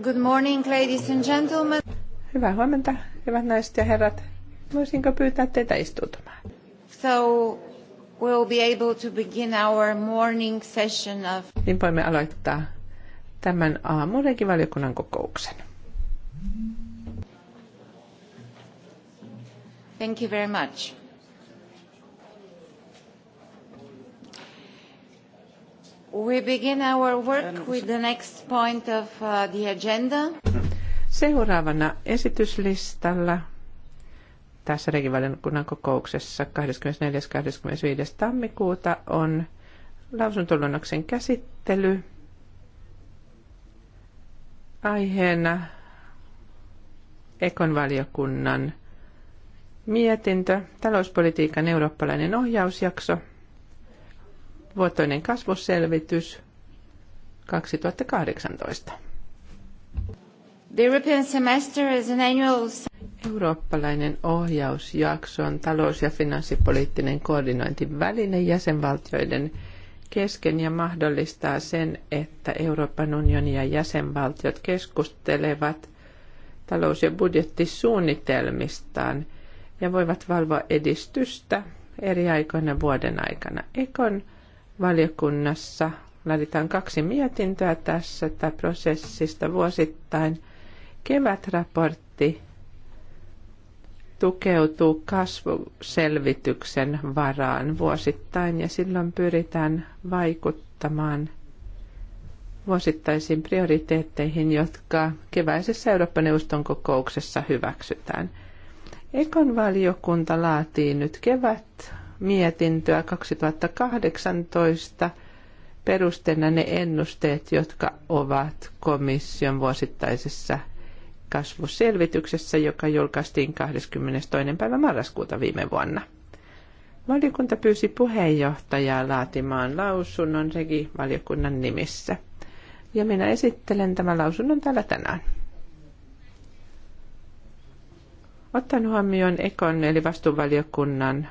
Good morning, ladies and gentlemen. Hyvää huomenta, hyvät naiset ja herrat. Voisinko pyytää teitä istuutumaan? So we'll be able to begin our morning session of... Niin voimme aloittaa tämän aamurekin valiokunnan kokouksen. Thank you very much. We begin our work with the next point of uh, the agenda. Seuraavana esityslistalla tässä regivaliokunnan kokouksessa 24.–25. tammikuuta on lausuntoluonnoksen käsittely. Aiheena Ekon valiokunnan mietintö, talouspolitiikan eurooppalainen ohjausjakso – vuotoinen kasvuselvitys 2018. The European semester is an annual... Eurooppalainen ohjausjakso on talous- ja finanssipoliittinen koordinointiväline jäsenvaltioiden kesken ja mahdollistaa sen, että Euroopan unioni ja jäsenvaltiot keskustelevat talous- ja budjettisuunnitelmistaan ja voivat valvoa edistystä eri aikoina vuoden aikana. Ekon valiokunnassa laaditaan kaksi mietintöä tässä tai prosessista vuosittain. Kevätraportti tukeutuu kasvuselvityksen varaan vuosittain ja silloin pyritään vaikuttamaan vuosittaisiin prioriteetteihin, jotka keväisessä Eurooppa-neuvoston kokouksessa hyväksytään. Ekon valiokunta laatii nyt kevät mietintöä 2018 perusteena ne ennusteet, jotka ovat komission vuosittaisessa kasvuselvityksessä, joka julkaistiin 22. päivä marraskuuta viime vuonna. Valiokunta pyysi puheenjohtajaa laatimaan lausunnon regi valiokunnan nimissä. Ja minä esittelen tämän lausunnon täällä tänään. Ottaen huomioon Ekon eli vastuuvaliokunnan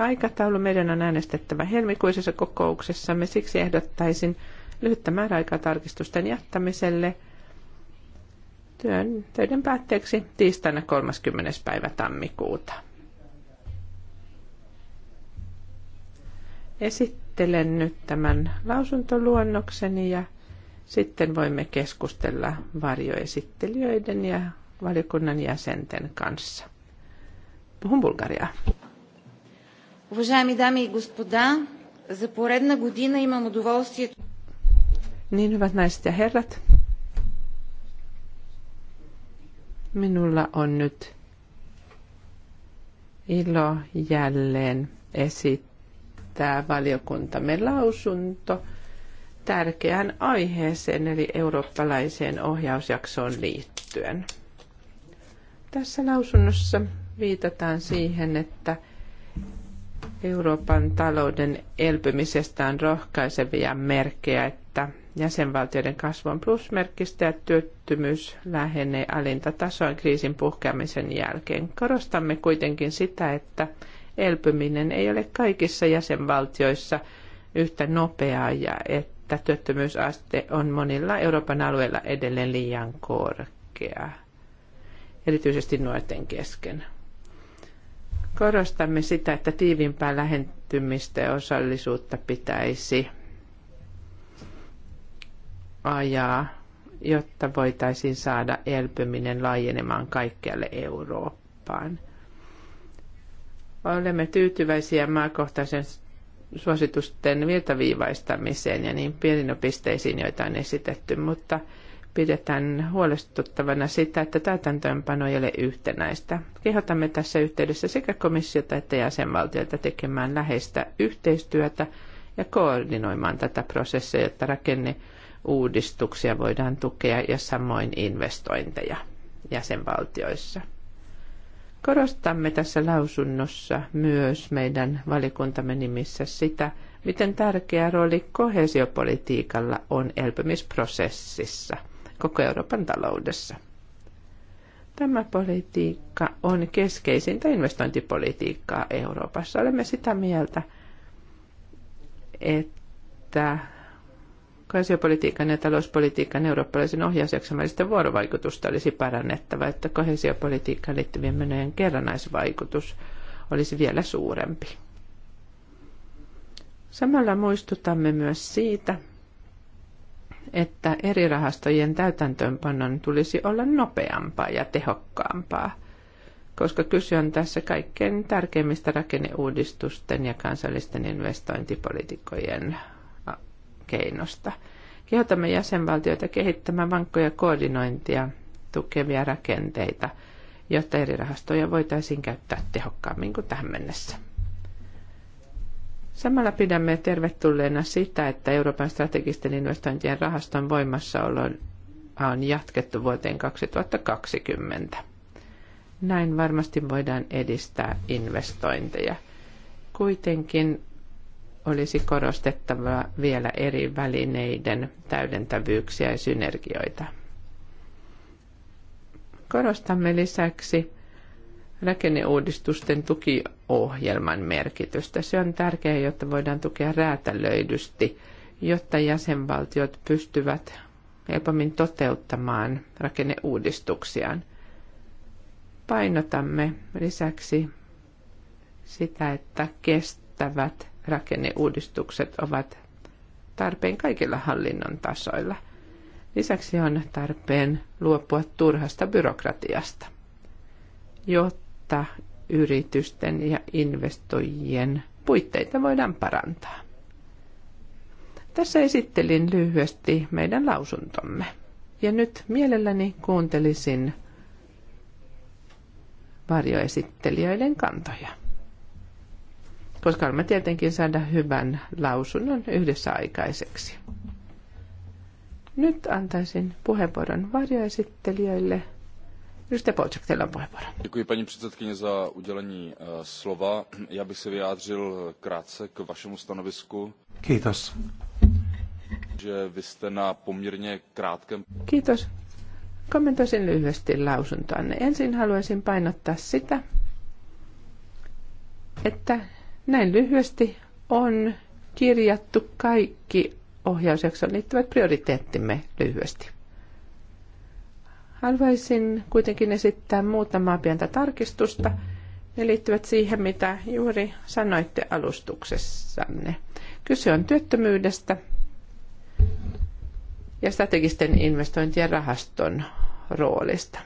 Aikataulu meidän on äänestettävä helmikuisessa kokouksessamme, siksi ehdottaisin lyhyttä määräaikaa tarkistusten jättämiselle työn töiden päätteeksi tiistaina 30. päivä tammikuuta. Esittelen nyt tämän lausuntoluonnokseni ja sitten voimme keskustella varjoesittelijöiden ja valiokunnan jäsenten kanssa. Puhun Bulgariaa. Уважаеми дами и господа, за поредна година имам удоволствието... Niin hyvät naiset ja herrat, minulla on nyt ilo jälleen esittää valiokuntamme lausunto tärkeään aiheeseen eli eurooppalaiseen ohjausjaksoon liittyen. Tässä lausunnossa viitataan siihen, että – Euroopan talouden elpymisestä on rohkaisevia merkkejä, että jäsenvaltioiden kasvun plusmerkkistä ja työttömyys lähenee alinta tasoa kriisin puhkeamisen jälkeen. Korostamme kuitenkin sitä, että elpyminen ei ole kaikissa jäsenvaltioissa yhtä nopeaa ja että työttömyysaste on monilla Euroopan alueilla edelleen liian korkea, erityisesti nuorten kesken. Korostamme sitä, että tiiviimpää lähentymistä ja osallisuutta pitäisi ajaa, jotta voitaisiin saada elpyminen laajenemaan kaikkialle Eurooppaan. Olemme tyytyväisiä maakohtaisen suositusten virtaviivaistamiseen ja niin pieninopisteisiin, joita on esitetty, mutta – pidetään huolestuttavana sitä, että täytäntöönpano ei ole yhtenäistä. Kehotamme tässä yhteydessä sekä komissiota että jäsenvaltioita tekemään läheistä yhteistyötä ja koordinoimaan tätä prosessia, jotta rakenneuudistuksia voidaan tukea ja samoin investointeja jäsenvaltioissa. Korostamme tässä lausunnossa myös meidän valikuntamme nimissä sitä, miten tärkeä rooli kohesiopolitiikalla on elpymisprosessissa – koko Euroopan taloudessa. Tämä politiikka on keskeisintä investointipolitiikkaa Euroopassa. Olemme sitä mieltä, että kohesiopolitiikan ja talouspolitiikan eurooppalaisen ohjausjaksamallisten vuorovaikutusta olisi parannettava, että kohesiopolitiikkaan liittyvien menojen kerrannaisvaikutus olisi vielä suurempi. Samalla muistutamme myös siitä, että eri rahastojen täytäntöönpanon tulisi olla nopeampaa ja tehokkaampaa, koska kyse on tässä kaikkein tärkeimmistä rakenneuudistusten ja kansallisten investointipolitiikkojen keinosta. Kehotamme jäsenvaltioita kehittämään vankkoja koordinointia tukevia rakenteita, jotta eri rahastoja voitaisiin käyttää tehokkaammin kuin tähän mennessä. Samalla pidämme tervetulleena sitä, että Euroopan strategisten investointien rahaston voimassaoloa on jatkettu vuoteen 2020. Näin varmasti voidaan edistää investointeja. Kuitenkin olisi korostettava vielä eri välineiden täydentävyyksiä ja synergioita. Korostamme lisäksi rakenneuudistusten tukiohjelman merkitystä. Se on tärkeää, jotta voidaan tukea räätälöidysti, jotta jäsenvaltiot pystyvät helpommin toteuttamaan rakenneuudistuksiaan. Painotamme lisäksi sitä, että kestävät rakenneuudistukset ovat tarpeen kaikilla hallinnon tasoilla. Lisäksi on tarpeen luopua turhasta byrokratiasta, jotta että yritysten ja investoijien puitteita voidaan parantaa. Tässä esittelin lyhyesti meidän lausuntomme. Ja nyt mielelläni kuuntelisin varjoesittelijöiden kantoja. Koska olemme tietenkin saada hyvän lausunnon yhdessä aikaiseksi. Nyt antaisin puheenvuoron varjoesittelijöille – Edustaja Polčak, teillä on puheenvuoro. Děkuji paní předsedkyně za udělení eh, slova. Já bych se vyjádřil eh, krátce k vašemu stanovisku. Že vy jste na poměrně krátkém... Kommentoisin lyhyesti lausuntoanne. Ensin haluaisin painottaa sitä, että näin lyhyesti on kirjattu kaikki ohjausjaksoon liittyvät prioriteettimme lyhyesti. Haluaisin kuitenkin esittää muutamaa pientä tarkistusta. Ne liittyvät siihen, mitä juuri sanoitte alustuksessanne. Kyse on työttömyydestä ja strategisten investointien rahaston roolista.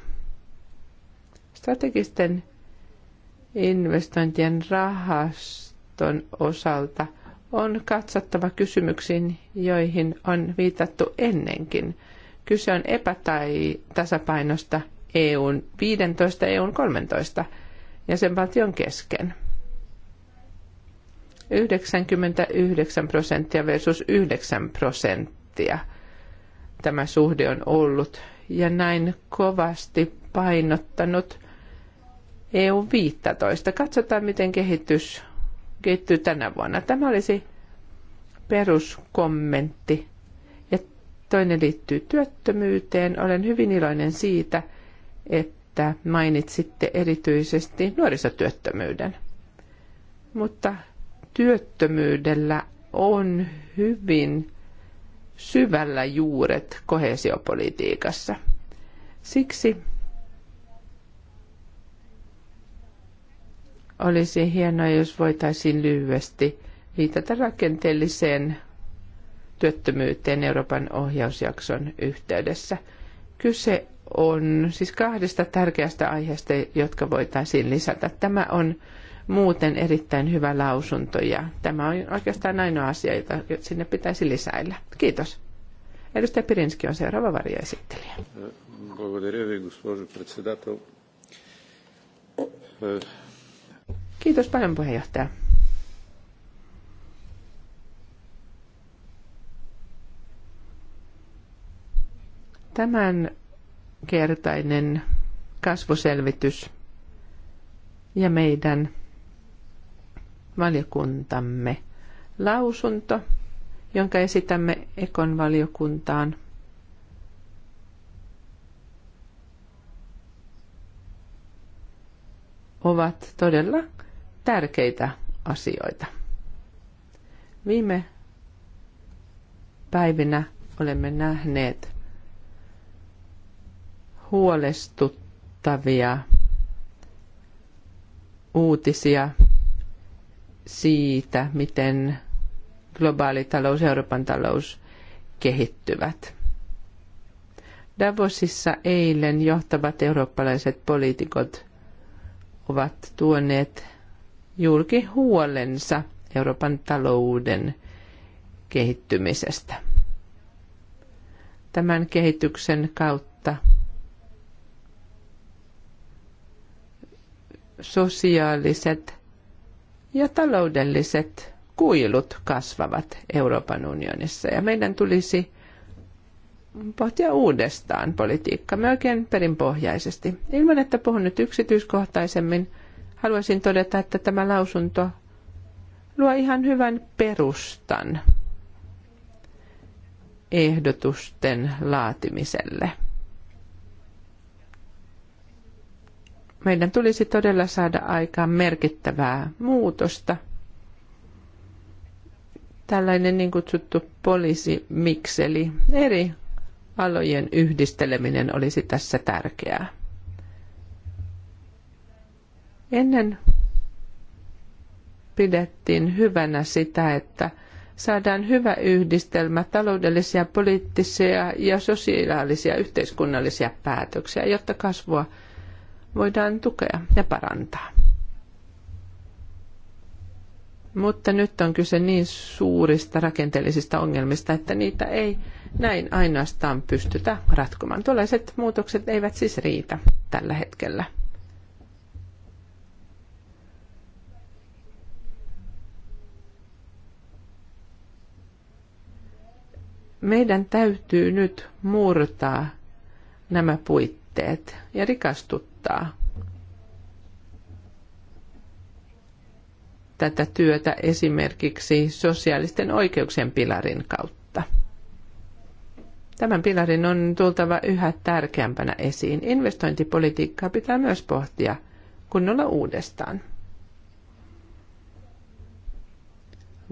Strategisten investointien rahaston osalta on katsottava kysymyksiin, joihin on viitattu ennenkin – Kyse on epätasapainosta EUn 15 EUn 13 jäsenvaltion kesken. 99 prosenttia versus 9 prosenttia tämä suhde on ollut ja näin kovasti painottanut EU 15. Katsotaan, miten kehitys kehittyy tänä vuonna. Tämä olisi peruskommentti Toinen liittyy työttömyyteen. Olen hyvin iloinen siitä, että mainitsitte erityisesti nuorisotyöttömyyden. Mutta työttömyydellä on hyvin syvällä juuret kohesiopolitiikassa. Siksi olisi hienoa, jos voitaisiin lyhyesti viitata rakenteelliseen työttömyyteen Euroopan ohjausjakson yhteydessä. Kyse on siis kahdesta tärkeästä aiheesta, jotka voitaisiin lisätä. Tämä on muuten erittäin hyvä lausunto ja tämä on oikeastaan ainoa asia, jota sinne pitäisi lisäillä. Kiitos. Edustaja Pirinski on seuraava varjoesittelijä. Kiitos paljon puheenjohtaja. Tämän kertainen kasvuselvitys ja meidän valiokuntamme lausunto, jonka esitämme Ekon valiokuntaan. ovat todella tärkeitä asioita. Viime päivinä olemme nähneet huolestuttavia uutisia siitä, miten globaali talous ja Euroopan talous kehittyvät. Davosissa eilen johtavat eurooppalaiset poliitikot ovat tuoneet julki huolensa Euroopan talouden kehittymisestä. Tämän kehityksen kautta sosiaaliset ja taloudelliset kuilut kasvavat Euroopan unionissa ja meidän tulisi pohtia uudestaan politiikkamme oikein perinpohjaisesti. Ilman, että puhun nyt yksityiskohtaisemmin, haluaisin todeta, että tämä lausunto luo ihan hyvän perustan ehdotusten laatimiselle – meidän tulisi todella saada aikaan merkittävää muutosta. Tällainen niin kutsuttu poliisimikseli, eri alojen yhdisteleminen olisi tässä tärkeää. Ennen pidettiin hyvänä sitä, että saadaan hyvä yhdistelmä taloudellisia, poliittisia ja sosiaalisia yhteiskunnallisia päätöksiä, jotta kasvua – voidaan tukea ja parantaa. Mutta nyt on kyse niin suurista rakenteellisista ongelmista, että niitä ei näin ainoastaan pystytä ratkomaan. Tuollaiset muutokset eivät siis riitä tällä hetkellä. meidän täytyy nyt murtaa nämä puitteet ja rikastuttaa johtaa tätä työtä esimerkiksi sosiaalisten oikeuksien pilarin kautta. Tämän pilarin on tultava yhä tärkeämpänä esiin. Investointipolitiikkaa pitää myös pohtia kunnolla uudestaan.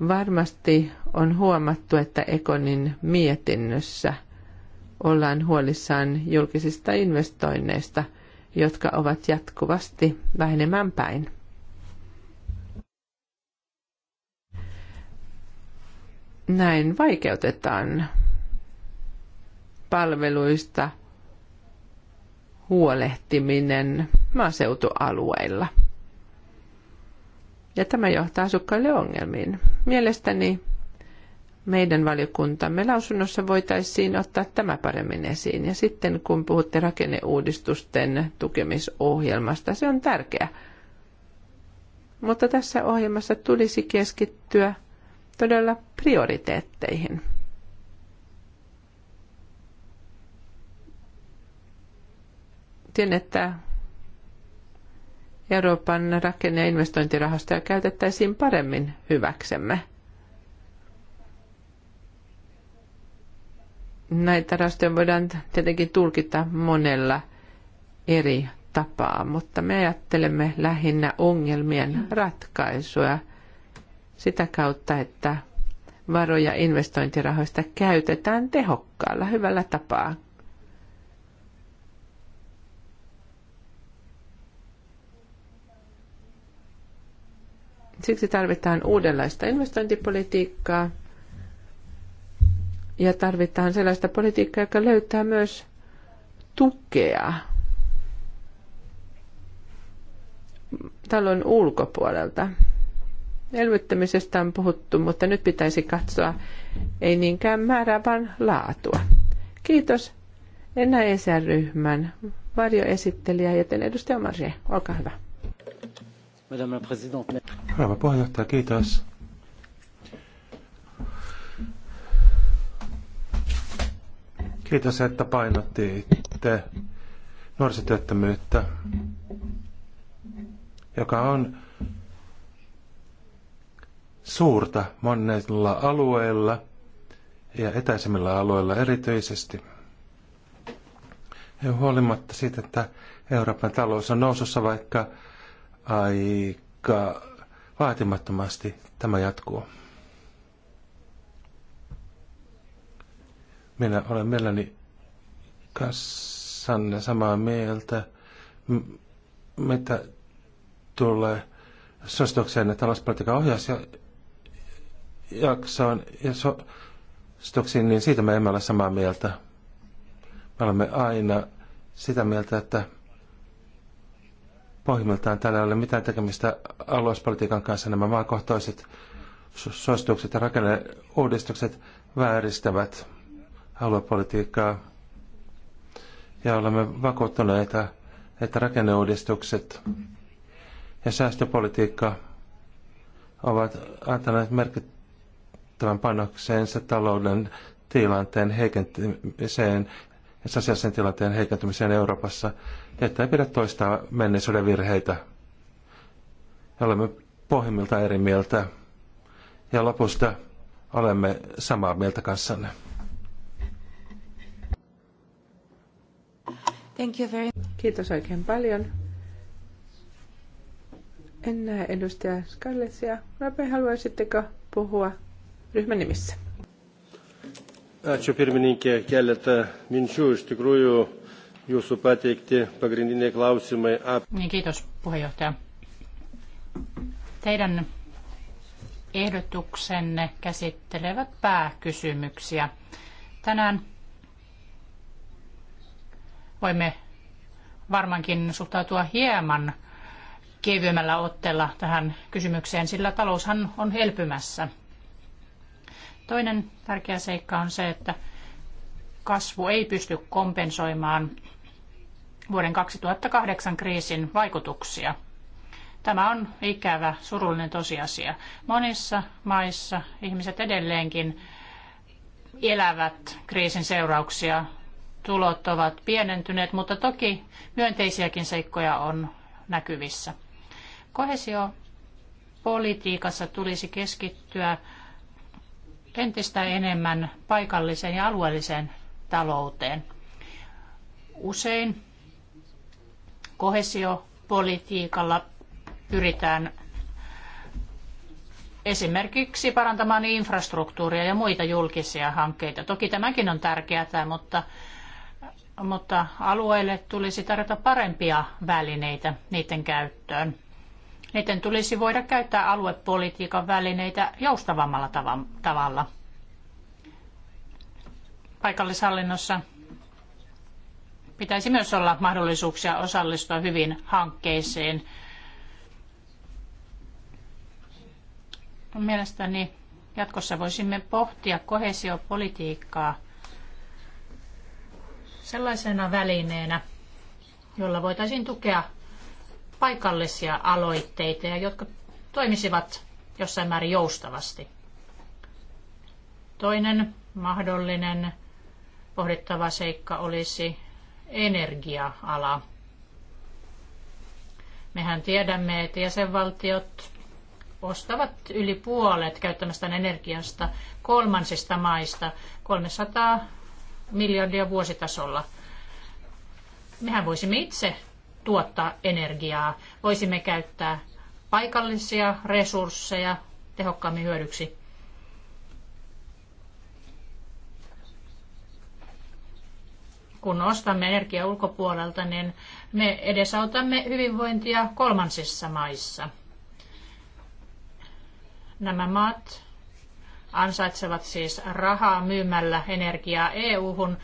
Varmasti on huomattu, että Ekonin mietinnössä ollaan huolissaan julkisista investoinneista – jotka ovat jatkuvasti vähenemään päin. Näin vaikeutetaan palveluista huolehtiminen maaseutualueilla. Ja tämä johtaa asukkaille ongelmiin. Mielestäni meidän valiokuntamme lausunnossa voitaisiin ottaa tämä paremmin esiin. Ja sitten kun puhutte rakenneuudistusten tukemisohjelmasta, se on tärkeä. Mutta tässä ohjelmassa tulisi keskittyä todella prioriteetteihin. Tiedän, että Euroopan rakenne- ja investointirahastoja käytettäisiin paremmin hyväksemme – näitä rastoja voidaan tietenkin tulkita monella eri tapaa, mutta me ajattelemme lähinnä ongelmien ratkaisua sitä kautta, että varoja investointirahoista käytetään tehokkaalla, hyvällä tapaa. Siksi tarvitaan uudenlaista investointipolitiikkaa – ja tarvitaan sellaista politiikkaa, joka löytää myös tukea talon ulkopuolelta. Elvyttämisestä on puhuttu, mutta nyt pitäisi katsoa ei niinkään määrää, vaan laatua. Kiitos Enna ESR-ryhmän varjoesittelijä, joten edustaja Marje, olkaa hyvä. Madame la Présidente. Rouva puheenjohtaja, kiitos. Kiitos, että painottiitte nuorisotyöttömyyttä, joka on suurta monella alueella ja etäisemmillä alueilla erityisesti. Ja huolimatta siitä, että Euroopan talous on nousussa vaikka aika vaatimattomasti, tämä jatkuu. Minä olen mielelläni kanssanne samaa mieltä, mitä tulee suositukseen ja talouspolitiikan ohjaus ja jaksoon ja suosituksiin, niin siitä me emme ole samaa mieltä. Me olemme aina sitä mieltä, että pohjimmiltaan täällä ei ole mitään tekemistä aluepolitiikan kanssa. Nämä maakohtaiset suositukset ja rakenneuudistukset vääristävät aluepolitiikkaa. Ja olemme vakuuttuneita, että rakenneuudistukset ja säästöpolitiikka ovat antaneet merkittävän panokseensa talouden tilanteen heikentymiseen ja sosiaalisen tilanteen heikentymiseen Euroopassa, että ei pidä toistaa menneisyyden virheitä. Olemme pohjimmilta eri mieltä ja lopusta olemme samaa mieltä kanssanne. Thank you very... Kiitos oikein paljon. En näe edustaja Skallesia. Rape, haluaisitteko puhua ryhmän nimissä? Ačiū pirmininkė, keletą minčių iš tikrųjų jūsų pateikti pagrindiniai klausimai. Ap... Niin, kiitos puheenjohtaja. Teidän ehdotuksenne käsittelevät pääkysymyksiä. Tänään voimme varmaankin suhtautua hieman kevyemmällä otteella tähän kysymykseen, sillä taloushan on elpymässä. Toinen tärkeä seikka on se, että kasvu ei pysty kompensoimaan vuoden 2008 kriisin vaikutuksia. Tämä on ikävä, surullinen tosiasia. Monissa maissa ihmiset edelleenkin elävät kriisin seurauksia tulot ovat pienentyneet, mutta toki myönteisiäkin seikkoja on näkyvissä. politiikassa tulisi keskittyä entistä enemmän paikalliseen ja alueelliseen talouteen. Usein kohesiopolitiikalla pyritään esimerkiksi parantamaan infrastruktuuria ja muita julkisia hankkeita. Toki tämäkin on tärkeää, mutta mutta alueille tulisi tarjota parempia välineitä niiden käyttöön. Niiden tulisi voida käyttää aluepolitiikan välineitä joustavammalla tavalla. Paikallishallinnossa pitäisi myös olla mahdollisuuksia osallistua hyvin hankkeisiin. Mielestäni jatkossa voisimme pohtia kohesiopolitiikkaa – sellaisena välineenä, jolla voitaisiin tukea paikallisia aloitteita, jotka toimisivat jossain määrin joustavasti. Toinen mahdollinen pohdittava seikka olisi energia-ala. Mehän tiedämme, että jäsenvaltiot ostavat yli puolet käyttämästään energiasta kolmansista maista. 300 miljardia vuositasolla. Mehän voisimme itse tuottaa energiaa, voisimme käyttää paikallisia resursseja tehokkaammin hyödyksi. Kun ostamme energiaa ulkopuolelta, niin me edesautamme hyvinvointia kolmansissa maissa. Nämä maat ansaitsevat siis rahaa myymällä energiaa EU-hun,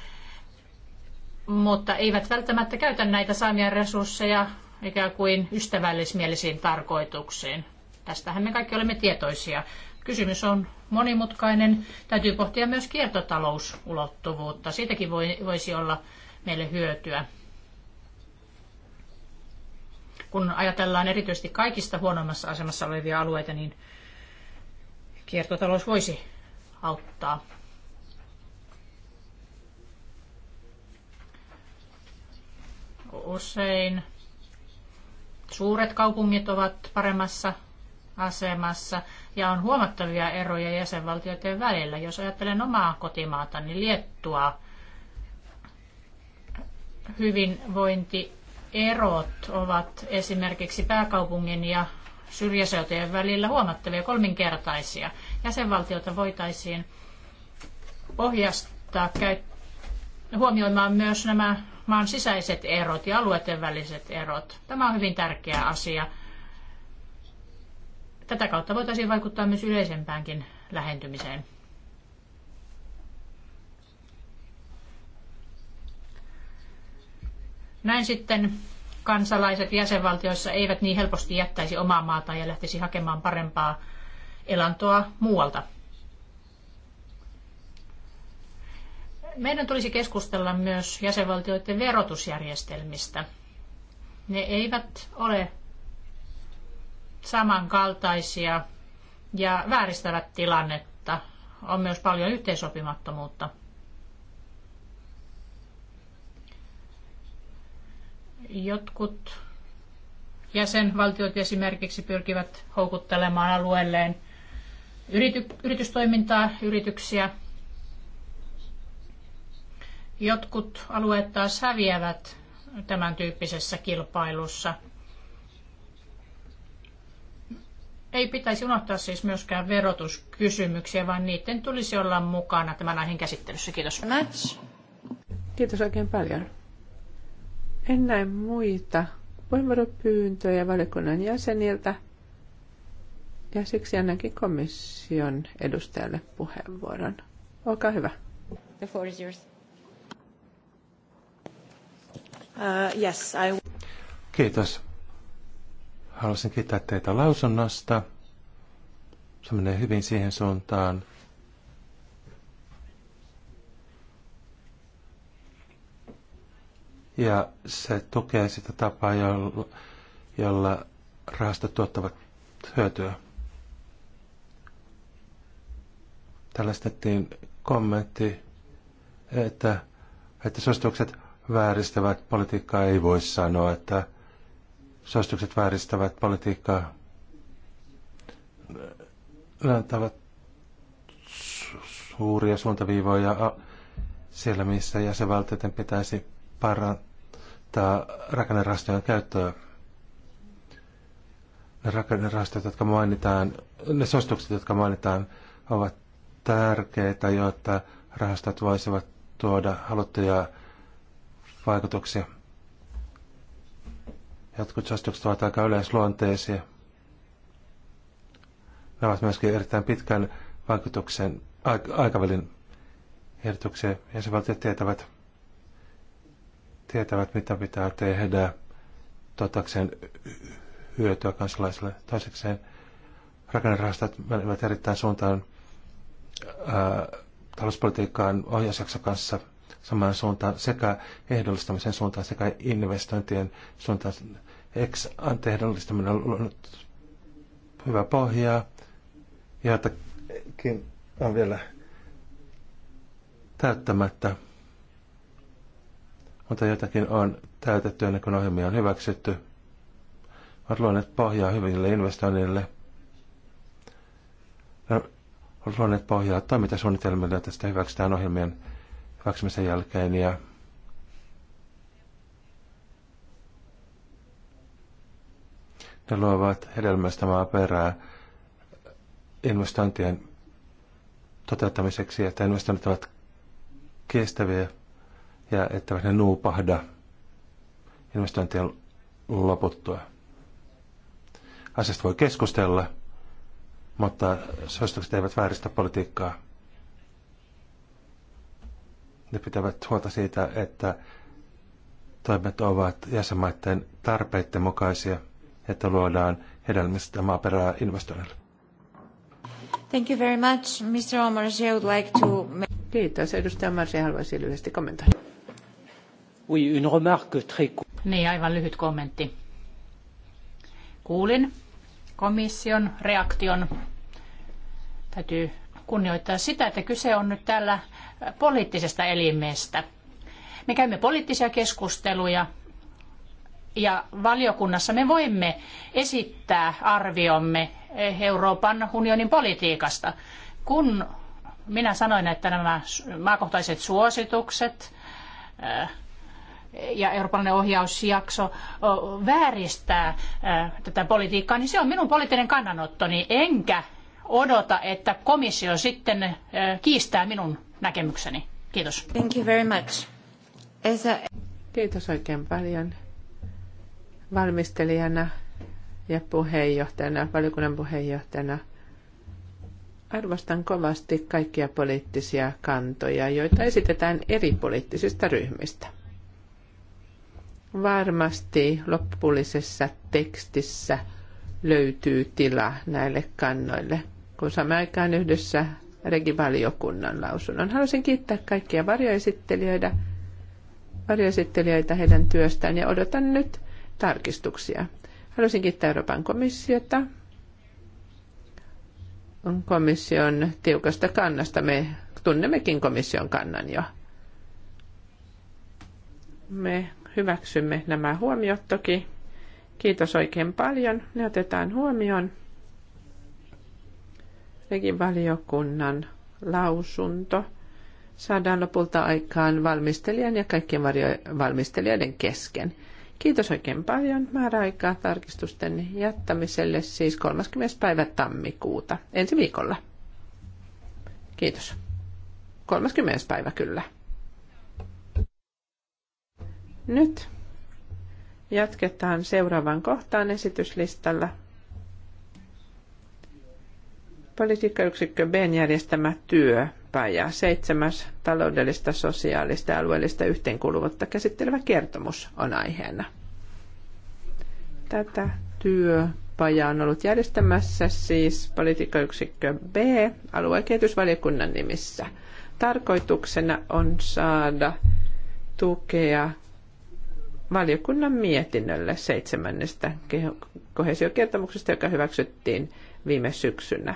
mutta eivät välttämättä käytä näitä saamia resursseja ikään kuin ystävällismielisiin tarkoituksiin. Tästähän me kaikki olemme tietoisia. Kysymys on monimutkainen. Täytyy pohtia myös kiertotalousulottuvuutta. Siitäkin voi, voisi olla meille hyötyä. Kun ajatellaan erityisesti kaikista huonommassa asemassa olevia alueita, niin kiertotalous voisi auttaa. Usein suuret kaupungit ovat paremmassa asemassa ja on huomattavia eroja jäsenvaltioiden välillä. Jos ajattelen omaa kotimaata, niin Liettua hyvinvointierot ovat esimerkiksi pääkaupungin ja syrjäseutujen välillä huomattavia kolminkertaisia. Jäsenvaltioita voitaisiin ohjastaa huomioimaan myös nämä maan sisäiset erot ja alueiden väliset erot. Tämä on hyvin tärkeä asia. Tätä kautta voitaisiin vaikuttaa myös yleisempäänkin lähentymiseen. Näin sitten kansalaiset jäsenvaltioissa eivät niin helposti jättäisi omaa maata ja lähtisi hakemaan parempaa elantoa muualta. Meidän tulisi keskustella myös jäsenvaltioiden verotusjärjestelmistä. Ne eivät ole samankaltaisia ja vääristävät tilannetta. On myös paljon yhteensopimattomuutta. Jotkut jäsenvaltiot esimerkiksi pyrkivät houkuttelemaan alueelleen yrity- yritystoimintaa, yrityksiä. Jotkut alueet taas häviävät tämän tyyppisessä kilpailussa. Ei pitäisi unohtaa siis myöskään verotuskysymyksiä, vaan niiden tulisi olla mukana tämän aiheen käsittelyssä. Kiitos. Kiitos oikein paljon. En näe muita puheenvuoropyyntöjä valiokunnan jäseniltä. Ja siksi annankin komission edustajalle puheenvuoron. Olkaa hyvä. The floor is yours. Uh, yes, I... Kiitos. Haluaisin kiittää teitä lausunnosta. Se menee hyvin siihen suuntaan, ja se tukee sitä tapaa, jolla, jolla rahastot tuottavat hyötyä. Tällaistettiin kommentti, että, että suositukset vääristävät politiikkaa. Ei voi sanoa, että suositukset vääristävät politiikkaa. Ne antavat suuria suuntaviivoja siellä, missä jäsenvaltioiden pitäisi parantaa että rakennerahastojen käyttöä. Ne rakennerahastot, jotka mainitaan, ne suositukset, jotka mainitaan, ovat tärkeitä, jotta rahastot voisivat tuoda haluttuja vaikutuksia. Jotkut suositukset ovat aika yleisluonteisia. Ne ovat myöskin erittäin pitkän vaikutuksen aikavälin ehdotuksia. Jäsenvaltiot tietävät, tietävät, mitä pitää tehdä totakseen hyötyä kansalaisille. Toisekseen rakennerahastot menevät erittäin suuntaan ää, talouspolitiikkaan ohjausjakson kanssa samaan suuntaan sekä ehdollistamisen suuntaan sekä investointien suuntaan. ex ante ehdollistaminen on ollut hyvä pohja, jotakin on vielä täyttämättä mutta jotakin on täytetty ennen kuin ohjelmia on hyväksytty. Olet luoneet pohjaa hyville investoinnille. Olet luoneet pohjaa toimintasuunnitelmille, joita sitten hyväksytään ohjelmien hyväksymisen jälkeen. Ja ne luovat hedelmästä maaperää investointien toteuttamiseksi, että investoinnit ovat kestäviä ja että ne nuupahda investointien loputtua. Asiasta voi keskustella, mutta suositukset eivät vääristä politiikkaa. Ne pitävät huolta siitä, että toimet ovat jäsenmaiden tarpeiden mukaisia, että luodaan hedelmistä maaperää investoinnille. Thank you very much. Mr. Omar, I would like to... Kiitos. Edustaja Marsi haluaisi lyhyesti kommentoida. Oui, une remarque très... Niin, aivan lyhyt kommentti. Kuulin komission reaktion. Täytyy kunnioittaa sitä, että kyse on nyt täällä poliittisesta elimestä. Me käymme poliittisia keskusteluja ja valiokunnassa me voimme esittää arviomme Euroopan unionin politiikasta. Kun minä sanoin, että nämä maakohtaiset suositukset, äh, ja eurooppalainen ohjausjakso vääristää tätä politiikkaa, niin se on minun poliittinen kannanottoni, enkä odota, että komissio sitten kiistää minun näkemykseni. Kiitos. Thank you very much. Kiitos oikein paljon valmistelijana ja puheenjohtajana, valiokunnan puheenjohtajana. Arvostan kovasti kaikkia poliittisia kantoja, joita esitetään eri poliittisista ryhmistä varmasti loppullisessa tekstissä löytyy tila näille kannoille, kun saamme aikaan yhdessä regivaliokunnan lausunnon. Haluaisin kiittää kaikkia varjoesittelijöitä, varjoesittelijöitä heidän työstään ja odotan nyt tarkistuksia. Haluaisin kiittää Euroopan komissiota komission tiukasta kannasta. Me tunnemmekin komission kannan jo. Me hyväksymme nämä huomiot toki. Kiitos oikein paljon. Ne otetaan huomioon. Sekin valiokunnan lausunto saadaan lopulta aikaan valmistelijan ja kaikkien valmistelijoiden kesken. Kiitos oikein paljon. Määräaikaa tarkistusten jättämiselle siis 30. päivä tammikuuta ensi viikolla. Kiitos. 30. päivä kyllä. Nyt jatketaan seuraavan kohtaan esityslistalla. Politiikkayksikkö B järjestämä työpaja, seitsemäs taloudellista, sosiaalista ja alueellista yhteenkuuluvuutta käsittelevä kertomus on aiheena. Tätä työpajaa on ollut järjestämässä siis politiikkayksikkö B aluekehitysvaliokunnan nimissä. Tarkoituksena on saada tukea valiokunnan mietinnölle seitsemännestä kohesiokertomuksesta, joka hyväksyttiin viime syksynä.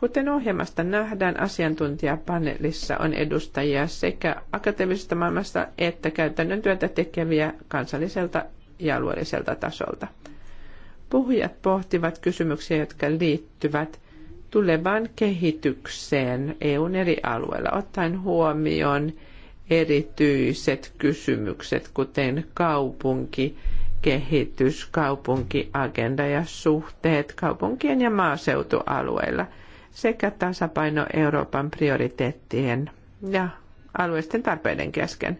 Kuten ohjelmasta nähdään, asiantuntijapaneelissa on edustajia sekä akateemisesta maailmasta että käytännön työtä tekeviä kansalliselta ja alueelliselta tasolta. Puhujat pohtivat kysymyksiä, jotka liittyvät tulevaan kehitykseen EUn eri alueilla, ottaen huomioon – erityiset kysymykset, kuten kaupunki, kehitys, kaupunkiagenda ja suhteet kaupunkien ja maaseutualueilla sekä tasapaino Euroopan prioriteettien ja alueisten tarpeiden kesken.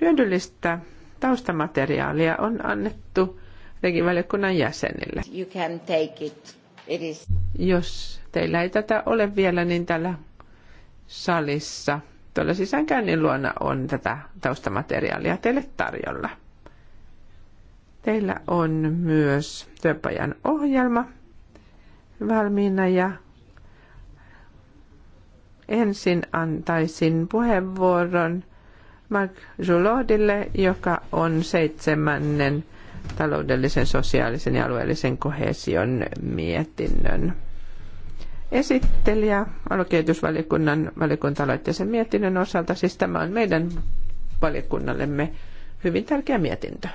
Hyödyllistä taustamateriaalia on annettu regivaliokunnan jäsenille. You can take it. It is... Jos teillä ei tätä ole vielä, niin tällä salissa – tuolla sisäänkäynnin luona on tätä taustamateriaalia teille tarjolla. Teillä on myös työpajan ohjelma valmiina ja ensin antaisin puheenvuoron Mark Zulodille, joka on seitsemännen taloudellisen, sosiaalisen ja alueellisen kohesion mietinnön esittelijä kehitysvaliokunnan valiokunta-aloitteisen mietinnön osalta. Siis tämä on meidän valiokunnallemme hyvin tärkeä mietintö.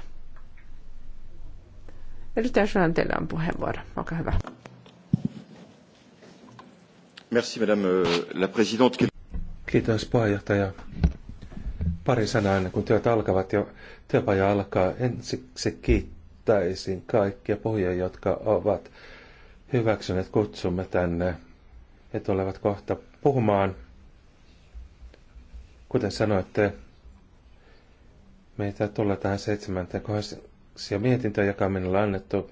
Edustaja Sulan, teillä on puheenvuoro. Olkaa hyvä. Merci, madame euh, la présidente. Kiitos puheenjohtaja. Pari sanaa ennen kuin työt alkavat jo. Työpaja alkaa. Ensiksi kiittäisin kaikkia puhujia, jotka ovat hyväksyneet kutsumme tänne He tulevat kohta puhumaan. Kuten sanoitte, meitä tulee tähän seitsemänteen kohdassa ja mietintö, joka on minulle annettu.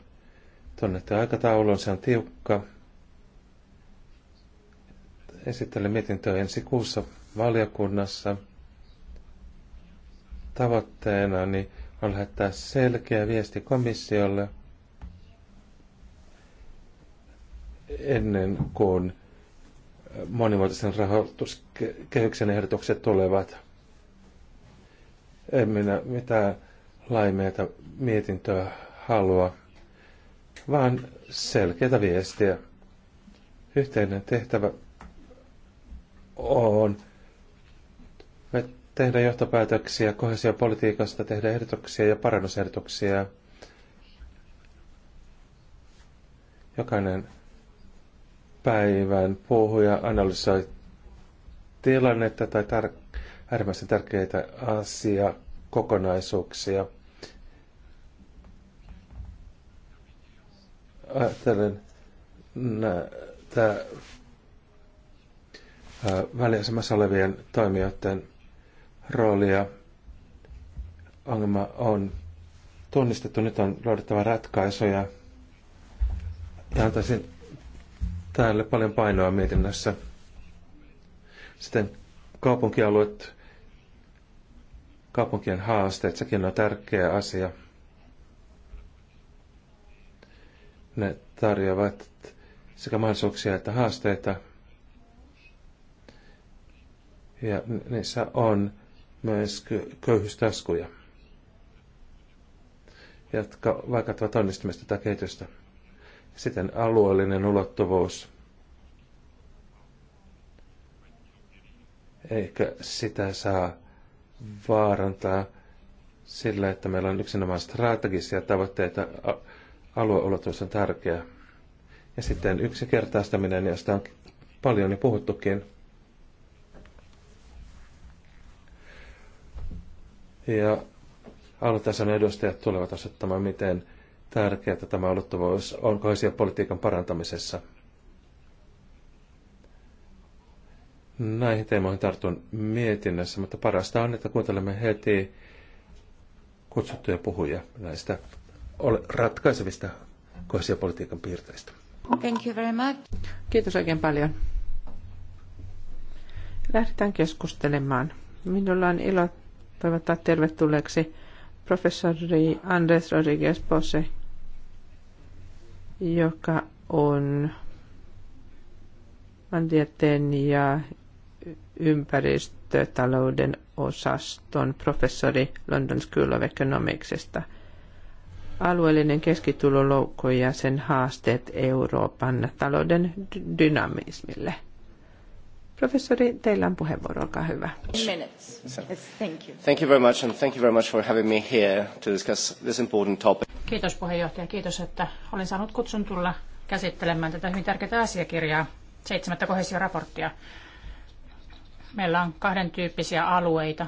Tuonne aikataulun, se on tiukka. Esittelen mietintöä ensi kuussa valiokunnassa. Tavoitteena niin on lähettää selkeä viesti komissiolle – ennen kuin monimuotoisen rahoituskehyksen ehdotukset tulevat. En minä mitään laimeita mietintöä halua, vaan selkeitä viestiä. Yhteinen tehtävä on tehdä johtopäätöksiä kohesiopolitiikasta, tehdä ehdotuksia ja parannusehdotuksia. Jokainen päivän puhuja analysoi tilannetta tai tar- äärimmäisen tärkeitä asia kokonaisuuksia. Ajattelen näitä väliasemassa olevien toimijoiden roolia. Ongelma on tunnistettu, nyt on löydettävä ratkaisuja. Ja antaisin tälle paljon painoa mietinnässä. Sitten kaupunkialueet, kaupunkien haasteet, sekin on tärkeä asia. Ne tarjoavat sekä mahdollisuuksia että haasteita. Ja niissä on myös köyhyystaskuja, jotka vaikuttavat onnistumista tai kehitystä. Sitten alueellinen ulottuvuus. Eikä sitä saa vaarantaa sillä, että meillä on yksinomaan strategisia tavoitteita. Alueulotus on tärkeä. Ja sitten yksinkertaistaminen, josta on paljon jo puhuttukin. Ja alueellisen edustajat tulevat osoittamaan, miten tärkeää tämä ulottuvuus on kohesiopolitiikan parantamisessa. Näihin teemoihin tartun mietinnässä, mutta parasta on, että kuuntelemme heti kutsuttuja puhuja näistä ratkaisevista kohesiopolitiikan piirteistä. Thank you very much. Kiitos oikein paljon. Lähdetään keskustelemaan. Minulla on ilo toivottaa tervetulleeksi professori Andres Rodriguez Posse joka on maantieteen ja ympäristötalouden osaston professori London School of Economicsista. Alueellinen keskituloloukko ja sen haasteet Euroopan talouden dynamismille – Professori, teillä on puheenvuoro, olkaa hyvä. Thank you very much and thank you very much for having me here to discuss this important topic. Kiitos puheenjohtaja, kiitos, että olen saanut kutsun tulla käsittelemään tätä hyvin tärkeää asiakirjaa, seitsemättä kohesioraporttia. Meillä on kahden tyyppisiä alueita,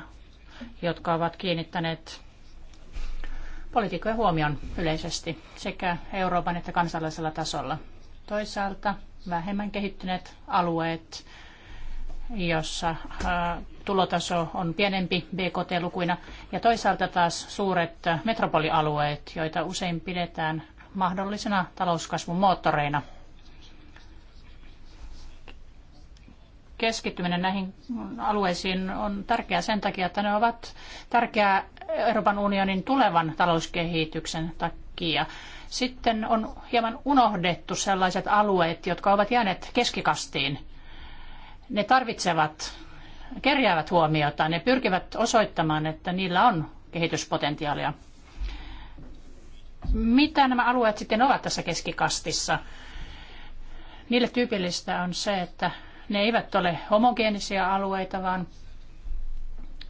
jotka ovat kiinnittäneet poliitikkojen huomion yleisesti sekä Euroopan että kansallisella tasolla. Toisaalta vähemmän kehittyneet alueet, jossa äh, tulotaso on pienempi BKT-lukuina, ja toisaalta taas suuret äh, metropolialueet, joita usein pidetään mahdollisena talouskasvun moottoreina. Keskittyminen näihin alueisiin on tärkeää sen takia, että ne ovat tärkeää Euroopan unionin tulevan talouskehityksen takia. Sitten on hieman unohdettu sellaiset alueet, jotka ovat jääneet keskikastiin ne tarvitsevat, kerjäävät huomiota, ne pyrkivät osoittamaan, että niillä on kehityspotentiaalia. Mitä nämä alueet sitten ovat tässä keskikastissa? Niille tyypillistä on se, että ne eivät ole homogeenisia alueita, vaan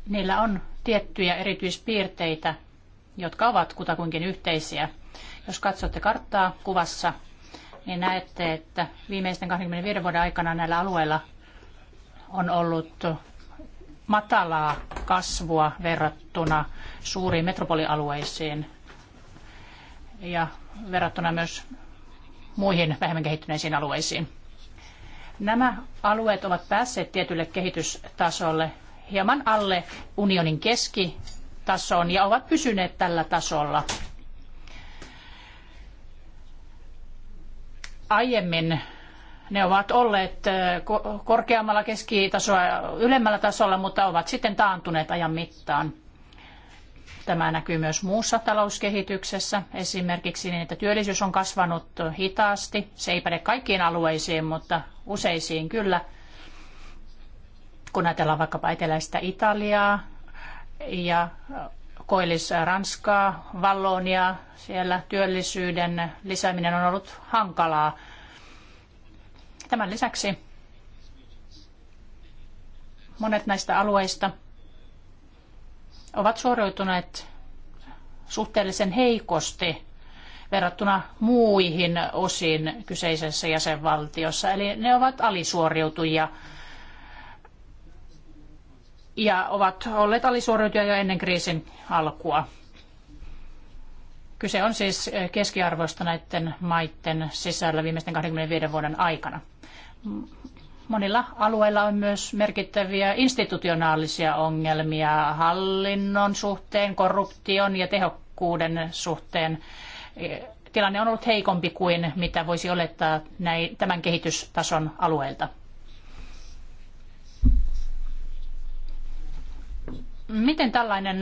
niillä on tiettyjä erityispiirteitä, jotka ovat kutakuinkin yhteisiä. Jos katsotte karttaa kuvassa, niin näette, että viimeisten 25 vuoden aikana näillä alueilla on ollut matalaa kasvua verrattuna suuriin metropolialueisiin ja verrattuna myös muihin vähemmän kehittyneisiin alueisiin. Nämä alueet ovat päässeet tietylle kehitystasolle hieman alle unionin keskitason ja ovat pysyneet tällä tasolla. Aiemmin ne ovat olleet korkeammalla keskitasoa ylemmällä tasolla, mutta ovat sitten taantuneet ajan mittaan. Tämä näkyy myös muussa talouskehityksessä, esimerkiksi niin, että työllisyys on kasvanut hitaasti. Se ei päde kaikkiin alueisiin, mutta useisiin kyllä. Kun ajatellaan vaikkapa eteläistä Italiaa ja koillis Ranskaa, Valloonia, siellä työllisyyden lisääminen on ollut hankalaa. Tämän lisäksi monet näistä alueista ovat suoriutuneet suhteellisen heikosti verrattuna muihin osiin kyseisessä jäsenvaltiossa. Eli ne ovat alisuoriutujia ja ovat olleet alisuoriutuja jo ennen kriisin alkua. Kyse on siis keskiarvoista näiden maiden sisällä viimeisten 25 vuoden aikana monilla alueilla on myös merkittäviä institutionaalisia ongelmia hallinnon suhteen, korruption ja tehokkuuden suhteen. Tilanne on ollut heikompi kuin mitä voisi olettaa näin, tämän kehitystason alueelta. Miten tällainen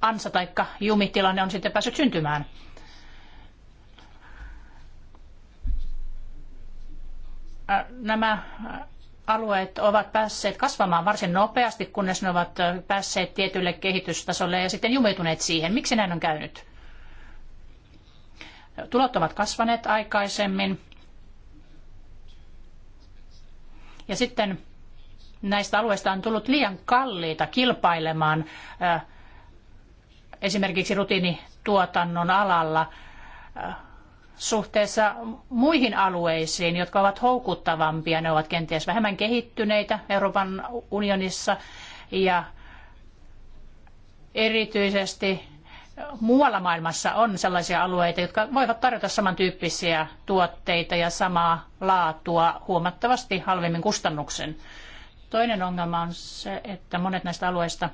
ansa- tai jumitilanne on sitten päässyt syntymään? Äh, nämä äh, alueet ovat päässeet kasvamaan varsin nopeasti, kunnes ne ovat äh, päässeet tietylle kehitystasolle ja sitten jumituneet siihen. Miksi näin on käynyt? Tulot ovat kasvaneet aikaisemmin. Ja sitten näistä alueista on tullut liian kalliita kilpailemaan esimerkiksi rutiinituotannon alalla suhteessa muihin alueisiin, jotka ovat houkuttavampia. Ne ovat kenties vähemmän kehittyneitä Euroopan unionissa ja erityisesti muualla maailmassa on sellaisia alueita, jotka voivat tarjota samantyyppisiä tuotteita ja samaa laatua huomattavasti halvemmin kustannuksen. Toinen ongelma on se, että monet näistä alueista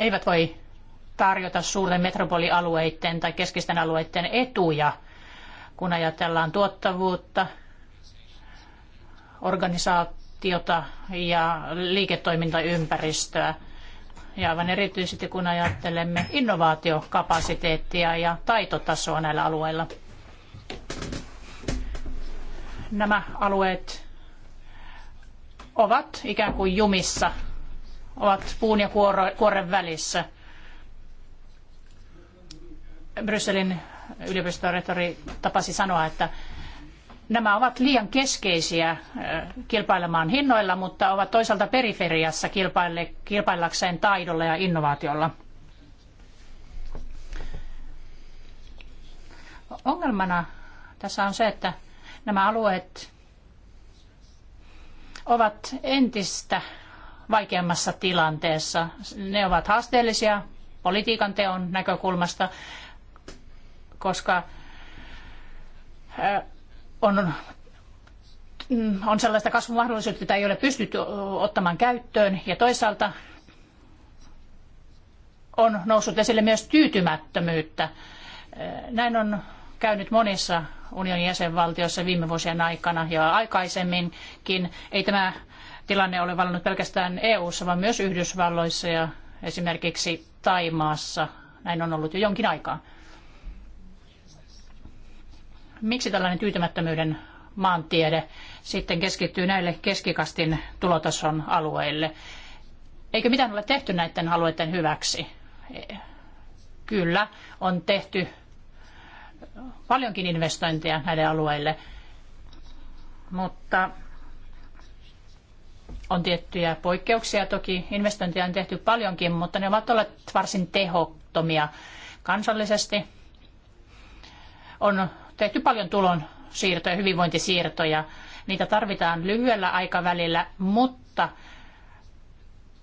eivät voi tarjota suurten metropolialueiden tai keskisten alueiden etuja, kun ajatellaan tuottavuutta, organisaatiota ja liiketoimintaympäristöä. Ja aivan erityisesti kun ajattelemme innovaatiokapasiteettia ja taitotasoa näillä alueilla. Nämä alueet ovat ikään kuin jumissa, ovat puun ja kuoren välissä – Brysselin yliopistorehtori tapasi sanoa, että nämä ovat liian keskeisiä äh, kilpailemaan hinnoilla, mutta ovat toisaalta periferiassa kilpaillakseen taidolla ja innovaatiolla. Ongelmana tässä on se, että nämä alueet ovat entistä vaikeammassa tilanteessa. Ne ovat haasteellisia politiikan teon näkökulmasta koska on, on sellaista kasvumahdollisuutta, jota ei ole pystytty ottamaan käyttöön. Ja toisaalta on noussut esille myös tyytymättömyyttä. Näin on käynyt monissa unionin jäsenvaltioissa viime vuosien aikana ja aikaisemminkin. Ei tämä tilanne ole valinnut pelkästään EU-ssa, vaan myös Yhdysvalloissa ja esimerkiksi Taimaassa. Näin on ollut jo jonkin aikaa miksi tällainen tyytymättömyyden maantiede sitten keskittyy näille keskikastin tulotason alueille? Eikö mitään ole tehty näiden alueiden hyväksi? Kyllä, on tehty paljonkin investointeja näille alueille, mutta on tiettyjä poikkeuksia. Toki investointeja on tehty paljonkin, mutta ne ovat olleet varsin tehottomia kansallisesti. On tehty paljon tulon siirtoja, hyvinvointisiirtoja. Niitä tarvitaan lyhyellä aikavälillä, mutta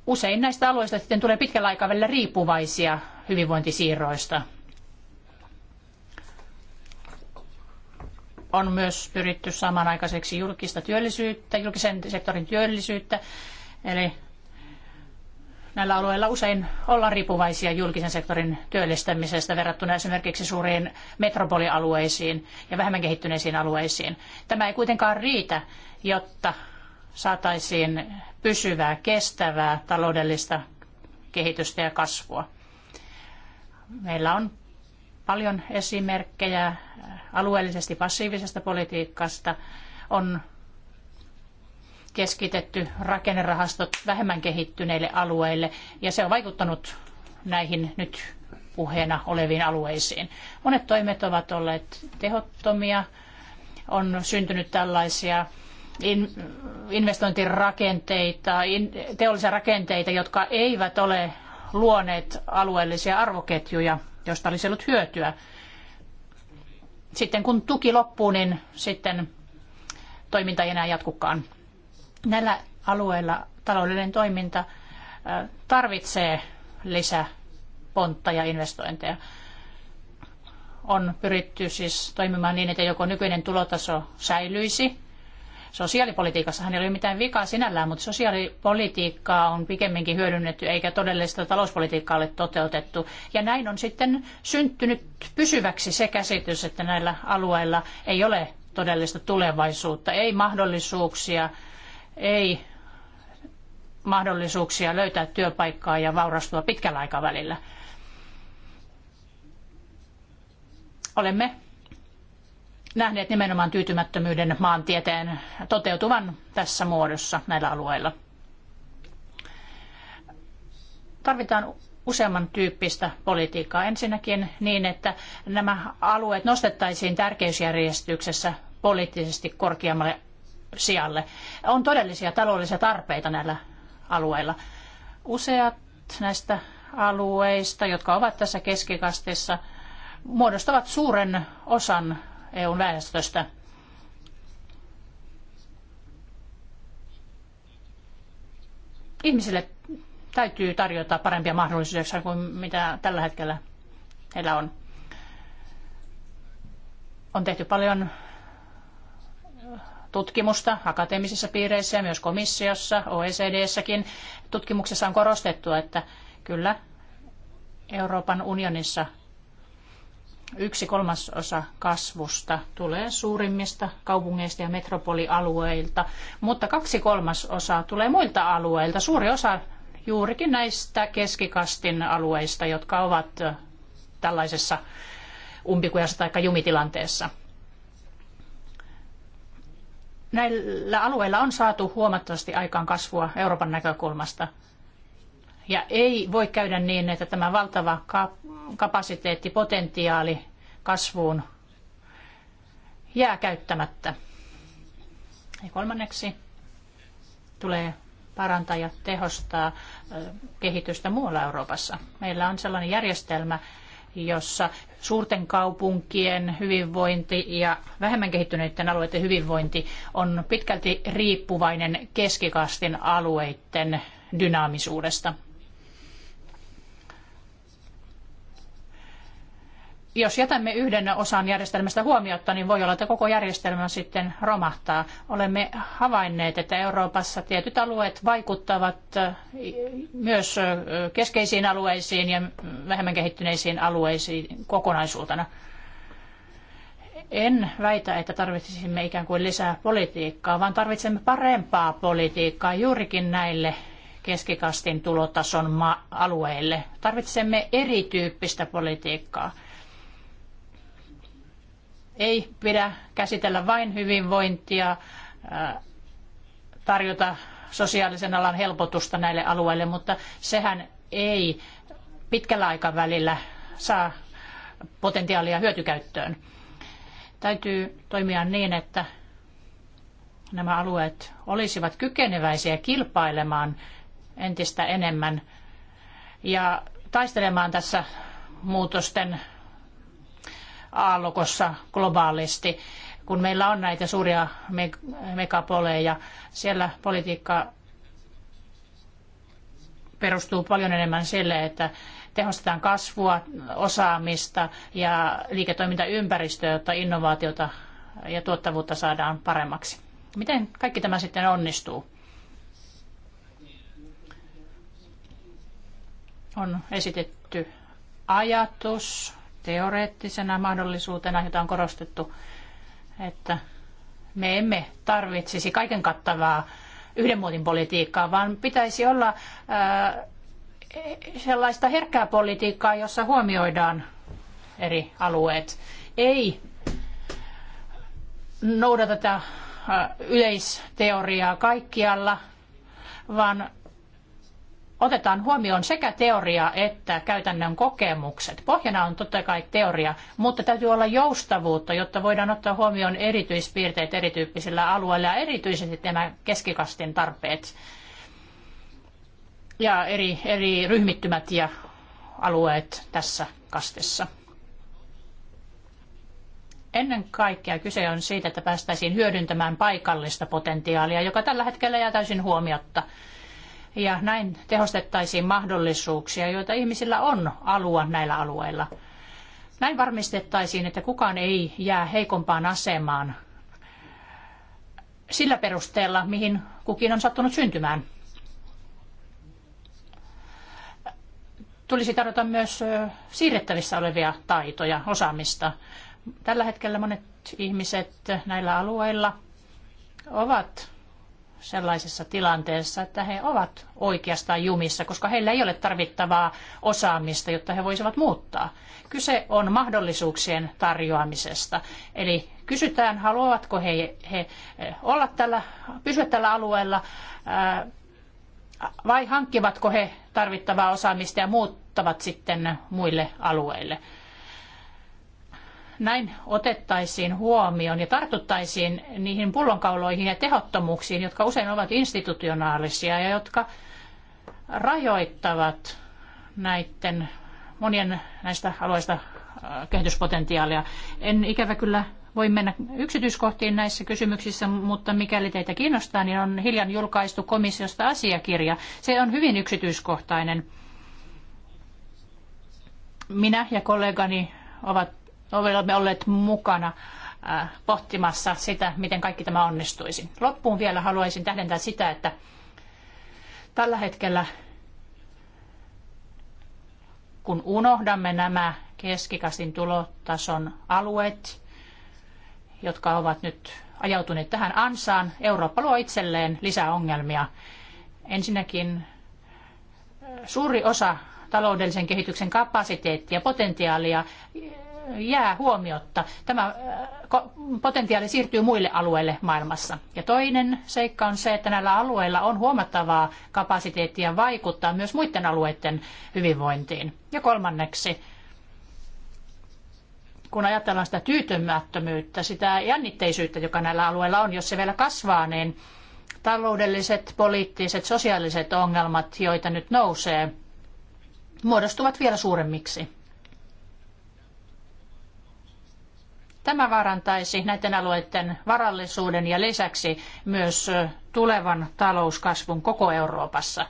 usein näistä aloista sitten tulee pitkällä aikavälillä riippuvaisia hyvinvointisiirroista. On myös pyritty samanaikaiseksi julkista työllisyyttä, julkisen sektorin työllisyyttä, eli näillä alueilla usein ollaan riippuvaisia julkisen sektorin työllistämisestä verrattuna esimerkiksi suuriin metropolialueisiin ja vähemmän kehittyneisiin alueisiin. Tämä ei kuitenkaan riitä, jotta saataisiin pysyvää, kestävää taloudellista kehitystä ja kasvua. Meillä on paljon esimerkkejä alueellisesti passiivisesta politiikasta. On keskitetty rakennerahastot vähemmän kehittyneille alueille ja se on vaikuttanut näihin nyt puheena oleviin alueisiin. Monet toimet ovat olleet tehottomia, on syntynyt tällaisia investointirakenteita, teollisia rakenteita, jotka eivät ole luoneet alueellisia arvoketjuja, joista olisi ollut hyötyä. Sitten kun tuki loppuu, niin sitten toiminta ei enää jatkukaan. Näillä alueilla taloudellinen toiminta tarvitsee lisäpontta ja investointeja. On pyritty siis toimimaan niin, että joko nykyinen tulotaso säilyisi. Sosiaalipolitiikassahan ei ole mitään vikaa sinällään, mutta sosiaalipolitiikkaa on pikemminkin hyödynnetty eikä todellista talouspolitiikkaa ole toteutettu. Ja näin on sitten syntynyt pysyväksi se käsitys, että näillä alueilla ei ole todellista tulevaisuutta, ei mahdollisuuksia ei mahdollisuuksia löytää työpaikkaa ja vaurastua pitkällä aikavälillä. Olemme nähneet nimenomaan tyytymättömyyden maantieteen toteutuvan tässä muodossa näillä alueilla. Tarvitaan useamman tyyppistä politiikkaa. Ensinnäkin niin, että nämä alueet nostettaisiin tärkeysjärjestyksessä poliittisesti korkeammalle sijalle. On todellisia taloudellisia tarpeita näillä alueilla. Useat näistä alueista, jotka ovat tässä keskikastissa, muodostavat suuren osan EUn väestöstä. Ihmisille täytyy tarjota parempia mahdollisuuksia kuin mitä tällä hetkellä heillä on. On tehty paljon tutkimusta akateemisissa piireissä ja myös komissiossa, OECDssäkin. Tutkimuksessa on korostettu, että kyllä Euroopan unionissa yksi kolmasosa kasvusta tulee suurimmista kaupungeista ja metropolialueilta, mutta kaksi kolmasosaa tulee muilta alueilta. Suuri osa juurikin näistä keskikastin alueista, jotka ovat tällaisessa umpikujassa tai jumitilanteessa näillä alueilla on saatu huomattavasti aikaan kasvua Euroopan näkökulmasta. Ja ei voi käydä niin, että tämä valtava kapasiteetti, potentiaali kasvuun jää käyttämättä. Ja kolmanneksi tulee parantaa ja tehostaa kehitystä muualla Euroopassa. Meillä on sellainen järjestelmä, jossa suurten kaupunkien hyvinvointi ja vähemmän kehittyneiden alueiden hyvinvointi on pitkälti riippuvainen keskikastin alueiden dynaamisuudesta. jos jätämme yhden osan järjestelmästä huomiotta, niin voi olla, että koko järjestelmä sitten romahtaa. Olemme havainneet, että Euroopassa tietyt alueet vaikuttavat myös keskeisiin alueisiin ja vähemmän kehittyneisiin alueisiin kokonaisuutena. En väitä, että tarvitsisimme ikään kuin lisää politiikkaa, vaan tarvitsemme parempaa politiikkaa juurikin näille keskikastin tulotason alueille. Tarvitsemme erityyppistä politiikkaa. Ei pidä käsitellä vain hyvinvointia, äh, tarjota sosiaalisen alan helpotusta näille alueille, mutta sehän ei pitkällä aikavälillä saa potentiaalia hyötykäyttöön. Täytyy toimia niin, että nämä alueet olisivat kykeneväisiä kilpailemaan entistä enemmän ja taistelemaan tässä muutosten aallokossa globaalisti, kun meillä on näitä suuria megapoleja. Siellä politiikka perustuu paljon enemmän sille, että tehostetaan kasvua, osaamista ja liiketoimintaympäristöä, jotta innovaatiota ja tuottavuutta saadaan paremmaksi. Miten kaikki tämä sitten onnistuu? On esitetty ajatus teoreettisena mahdollisuutena, jota on korostettu, että me emme tarvitsisi kaiken kattavaa yhden muotin politiikkaa, vaan pitäisi olla äh, sellaista herkkää politiikkaa, jossa huomioidaan eri alueet. Ei noudateta äh, yleisteoriaa kaikkialla, vaan otetaan huomioon sekä teoria että käytännön kokemukset. Pohjana on totta kai teoria, mutta täytyy olla joustavuutta, jotta voidaan ottaa huomioon erityispiirteet erityyppisillä alueilla ja erityisesti nämä keskikastin tarpeet ja eri, eri ryhmittymät ja alueet tässä kastessa. Ennen kaikkea kyse on siitä, että päästäisiin hyödyntämään paikallista potentiaalia, joka tällä hetkellä jää täysin huomiotta – ja näin tehostettaisiin mahdollisuuksia, joita ihmisillä on alua näillä alueilla. Näin varmistettaisiin, että kukaan ei jää heikompaan asemaan sillä perusteella, mihin kukin on sattunut syntymään. Tulisi tarjota myös siirrettävissä olevia taitoja, osaamista. Tällä hetkellä monet ihmiset näillä alueilla ovat sellaisessa tilanteessa, että he ovat oikeastaan jumissa, koska heillä ei ole tarvittavaa osaamista, jotta he voisivat muuttaa. Kyse on mahdollisuuksien tarjoamisesta. Eli kysytään, haluavatko he, he eh, olla tällä, pysyä tällä alueella eh, vai hankkivatko he tarvittavaa osaamista ja muuttavat sitten muille alueille näin otettaisiin huomioon ja tartuttaisiin niihin pullonkauloihin ja tehottomuuksiin, jotka usein ovat institutionaalisia ja jotka rajoittavat näiden monien näistä alueista äh, kehityspotentiaalia. En ikävä kyllä voi mennä yksityiskohtiin näissä kysymyksissä, mutta mikäli teitä kiinnostaa, niin on hiljan julkaistu komissiosta asiakirja. Se on hyvin yksityiskohtainen. Minä ja kollegani ovat olemme olleet mukana äh, pohtimassa sitä, miten kaikki tämä onnistuisi. Loppuun vielä haluaisin tähdentää sitä, että tällä hetkellä kun unohdamme nämä keskikasin tulotason alueet, jotka ovat nyt ajautuneet tähän ansaan, Eurooppa luo itselleen lisää ongelmia. Ensinnäkin äh, suuri osa taloudellisen kehityksen kapasiteettia ja potentiaalia jää huomiotta. Tämä äh, potentiaali siirtyy muille alueille maailmassa. Ja toinen seikka on se, että näillä alueilla on huomattavaa kapasiteettia vaikuttaa myös muiden alueiden hyvinvointiin. Ja kolmanneksi, kun ajatellaan sitä tyytymättömyyttä, sitä jännitteisyyttä, joka näillä alueilla on, jos se vielä kasvaa, niin taloudelliset, poliittiset, sosiaaliset ongelmat, joita nyt nousee, muodostuvat vielä suuremmiksi. Tämä vaarantaisi näiden alueiden varallisuuden ja lisäksi myös tulevan talouskasvun koko Euroopassa.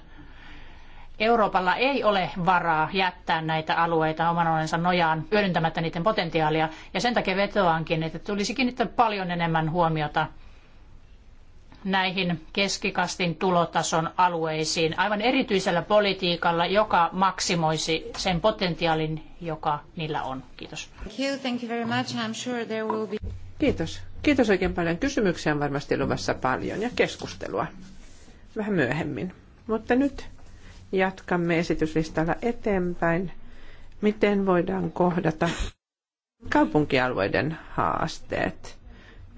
Euroopalla ei ole varaa jättää näitä alueita oman olensa nojaan hyödyntämättä niiden potentiaalia, ja sen takia vetoankin, että tulisi kiinnittää paljon enemmän huomiota näihin keskikastin tulotason alueisiin aivan erityisellä politiikalla, joka maksimoisi sen potentiaalin, joka niillä on. Kiitos. Kiitos. Kiitos oikein paljon. Kysymyksiä on varmasti luvassa paljon ja keskustelua vähän myöhemmin. Mutta nyt jatkamme esityslistalla eteenpäin. Miten voidaan kohdata kaupunkialueiden haasteet?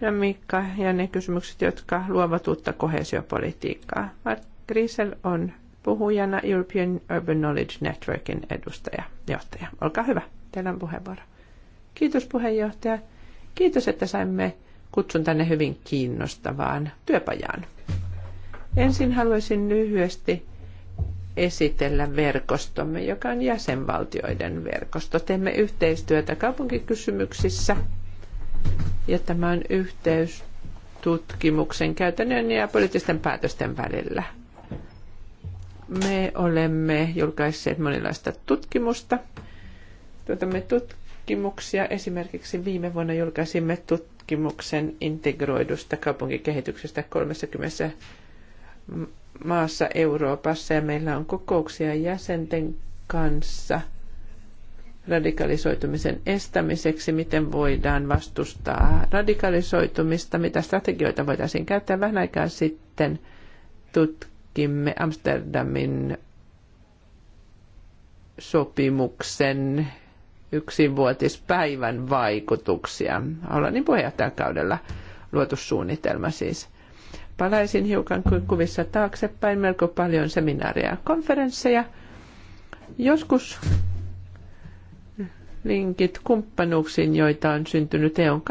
ja Mikka ja ne kysymykset, jotka luovat uutta kohesiopolitiikkaa. Mark Griesel on puhujana European Urban Knowledge Networkin edustaja, johtaja. Olkaa hyvä, teillä on puheenvuoro. Kiitos puheenjohtaja. Kiitos, että saimme kutsun tänne hyvin kiinnostavaan työpajaan. Ensin haluaisin lyhyesti esitellä verkostomme, joka on jäsenvaltioiden verkosto. Teemme yhteistyötä kaupunkikysymyksissä – ja tämä on yhteys tutkimuksen käytännön ja poliittisten päätösten välillä. Me olemme julkaisseet monenlaista tutkimusta. Tuotamme tutkimuksia. Esimerkiksi viime vuonna julkaisimme tutkimuksen integroidusta kaupunkikehityksestä 30 maassa Euroopassa ja meillä on kokouksia jäsenten kanssa – radikalisoitumisen estämiseksi, miten voidaan vastustaa radikalisoitumista, mitä strategioita voitaisiin käyttää. Vähän aikaa sitten tutkimme Amsterdamin sopimuksen yksivuotispäivän vaikutuksia. Hollannin puheenjohtajakaudella luotu suunnitelma siis. Palaisin hiukan kuvissa taaksepäin melko paljon seminaareja ja konferensseja. Joskus linkit kumppanuuksiin, joita on syntynyt EUn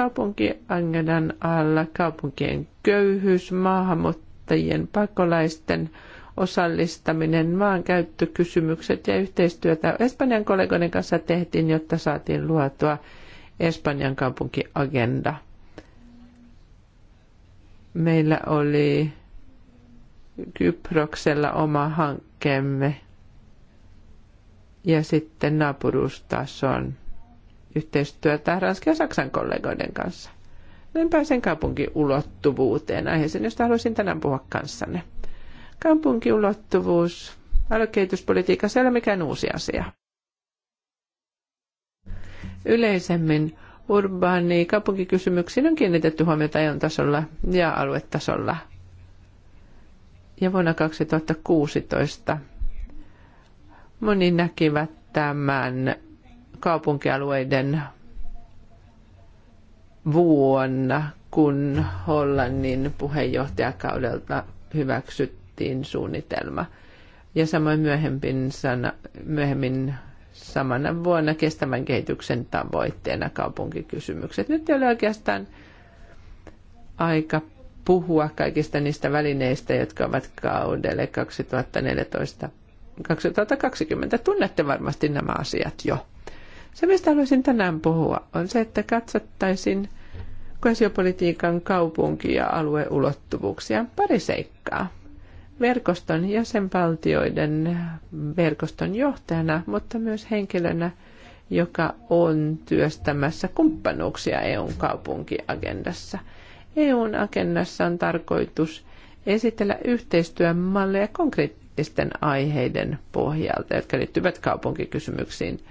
angadan alla, kaupunkien köyhyys, maahanmuuttajien pakolaisten osallistaminen, maankäyttökysymykset ja yhteistyötä Espanjan kollegoiden kanssa tehtiin, jotta saatiin luotua Espanjan kaupunkiagenda. Meillä oli Kyproksella oma hankkeemme ja sitten naapuruustason yhteistyötä Ranskan ja Saksan kollegoiden kanssa. Näin pääsen kaupunkiulottuvuuteen, aiheeseen, josta haluaisin tänään puhua kanssanne. Kaupunkiulottuvuus aluekehityspolitiikassa ei ole mikään uusi asia. Yleisemmin urbaani kaupunkikysymyksiin on kiinnitetty huomiota ajan tasolla ja aluetasolla. Ja vuonna 2016 moni näkivät tämän kaupunkialueiden vuonna, kun Hollannin puheenjohtajakaudelta hyväksyttiin suunnitelma. Ja samoin myöhemmin, sana, myöhemmin samana vuonna kestävän kehityksen tavoitteena kaupunkikysymykset. Nyt ei ole oikeastaan aika puhua kaikista niistä välineistä, jotka ovat kaudelle 2014 2020. Tunnette varmasti nämä asiat jo. Se, mistä haluaisin tänään puhua, on se, että katsottaisiin koesiopolitiikan kaupunki- ja alueulottuvuuksia pari seikkaa. Verkoston jäsenvaltioiden verkoston johtajana, mutta myös henkilönä, joka on työstämässä kumppanuuksia EUn kaupunkiagendassa. EUn agendassa on tarkoitus esitellä yhteistyön konkreettisten aiheiden pohjalta, jotka liittyvät kaupunkikysymyksiin –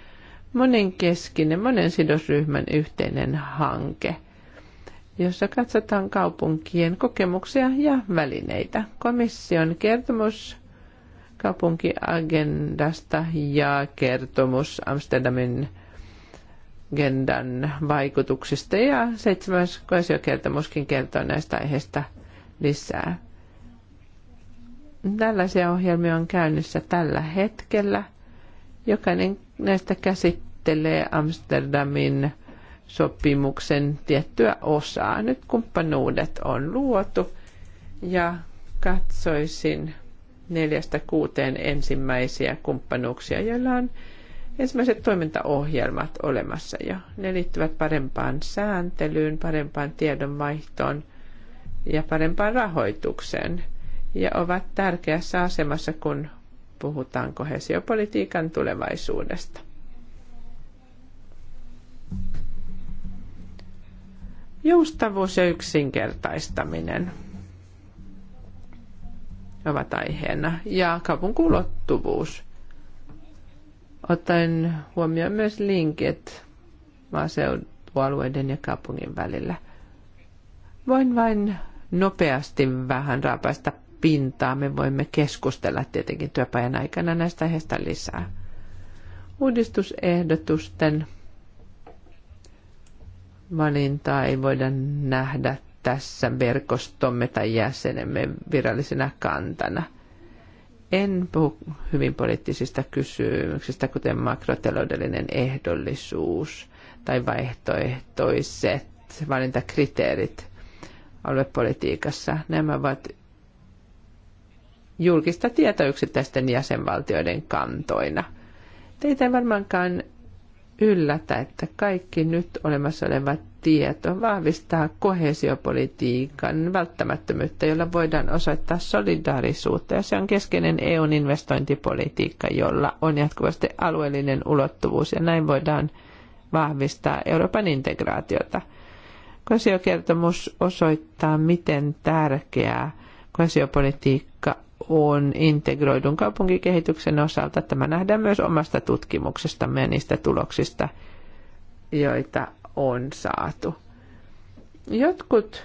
monenkeskinen, monen sidosryhmän yhteinen hanke, jossa katsotaan kaupunkien kokemuksia ja välineitä. Komission kertomus kaupunkiagendasta ja kertomus Amsterdamin agendan vaikutuksista ja seitsemäs koesiokertomuskin kertoo näistä aiheista lisää. Tällaisia ohjelmia on käynnissä tällä hetkellä. Jokainen näistä käsittelee Amsterdamin sopimuksen tiettyä osaa. Nyt kumppanuudet on luotu ja katsoisin neljästä kuuteen ensimmäisiä kumppanuuksia, joilla on ensimmäiset toimintaohjelmat olemassa jo. Ne liittyvät parempaan sääntelyyn, parempaan tiedonvaihtoon ja parempaan rahoitukseen ja ovat tärkeässä asemassa, kun puhutaan kohesiopolitiikan tulevaisuudesta. Joustavuus ja yksinkertaistaminen ovat aiheena ja kaupunkulottuvuus. Ottaen huomioon myös linkit maaseutualueiden ja kaupungin välillä. Voin vain nopeasti vähän raapaista pintaa. Me voimme keskustella tietenkin työpajan aikana näistä aiheista lisää. Uudistusehdotusten valintaa ei voida nähdä tässä verkostomme tai jäsenemme virallisena kantana. En puhu hyvin poliittisista kysymyksistä, kuten makrotaloudellinen ehdollisuus tai vaihtoehtoiset valintakriteerit aluepolitiikassa. Nämä ovat julkista tietoa yksittäisten jäsenvaltioiden kantoina. Teitä ei varmaankaan yllätä, että kaikki nyt olemassa oleva tieto vahvistaa kohesiopolitiikan välttämättömyyttä, jolla voidaan osoittaa solidaarisuutta. Ja se on keskeinen EUn investointipolitiikka, jolla on jatkuvasti alueellinen ulottuvuus ja näin voidaan vahvistaa Euroopan integraatiota. Kohesiokertomus osoittaa, miten tärkeää kohesiopolitiikka EUn integroidun kaupunkikehityksen osalta. Tämä nähdään myös omasta tutkimuksestamme ja niistä tuloksista, joita on saatu. Jotkut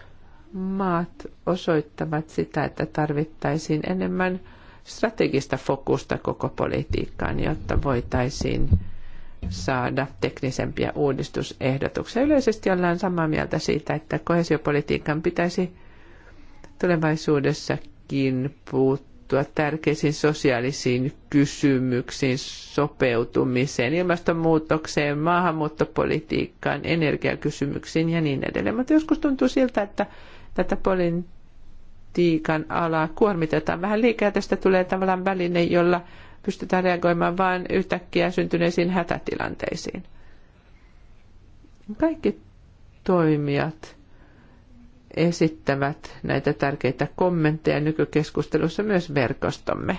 maat osoittavat sitä, että tarvittaisiin enemmän strategista fokusta koko politiikkaan, jotta voitaisiin saada teknisempiä uudistusehdotuksia. Yleisesti ollaan samaa mieltä siitä, että kohesiopolitiikan pitäisi tulevaisuudessakin puuttua puuttua tärkeisiin sosiaalisiin kysymyksiin, sopeutumiseen, ilmastonmuutokseen, maahanmuuttopolitiikkaan, energiakysymyksiin ja niin edelleen. Mutta joskus tuntuu siltä, että tätä politiikan alaa kuormitetaan vähän liikaa. Tästä tulee tavallaan väline, jolla pystytään reagoimaan vain yhtäkkiä syntyneisiin hätätilanteisiin. Kaikki toimijat esittävät näitä tärkeitä kommentteja nykykeskustelussa myös verkostomme.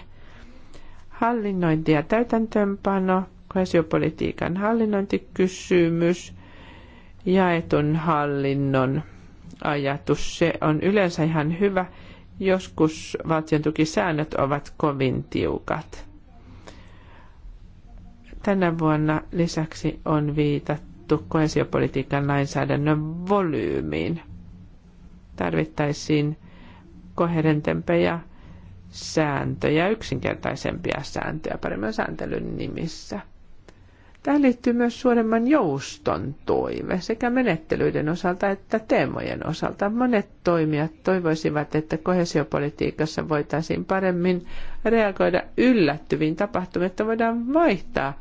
Hallinnointi ja täytäntöönpano, kohesiopolitiikan hallinnointikysymys, jaetun hallinnon ajatus, se on yleensä ihan hyvä. Joskus valtiontukisäännöt ovat kovin tiukat. Tänä vuonna lisäksi on viitattu kohesiopolitiikan lainsäädännön volyymiin – tarvittaisiin koherentempejä sääntöjä, yksinkertaisempia sääntöjä paremman sääntelyn nimissä. Tähän liittyy myös suuremman jouston toive sekä menettelyiden osalta että teemojen osalta. Monet toimijat toivoisivat, että kohesiopolitiikassa voitaisiin paremmin reagoida yllättyviin tapahtumiin, että voidaan vaihtaa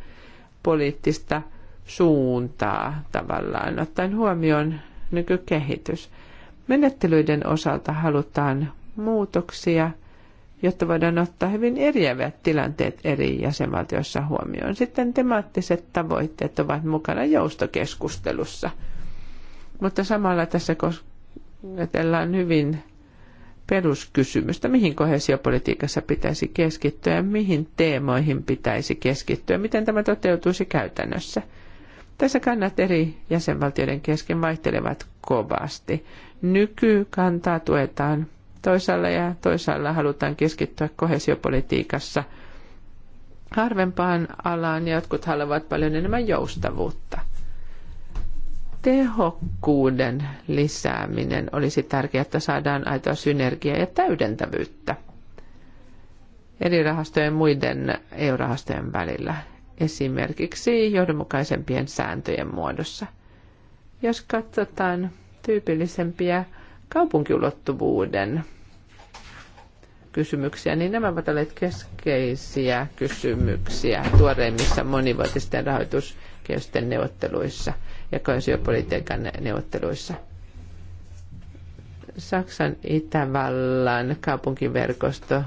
poliittista suuntaa tavallaan, ottaen huomioon nykykehitys. Menettelyiden osalta halutaan muutoksia, jotta voidaan ottaa hyvin eriävät tilanteet eri jäsenvaltioissa huomioon. Sitten temaattiset tavoitteet ovat mukana joustokeskustelussa. Mutta samalla tässä kosketellaan hyvin peruskysymystä, mihin kohesiopolitiikassa pitäisi keskittyä ja mihin teemoihin pitäisi keskittyä, miten tämä toteutuisi käytännössä – tässä kannat eri jäsenvaltioiden kesken vaihtelevat kovasti. Nykykantaa tuetaan toisaalla ja toisaalla halutaan keskittyä kohesiopolitiikassa harvempaan alaan ja jotkut haluavat paljon enemmän joustavuutta. Tehokkuuden lisääminen olisi tärkeää, että saadaan aitoa synergiaa ja täydentävyyttä eri rahastojen muiden EU-rahastojen välillä esimerkiksi johdonmukaisempien sääntöjen muodossa. Jos katsotaan tyypillisempiä kaupunkiulottuvuuden kysymyksiä, niin nämä ovat olleet keskeisiä kysymyksiä tuoreimmissa monivuotisten rahoituskehysten neuvotteluissa ja kansiopolitiikan neuvotteluissa. Saksan Itävallan kaupunkiverkosto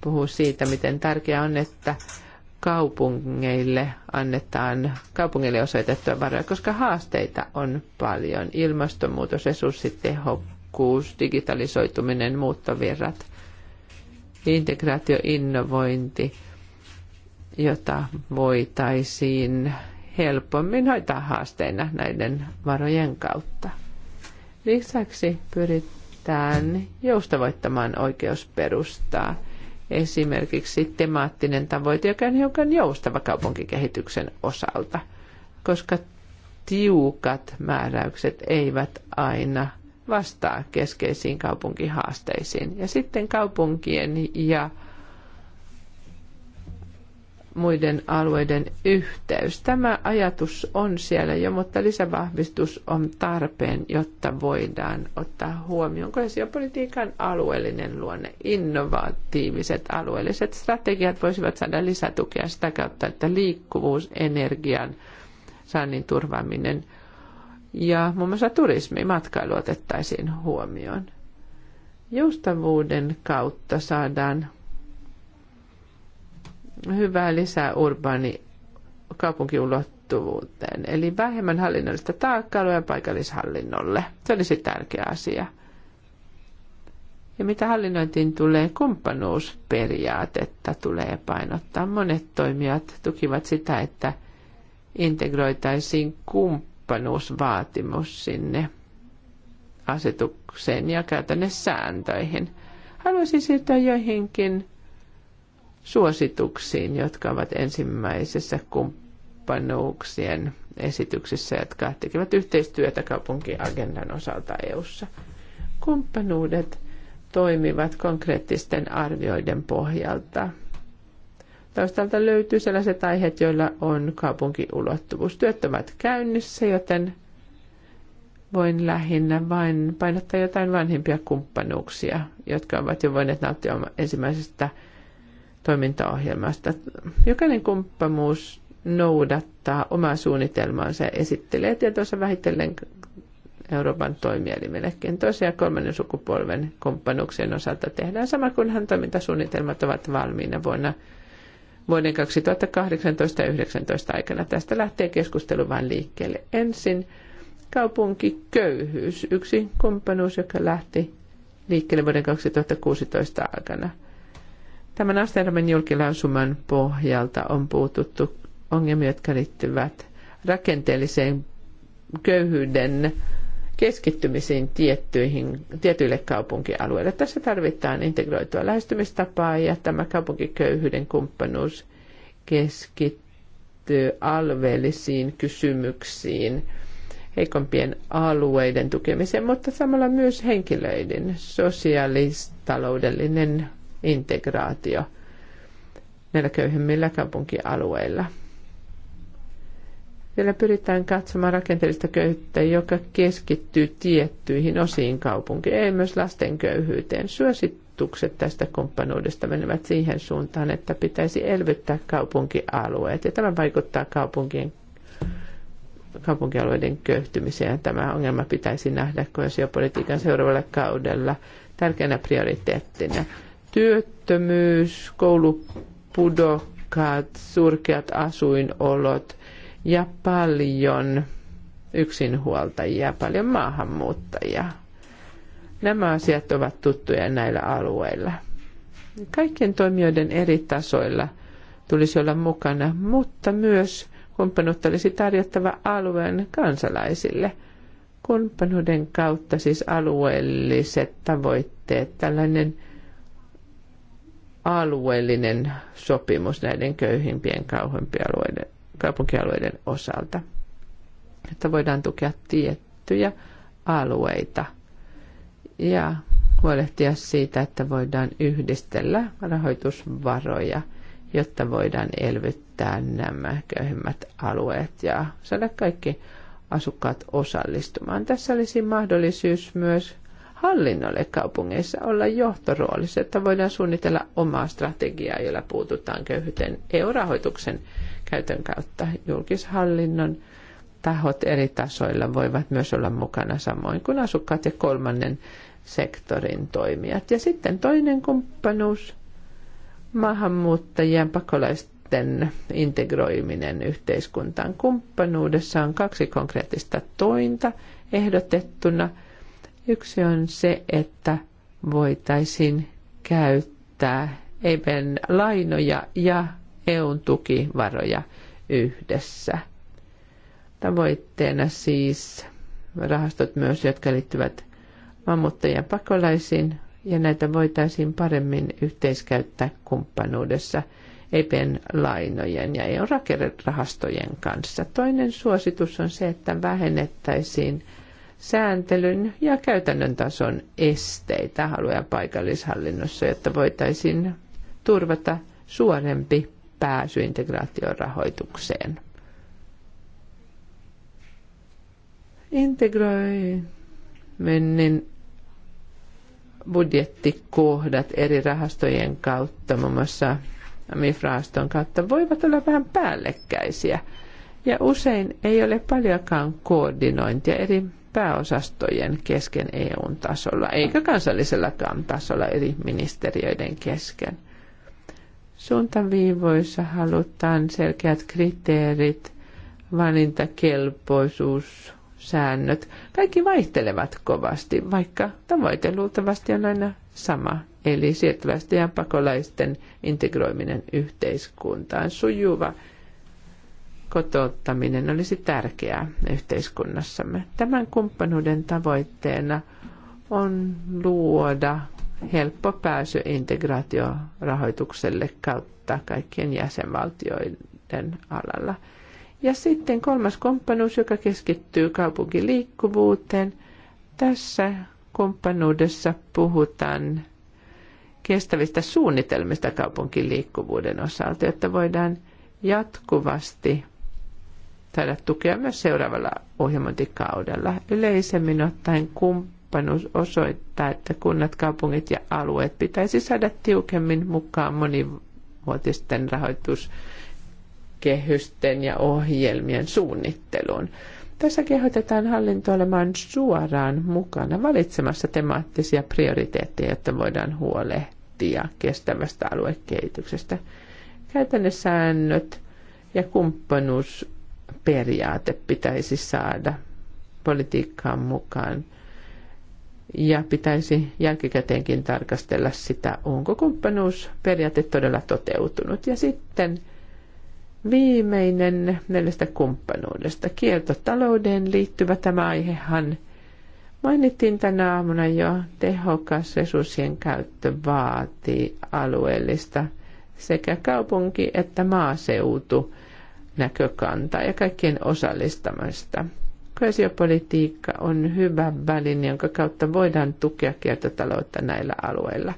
puhuu siitä, miten tärkeää on, että kaupungeille annetaan kaupungille osoitettua varoja, koska haasteita on paljon. Ilmastonmuutos, resurssitehokkuus, digitalisoituminen, muuttovirrat, integraatio, innovointi, jota voitaisiin helpommin hoitaa haasteina näiden varojen kautta. Lisäksi pyritään joustavoittamaan oikeusperustaa – esimerkiksi temaattinen tavoite, joka on hiukan joustava kaupunkikehityksen osalta, koska tiukat määräykset eivät aina vastaa keskeisiin kaupunkihaasteisiin. Ja sitten kaupunkien ja muiden alueiden yhteys. Tämä ajatus on siellä jo, mutta lisävahvistus on tarpeen, jotta voidaan ottaa huomioon kohesiopolitiikan alueellinen luonne. Innovatiiviset alueelliset strategiat voisivat saada lisätukea sitä kautta, että liikkuvuus, energian saannin turvaaminen ja muun mm. muassa turismi, matkailu otettaisiin huomioon. Joustavuuden kautta saadaan hyvää lisää urbaani kaupunkiulottuvuuteen, eli vähemmän hallinnollista taakkailua ja paikallishallinnolle. Se olisi tärkeä asia. Ja mitä hallinnointiin tulee, kumppanuusperiaatetta tulee painottaa. Monet toimijat tukivat sitä, että integroitaisiin kumppanuusvaatimus sinne asetukseen ja sääntöihin. Haluaisin siirtyä joihinkin suosituksiin, jotka ovat ensimmäisessä kumppanuuksien esityksessä, jotka tekevät yhteistyötä kaupunkiagendan osalta EU:ssa. Kumppanuudet toimivat konkreettisten arvioiden pohjalta. Taustalta löytyy sellaiset aiheet, joilla on kaupunkiulottuvuus. Työt ovat käynnissä, joten voin lähinnä vain painottaa jotain vanhempia kumppanuuksia, jotka ovat jo voineet nauttia ensimmäisestä toimintaohjelmasta. Jokainen kumppamuus noudattaa omaa suunnitelmaansa ja esittelee tietonsa vähitellen Euroopan toimielimellekin. Toisen ja kolmannen sukupolven kumppanuuksien osalta tehdään sama, kunhan toimintasuunnitelmat ovat valmiina vuonna vuoden 2018-2019 aikana. Tästä lähtee keskustelu vain liikkeelle. Ensin kaupunkiköyhyys, yksi kumppanuus, joka lähti liikkeelle vuoden 2016 aikana. Tämän Amsterdamin julkilausuman pohjalta on puututtu ongelmia, jotka liittyvät rakenteelliseen köyhyyden keskittymisiin tiettyihin, tietyille kaupunkialueille. Tässä tarvitaan integroitua lähestymistapaa ja tämä kaupunkiköyhyyden kumppanuus keskittyy alveellisiin kysymyksiin, heikompien alueiden tukemiseen, mutta samalla myös henkilöiden sosiaalistaloudellinen integraatio näillä köyhemmillä kaupunkialueilla. Siellä pyritään katsomaan rakenteellista köyhyyttä, joka keskittyy tiettyihin osiin kaupunkiin, ei myös lasten köyhyyteen. Suositukset tästä kumppanuudesta menevät siihen suuntaan, että pitäisi elvyttää kaupunkialueet, ja tämä vaikuttaa kaupunkien kaupunkialueiden köyhtymiseen. Tämä ongelma pitäisi nähdä koesiopolitiikan seuraavalla kaudella tärkeänä prioriteettina. Työttömyys, koulupudokkaat, surkeat asuinolot ja paljon yksinhuoltajia, paljon maahanmuuttajia. Nämä asiat ovat tuttuja näillä alueilla. Kaikkien toimijoiden eri tasoilla tulisi olla mukana, mutta myös kumppanuutta olisi tarjottava alueen kansalaisille. Kumppanuuden kautta siis alueelliset tavoitteet, tällainen – alueellinen sopimus näiden köyhimpien kaupunkialueiden, kaupunkialueiden osalta, että voidaan tukea tiettyjä alueita ja huolehtia siitä, että voidaan yhdistellä rahoitusvaroja, jotta voidaan elvyttää nämä köyhimmät alueet ja saada kaikki asukkaat osallistumaan. Tässä olisi mahdollisuus myös hallinnolle kaupungeissa olla johtoroolissa, että voidaan suunnitella omaa strategiaa, jolla puututaan köyhyyteen EU-rahoituksen käytön kautta. Julkishallinnon tahot eri tasoilla voivat myös olla mukana samoin kuin asukkaat ja kolmannen sektorin toimijat. Ja sitten toinen kumppanuus, maahanmuuttajien pakolaisten integroiminen yhteiskuntaan. Kumppanuudessa on kaksi konkreettista tointa ehdotettuna – Yksi on se, että voitaisiin käyttää EIPen lainoja ja EUn tukivaroja yhdessä. Tavoitteena siis rahastot myös, jotka liittyvät maamuttajien pakolaisiin, ja näitä voitaisiin paremmin yhteiskäyttää kumppanuudessa EPEN lainojen ja EU-rakennerahastojen kanssa. Toinen suositus on se, että vähennettäisiin sääntelyn ja käytännön tason esteitä alue- ja paikallishallinnossa, jotta voitaisiin turvata suorempi pääsy integraation rahoitukseen. Integroiminen budjettikohdat eri rahastojen kautta, muun muassa MIF-rahaston kautta, voivat olla vähän päällekkäisiä. Ja usein ei ole paljonkaan koordinointia eri pääosastojen kesken EUn tasolla, eikä kansallisellakaan tasolla eri ministeriöiden kesken. Suuntaviivoissa halutaan selkeät kriteerit, valintakelpoisuus, säännöt. Kaikki vaihtelevat kovasti, vaikka tavoite luultavasti on aina sama, eli siirtolaisten ja pakolaisten integroiminen yhteiskuntaan, sujuva kotouttaminen olisi tärkeää yhteiskunnassamme. Tämän kumppanuuden tavoitteena on luoda helppo pääsy integraatiorahoitukselle kautta kaikkien jäsenvaltioiden alalla. Ja sitten kolmas kumppanuus, joka keskittyy kaupunkiliikkuvuuteen. Tässä kumppanuudessa puhutaan kestävistä suunnitelmista kaupunkiliikkuvuuden osalta, jotta voidaan jatkuvasti saada tukea myös seuraavalla ohjelmointikaudella. Yleisemmin ottaen kumppanuus osoittaa, että kunnat, kaupungit ja alueet pitäisi saada tiukemmin mukaan monivuotisten rahoituskehysten ja ohjelmien suunnitteluun. Tässä kehotetaan hallinto olemaan suoraan mukana valitsemassa temaattisia prioriteetteja, jotta voidaan huolehtia kestävästä aluekehityksestä. Käytännössäännöt ja kumppanuus periaate pitäisi saada politiikkaan mukaan. Ja pitäisi jälkikäteenkin tarkastella sitä, onko kumppanuusperiaate todella toteutunut. Ja sitten viimeinen neljästä kumppanuudesta. Kiertotalouteen liittyvä tämä aihehan mainittiin tänä aamuna jo. Tehokas resurssien käyttö vaatii alueellista sekä kaupunki- että maaseutu näkökantaa ja kaikkien osallistamista. Koesiopolitiikka on hyvä välin, jonka kautta voidaan tukea kiertotaloutta näillä alueilla.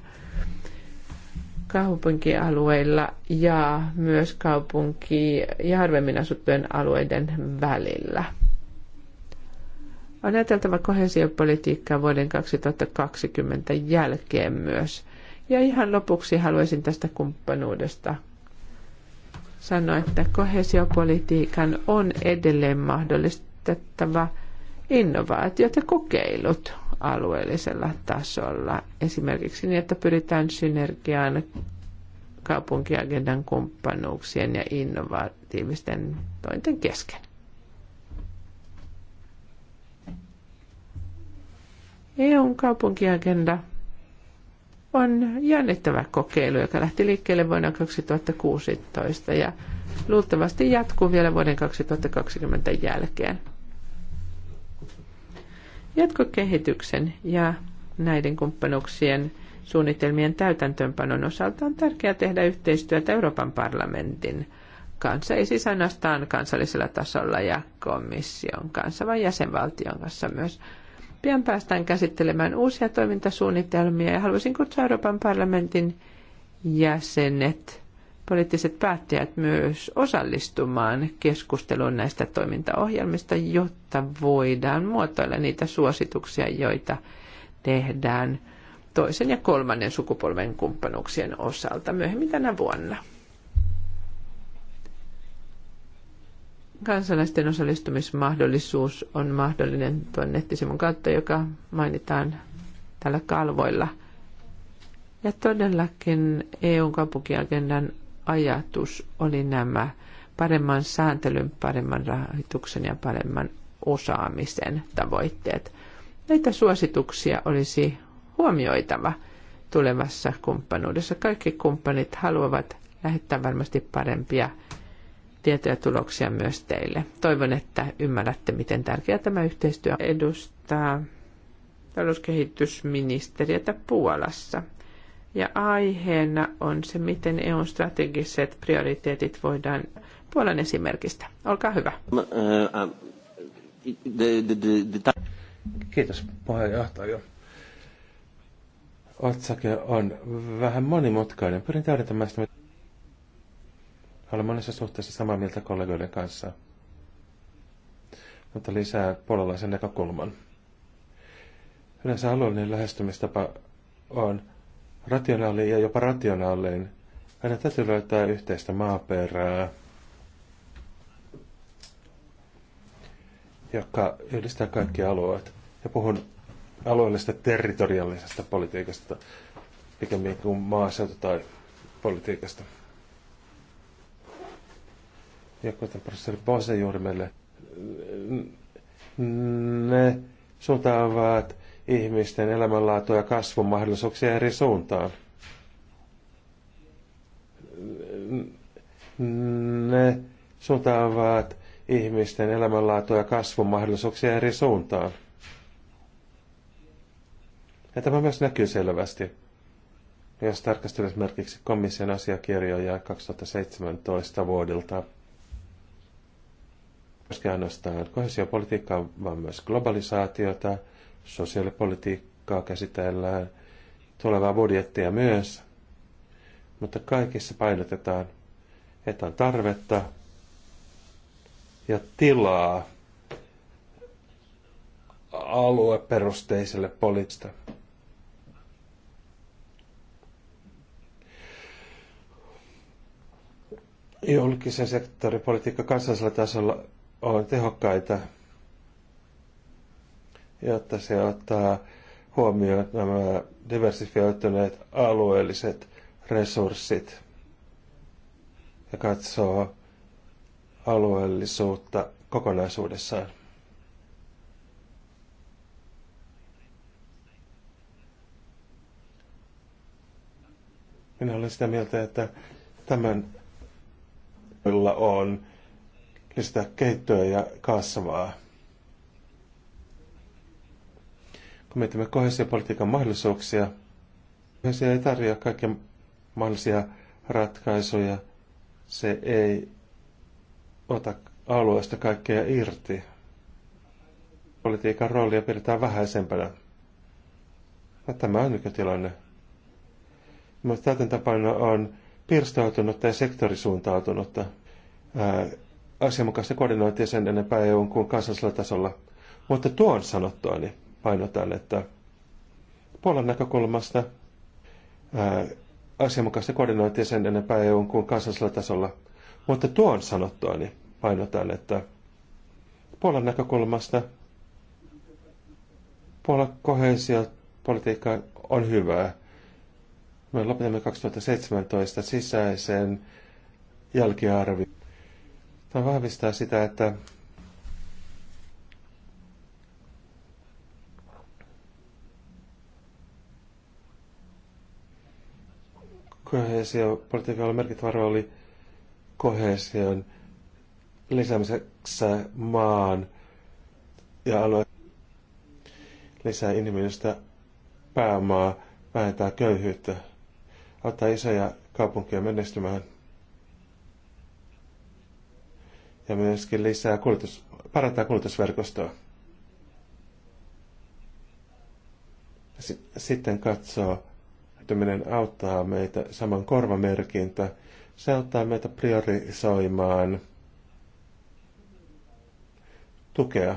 Kaupunkialueilla ja myös kaupunki- ja harvemmin asuttujen alueiden välillä. On ajateltava kohesiopolitiikkaa vuoden 2020 jälkeen myös. Ja ihan lopuksi haluaisin tästä kumppanuudesta sanoi, että kohesiopolitiikan on edelleen mahdollistettava innovaatiot ja kokeilut alueellisella tasolla. Esimerkiksi niin, että pyritään synergiaan kaupunkiagendan kumppanuuksien ja innovatiivisten tointen kesken. EUn kaupunkiagenda on jännittävä kokeilu, joka lähti liikkeelle vuonna 2016 ja luultavasti jatkuu vielä vuoden 2020 jälkeen. Jatkokehityksen ja näiden kumppanuuksien suunnitelmien täytäntöönpanon osalta on tärkeää tehdä yhteistyötä Euroopan parlamentin kanssa, ei siis ainoastaan kansallisella tasolla ja komission kanssa, vaan jäsenvaltion kanssa myös. Pian päästään käsittelemään uusia toimintasuunnitelmia ja haluaisin kutsua Euroopan parlamentin jäsenet, poliittiset päättäjät myös osallistumaan keskusteluun näistä toimintaohjelmista, jotta voidaan muotoilla niitä suosituksia, joita tehdään toisen ja kolmannen sukupolven kumppanuuksien osalta myöhemmin tänä vuonna. kansalaisten osallistumismahdollisuus on mahdollinen tuon nettisivun kautta, joka mainitaan tällä kalvoilla. Ja todellakin EUn kaupunkiagendan ajatus oli nämä paremman sääntelyn, paremman rahoituksen ja paremman osaamisen tavoitteet. Näitä suosituksia olisi huomioitava tulevassa kumppanuudessa. Kaikki kumppanit haluavat lähettää varmasti parempia tietoja tuloksia myös teille. Toivon, että ymmärrätte, miten tärkeää tämä yhteistyö edustaa talouskehitysministeriötä Puolassa. Ja aiheena on se, miten EUn strategiset prioriteetit voidaan Puolan esimerkistä. Olkaa hyvä. Kiitos puheenjohtaja. Otsake on vähän monimutkainen. Pyrin täydentämään sitä, olen monessa suhteessa samaa mieltä kollegoiden kanssa, mutta lisää puolalaisen näkökulman. Yleensä alueellinen lähestymistapa on rationaali ja jopa rationaalinen. Aina täytyy löytää yhteistä maaperää, joka yhdistää kaikki alueet. Ja puhun alueellisesta territoriaalisesta politiikasta pikemmin kuin maaseutu tai politiikasta ja kuten professori basejormelle, mm, ne suuntaavat ihmisten elämänlaatu ja kasvun mahdollisuuksia eri suuntaan. Mm, ne suuntaavat ihmisten elämänlaatu ja kasvun mahdollisuuksia eri suuntaan. Ja tämä myös näkyy selvästi. Jos tarkastelet esimerkiksi komission asiakirjoja 2017 vuodelta, myöskään ainoastaan kohesiopolitiikkaa, vaan myös globalisaatiota, sosiaalipolitiikkaa käsitellään, tulevaa budjettia myös. Mutta kaikissa painotetaan, että on tarvetta ja tilaa alueperusteiselle poliitista. Julkisen sektorin politiikka kansallisella tasolla on tehokkaita, jotta se ottaa huomioon nämä diversifioituneet alueelliset resurssit ja katsoo alueellisuutta kokonaisuudessaan. Minä olen sitä mieltä, että tämän on pistää keittoa ja kasvaa. Kun mietimme kohesiopolitiikan mahdollisuuksia, kohesio ei tarjoa kaikkia mahdollisia ratkaisuja. Se ei ota alueesta kaikkea irti. Politiikan roolia pidetään vähäisempänä. Ja tämä on nykytilanne. Mutta täytäntöpaino on pirstautunutta ja sektorisuuntautunutta. Ää, asianmukaista koordinointia sen enempää EU kuin kansallisella tasolla. Mutta tuon sanottua, niin painotan, että Puolan näkökulmasta ää, asianmukaista koordinointia sen enempää EU kuin kansallisella tasolla. Mutta tuon sanottua, niin painotan, että Puolan näkökulmasta Puolan kohesiopolitiikka on hyvää. Me lopetamme 2017 sisäisen jälkiarvion Tämä vahvistaa sitä, että politiikalla merkittävä rooli koheesion lisäämisessä maan ja alue lisää inhimillistä pääomaa, vähentää köyhyyttä, auttaa isoja kaupunkia menestymään – ja myöskin lisää kulutus, parantaa kulutusverkostoa. Sitten katsoo, että auttaa meitä saman korvamerkintä. Se auttaa meitä priorisoimaan tukea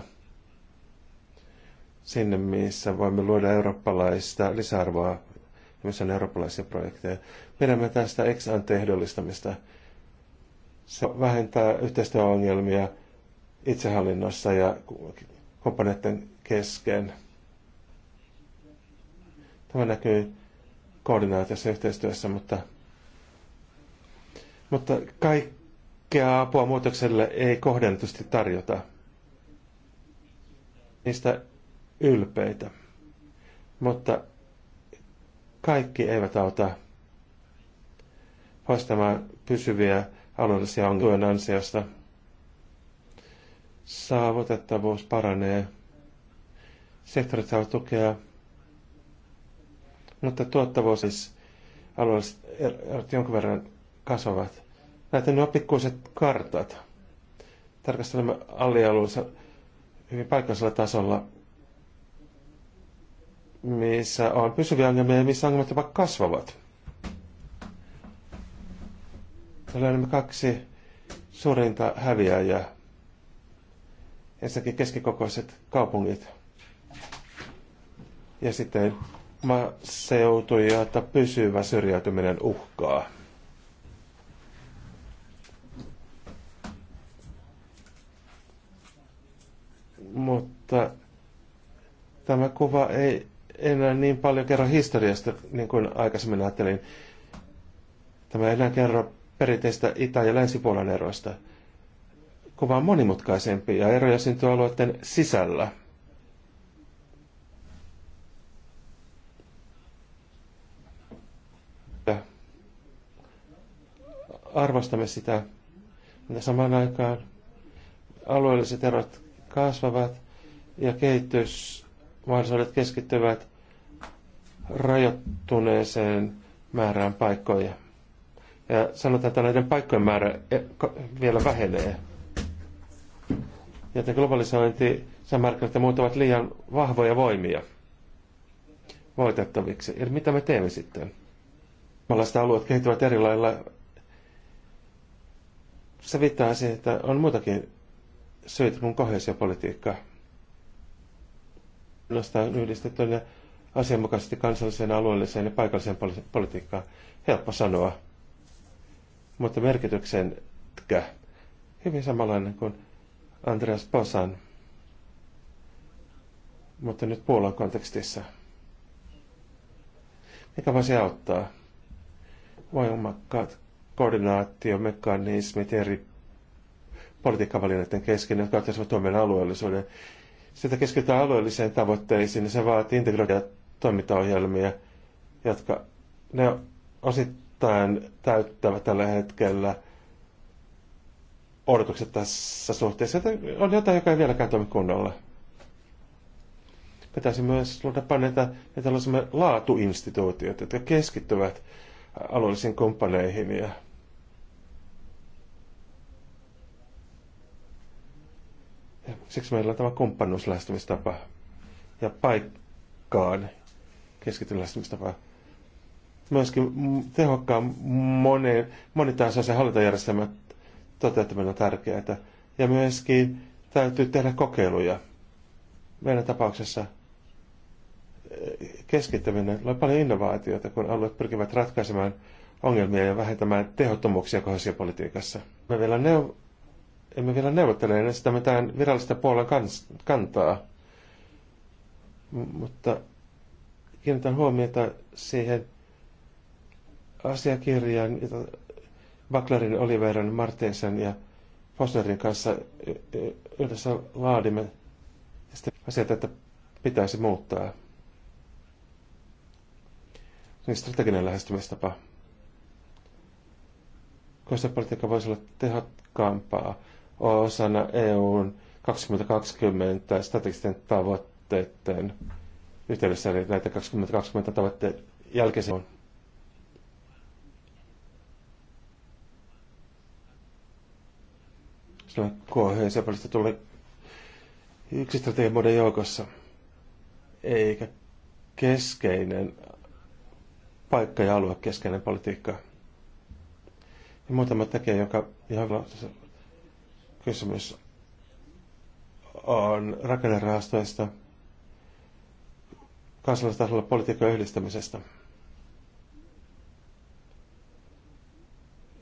sinne, missä voimme luoda eurooppalaista lisäarvoa, missä on eurooppalaisia projekteja. Pidämme tästä ex ante ehdollistamista se vähentää yhteistyöongelmia itsehallinnossa ja komponentten kesken. Tämä näkyy koordinaatiossa yhteistyössä, mutta, mutta kaikkea apua muutokselle ei kohdennetusti tarjota. Niistä ylpeitä. Mutta kaikki eivät auta poistamaan pysyviä on ongelmia ansiosta. Saavutettavuus paranee. Sektorit saavat tukea. Mutta tuottavuus siis alueelliset erot jonkun verran kasvavat. Näitä nuo pikkuiset kartat. Tarkastelemme alialueensa hyvin paikallisella tasolla, missä on pysyviä ongelmia ja missä ongelmat jopa kasvavat. Me löydämme kaksi suurinta häviäjää. Ensinnäkin keskikokoiset kaupungit ja sitten maaseutuja että pysyvä syrjäytyminen uhkaa. Mutta tämä kuva ei enää niin paljon kerro historiasta, niin kuin aikaisemmin ajattelin. Tämä ei enää kerro perinteistä itä- ja länsipuolen eroista. Kuva monimutkaisempia monimutkaisempi ja eroja syntyy alueiden sisällä. arvostamme sitä, mutta samaan aikaan alueelliset erot kasvavat ja kehitysmahdollisuudet keskittyvät rajoittuneeseen määrään paikkoja. Ja sanotaan, että näiden paikkojen määrä e, vielä vähenee. Joten globalisointi, sisämarkkinat ja muut ovat liian vahvoja voimia voitettaviksi. Eli mitä me teemme sitten? Maailmaiset alueet kehittyvät eri lailla. Se viittaa siihen, että on muutakin syitä kuin kohesiopolitiikka. Nostaa yhdistettyä asianmukaisesti kansalliseen, alueelliseen ja paikalliseen politiikkaan. Helppo sanoa mutta merkityksen Hyvin samanlainen kuin Andreas Posan, mutta nyt Puolan kontekstissa. Mikä voisi auttaa? Voimakkaat koordinaatiomekanismit eri politiikkavalinnoiden kesken, jotka ottaisivat Suomen alueellisuuden. Sitä keskitytään alueelliseen tavoitteisiin, niin se vaatii integroida toimintaohjelmia, jotka ne osittain osittain täyttävä tällä hetkellä odotukset tässä suhteessa, että on jotain, joka ei vieläkään toimi kunnolla. Pitäisi myös luoda paneita, että tällaisia laatuinstituutiot, jotka keskittyvät alueellisiin kumppaneihin ja Ja siksi meillä on tämä kumppanuuslähestymistapa ja paikkaan keskityn lähestymistapa myöskin tehokkaan monen, monitasoisen hallintajärjestelmän toteuttaminen on tärkeää. Ja myöskin täytyy tehdä kokeiluja. Meidän tapauksessa eh, keskittäminen on paljon innovaatioita, kun alueet pyrkivät ratkaisemaan ongelmia ja vähentämään tehottomuuksia politiikassa. Me vielä neuv- emme vielä neuvottele ennen sitä mitään virallista puolen kans- kantaa, M- mutta kiinnitän huomiota siihen asiakirjan, jota Baklerin, Oliveran, Martensen ja Fosnerin kanssa yhdessä laadimme asiat, että pitäisi muuttaa. Niin strateginen lähestymistapa. Koistopolitiikka voisi olla tehokkaampaa osana EUn 2020 strategisten tavoitteiden yhteydessä, eli näitä 2020 tavoitteiden jälkeen Silloin khc Sepalista tulee yksi strategian joukossa, eikä keskeinen paikka ja alue keskeinen politiikka. Ja muutama tekijä, joka ihan kysymys on rakennerahastoista, kansallistasolla politiikan yhdistämisestä.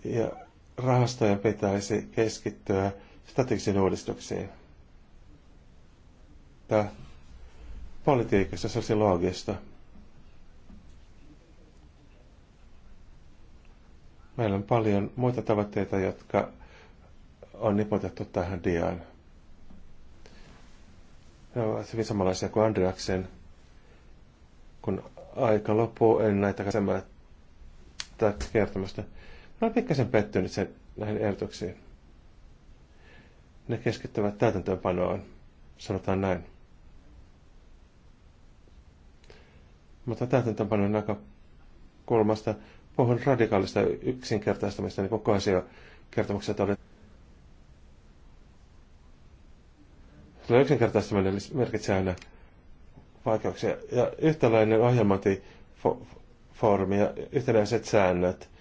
Ja rahastoja pitäisi keskittyä strategisiin uudistuksiin. Tämä politiikasta, sosiologiasta. Meillä on paljon muita tavoitteita, jotka on nipotettu tähän diaan. Ne ovat hyvin samanlaisia kuin Andreaksen. Kun aika loppuu, en näitä käsemää kertomasta. Mä oon pikkasen pettynyt sen, näihin ehdotuksiin. Ne keskittyvät täytäntöönpanoon, sanotaan näin. Mutta täytäntöönpanon näkökulmasta puhun radikaalista yksinkertaistamista, niin koko asia kertomuksessa todetaan. Kyllä yksinkertaistaminen merkitsee aina vaikeuksia. Ja yhtäläinen ohjelmointifoorumi ja yhtenäiset säännöt –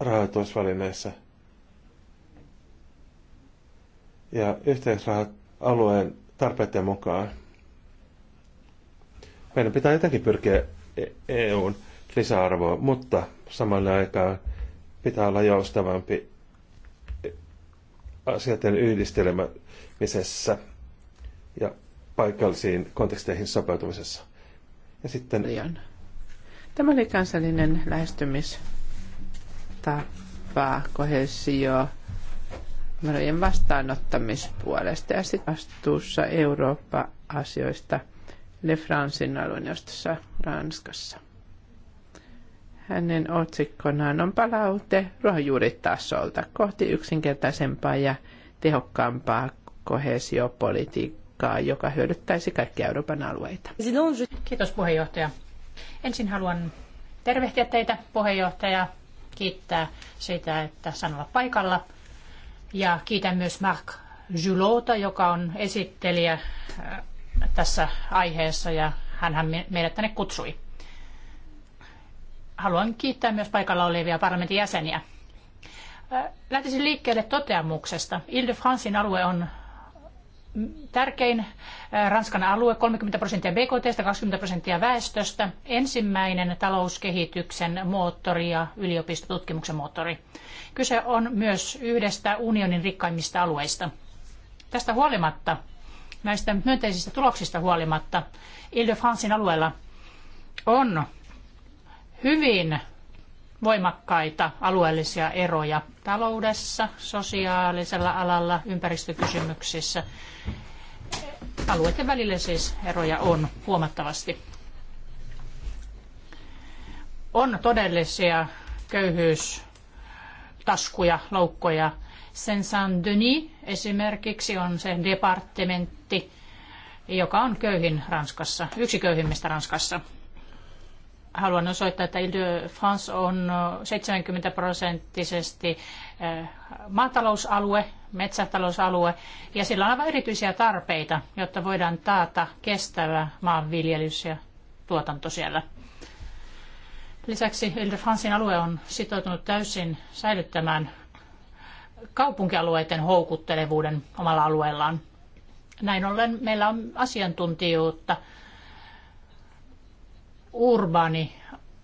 rahoitusvälineissä. Ja yhteisrahat alueen tarpeiden mukaan. Meidän pitää jotenkin pyrkiä e- EUn lisäarvoa, mutta samalla aikaan pitää olla joustavampi asioiden yhdistelemisessä ja paikallisiin konteksteihin sopeutumisessa. Ja sitten... Tämä oli kansallinen lähestymis tapaa kohesio varojen vastaanottamispuolesta ja sitten vastuussa Eurooppa-asioista Le Francin jostossa Ranskassa. Hänen otsikkonaan on palaute ruohonjuuritasolta kohti yksinkertaisempaa ja tehokkaampaa kohesiopolitiikkaa, joka hyödyttäisi kaikkia Euroopan alueita. Kiitos puheenjohtaja. Ensin haluan tervehtiä teitä puheenjohtaja kiittää sitä, että sain olla paikalla. Ja kiitän myös Marc Julota, joka on esittelijä äh, tässä aiheessa ja hän meidät tänne kutsui. Haluan kiittää myös paikalla olevia parlamentin jäseniä. Äh, lähtisin liikkeelle toteamuksesta. Ile-de-Francein alue on tärkein äh, Ranskan alue, 30 prosenttia BKTstä, 20 prosenttia väestöstä, ensimmäinen talouskehityksen moottori ja yliopistotutkimuksen moottori. Kyse on myös yhdestä unionin rikkaimmista alueista. Tästä huolimatta, näistä myönteisistä tuloksista huolimatta, Ile-de-Francein alueella on hyvin voimakkaita alueellisia eroja taloudessa, sosiaalisella alalla, ympäristökysymyksissä. Alueiden välillä siis eroja on huomattavasti. On todellisia köyhyystaskuja, loukkoja. Sen Saint-Denis esimerkiksi on se departementti, joka on köyhin Ranskassa, yksi köyhimmistä Ranskassa haluan osoittaa, että Ile France on 70 prosenttisesti maatalousalue, metsätalousalue, ja sillä on aivan erityisiä tarpeita, jotta voidaan taata kestävä maanviljelys ja tuotanto siellä. Lisäksi Ile-Francein alue on sitoutunut täysin säilyttämään kaupunkialueiden houkuttelevuuden omalla alueellaan. Näin ollen meillä on asiantuntijuutta – urbaani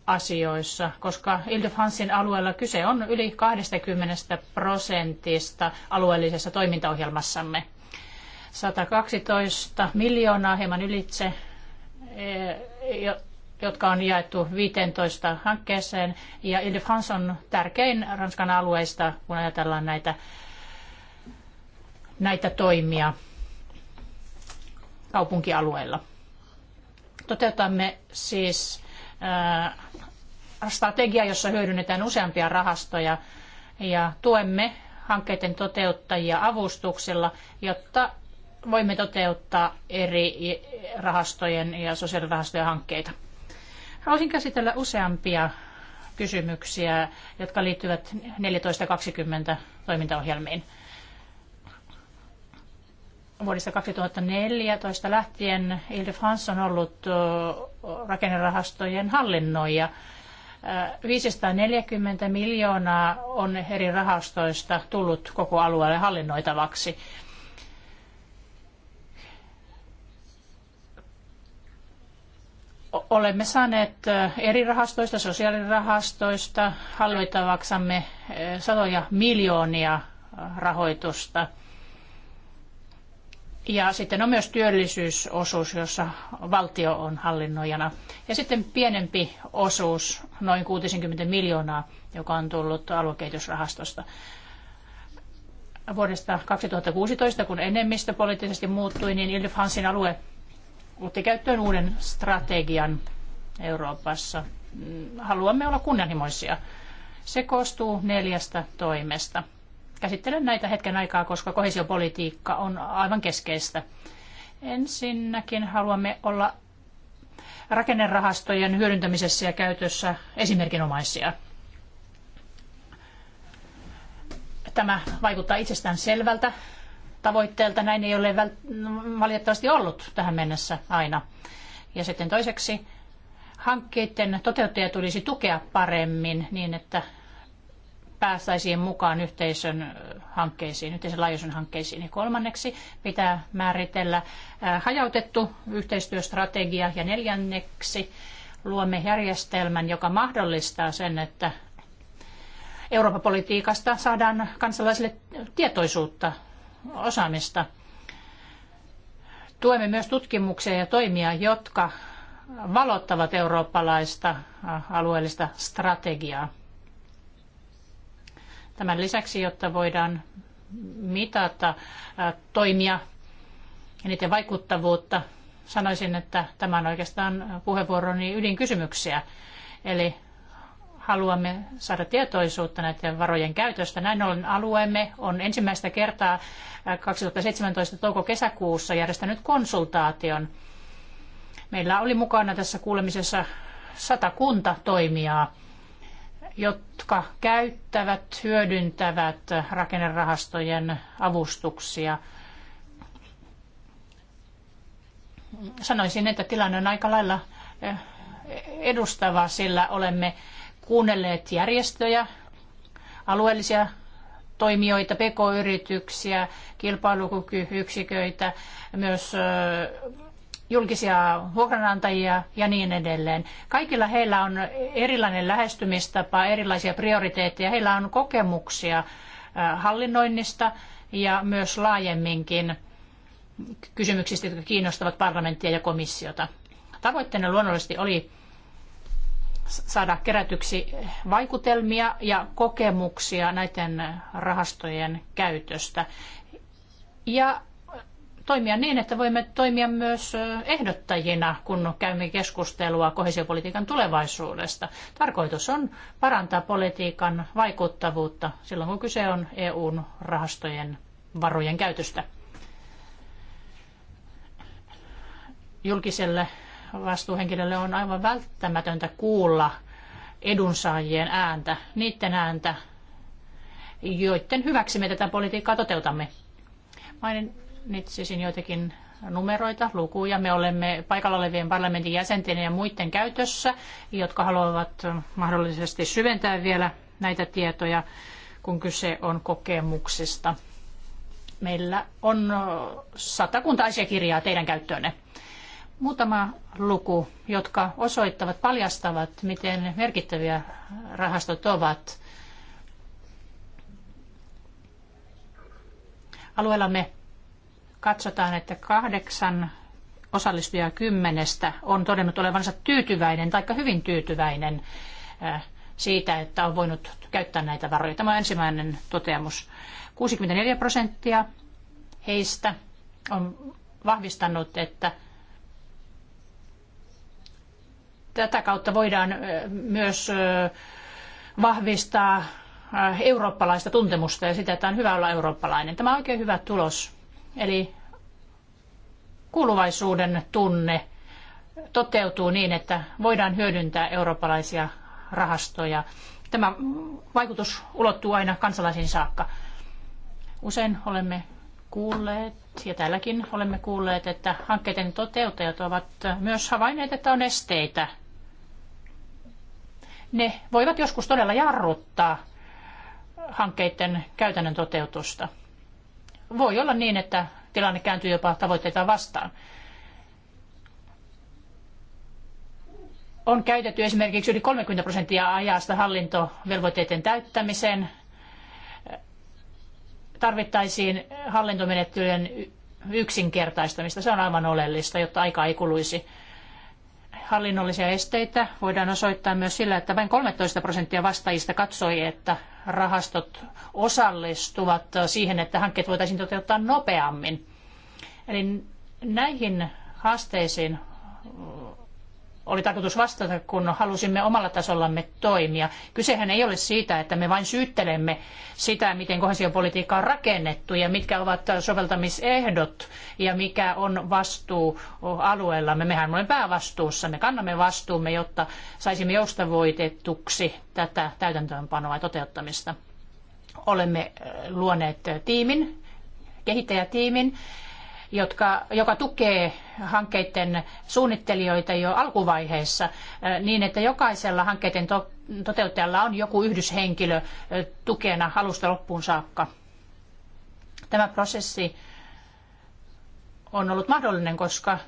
asioissa, koska Ildefansin alueella kyse on yli 20 prosentista alueellisessa toimintaohjelmassamme. 112 miljoonaa hieman ylitse, eh, jotka on jaettu 15 hankkeeseen. Ja Ile-de-France on tärkein Ranskan alueista, kun ajatellaan näitä, näitä toimia kaupunkialueilla. Toteutamme siis äh, strategiaa, jossa hyödynnetään useampia rahastoja ja tuemme hankkeiden toteuttajia avustuksella, jotta voimme toteuttaa eri rahastojen ja sosiaalirahastojen hankkeita. Haluaisin käsitellä useampia kysymyksiä, jotka liittyvät 14.20 toimintaohjelmiin vuodesta 2014 lähtien Ilde-France on ollut rakennerahastojen hallinnoija. 540 miljoonaa on eri rahastoista tullut koko alueelle hallinnoitavaksi. Olemme saaneet eri rahastoista, sosiaalirahastoista, hallitavaksamme satoja miljoonia rahoitusta – ja sitten on myös työllisyysosuus, jossa valtio on hallinnoijana. Ja sitten pienempi osuus, noin 60 miljoonaa, joka on tullut aluekehitysrahastosta. Vuodesta 2016, kun enemmistö poliittisesti muuttui, niin Hansin alue otti käyttöön uuden strategian Euroopassa. Mm, haluamme olla kunnianhimoisia. Se koostuu neljästä toimesta – käsittelen näitä hetken aikaa, koska kohesiopolitiikka on aivan keskeistä. Ensinnäkin haluamme olla rakennerahastojen hyödyntämisessä ja käytössä esimerkinomaisia. Tämä vaikuttaa itsestään selvältä tavoitteelta. Näin ei ole valitettavasti ollut tähän mennessä aina. Ja sitten toiseksi hankkeiden toteuttaja tulisi tukea paremmin niin, että päästäisiin mukaan yhteisön hankkeisiin, yhteisen laajuisen hankkeisiin. Ja kolmanneksi pitää määritellä hajautettu yhteistyöstrategia ja neljänneksi luomme järjestelmän, joka mahdollistaa sen, että Euroopan politiikasta saadaan kansalaisille tietoisuutta, osaamista. Tuemme myös tutkimuksia ja toimia, jotka valottavat eurooppalaista alueellista strategiaa. Tämän lisäksi, jotta voidaan mitata toimia ja niiden vaikuttavuutta, sanoisin, että tämä on oikeastaan puheenvuoroni ydinkysymyksiä. Eli haluamme saada tietoisuutta näiden varojen käytöstä. Näin ollen alueemme on ensimmäistä kertaa 2017 touko-kesäkuussa järjestänyt konsultaation. Meillä oli mukana tässä kuulemisessa sata kunta toimijaa jotka käyttävät, hyödyntävät rakennerahastojen avustuksia. Sanoisin, että tilanne on aika lailla eh, edustava, sillä olemme kuunnelleet järjestöjä, alueellisia toimijoita, pk-yrityksiä, kilpailukykyyksiköitä, myös eh, julkisia vuokranantajia ja niin edelleen. Kaikilla heillä on erilainen lähestymistapa, erilaisia prioriteetteja, heillä on kokemuksia äh, hallinnoinnista ja myös laajemminkin kysymyksistä, jotka kiinnostavat parlamenttia ja komissiota. Tavoitteena luonnollisesti oli saada kerätyksi vaikutelmia ja kokemuksia näiden rahastojen käytöstä ja toimia niin, että voimme toimia myös ehdottajina, kun käymme keskustelua kohesiopolitiikan tulevaisuudesta. Tarkoitus on parantaa politiikan vaikuttavuutta silloin, kun kyse on EUn rahastojen varojen käytöstä. Julkiselle vastuuhenkilölle on aivan välttämätöntä kuulla edunsaajien ääntä, niiden ääntä, joiden hyväksi me tätä politiikkaa toteutamme. Mainin mainitsisin joitakin numeroita, lukuja. Me olemme paikalla olevien parlamentin jäsenten ja muiden käytössä, jotka haluavat mahdollisesti syventää vielä näitä tietoja, kun kyse on kokemuksista. Meillä on satakunta asiakirjaa teidän käyttöönne. Muutama luku, jotka osoittavat, paljastavat, miten merkittäviä rahastot ovat. Alueellamme katsotaan, että kahdeksan osallistujaa kymmenestä on todennut olevansa tyytyväinen tai hyvin tyytyväinen äh, siitä, että on voinut käyttää näitä varoja. Tämä on ensimmäinen toteamus. 64 prosenttia heistä on vahvistanut, että tätä kautta voidaan äh, myös äh, vahvistaa eurooppalaista tuntemusta ja sitä, että on hyvä olla eurooppalainen. Tämä on oikein hyvä tulos Eli kuuluvaisuuden tunne toteutuu niin, että voidaan hyödyntää eurooppalaisia rahastoja. Tämä vaikutus ulottuu aina kansalaisiin saakka. Usein olemme kuulleet, ja täälläkin olemme kuulleet, että hankkeiden toteuttajat ovat myös havainneet, että on esteitä. Ne voivat joskus todella jarruttaa hankkeiden käytännön toteutusta voi olla niin, että tilanne kääntyy jopa tavoitteita vastaan. On käytetty esimerkiksi yli 30 prosenttia ajasta hallintovelvoitteiden täyttämiseen. Tarvittaisiin hallintomenettelyjen yksinkertaistamista. Se on aivan oleellista, jotta aika ei kuluisi hallinnollisia esteitä voidaan osoittaa myös sillä, että vain 13 prosenttia vastaajista katsoi, että rahastot osallistuvat siihen, että hankkeet voitaisiin toteuttaa nopeammin. Eli näihin haasteisiin oli tarkoitus vastata, kun halusimme omalla tasollamme toimia. Kysehän ei ole siitä, että me vain syyttelemme sitä, miten kohesiopolitiikka on rakennettu ja mitkä ovat soveltamisehdot ja mikä on vastuu alueellamme. Mehän olemme päävastuussa, me kannamme vastuumme, jotta saisimme joustavoitetuksi tätä täytäntöönpanoa ja toteuttamista. Olemme eh, luoneet eh, tiimin, kehittäjätiimin, jotka, joka tukee hankkeiden suunnittelijoita jo alkuvaiheessa äh, niin, että jokaisella hankkeiden to, toteuttajalla on joku yhdyshenkilö äh, tukena alusta loppuun saakka. Tämä prosessi on ollut mahdollinen, koska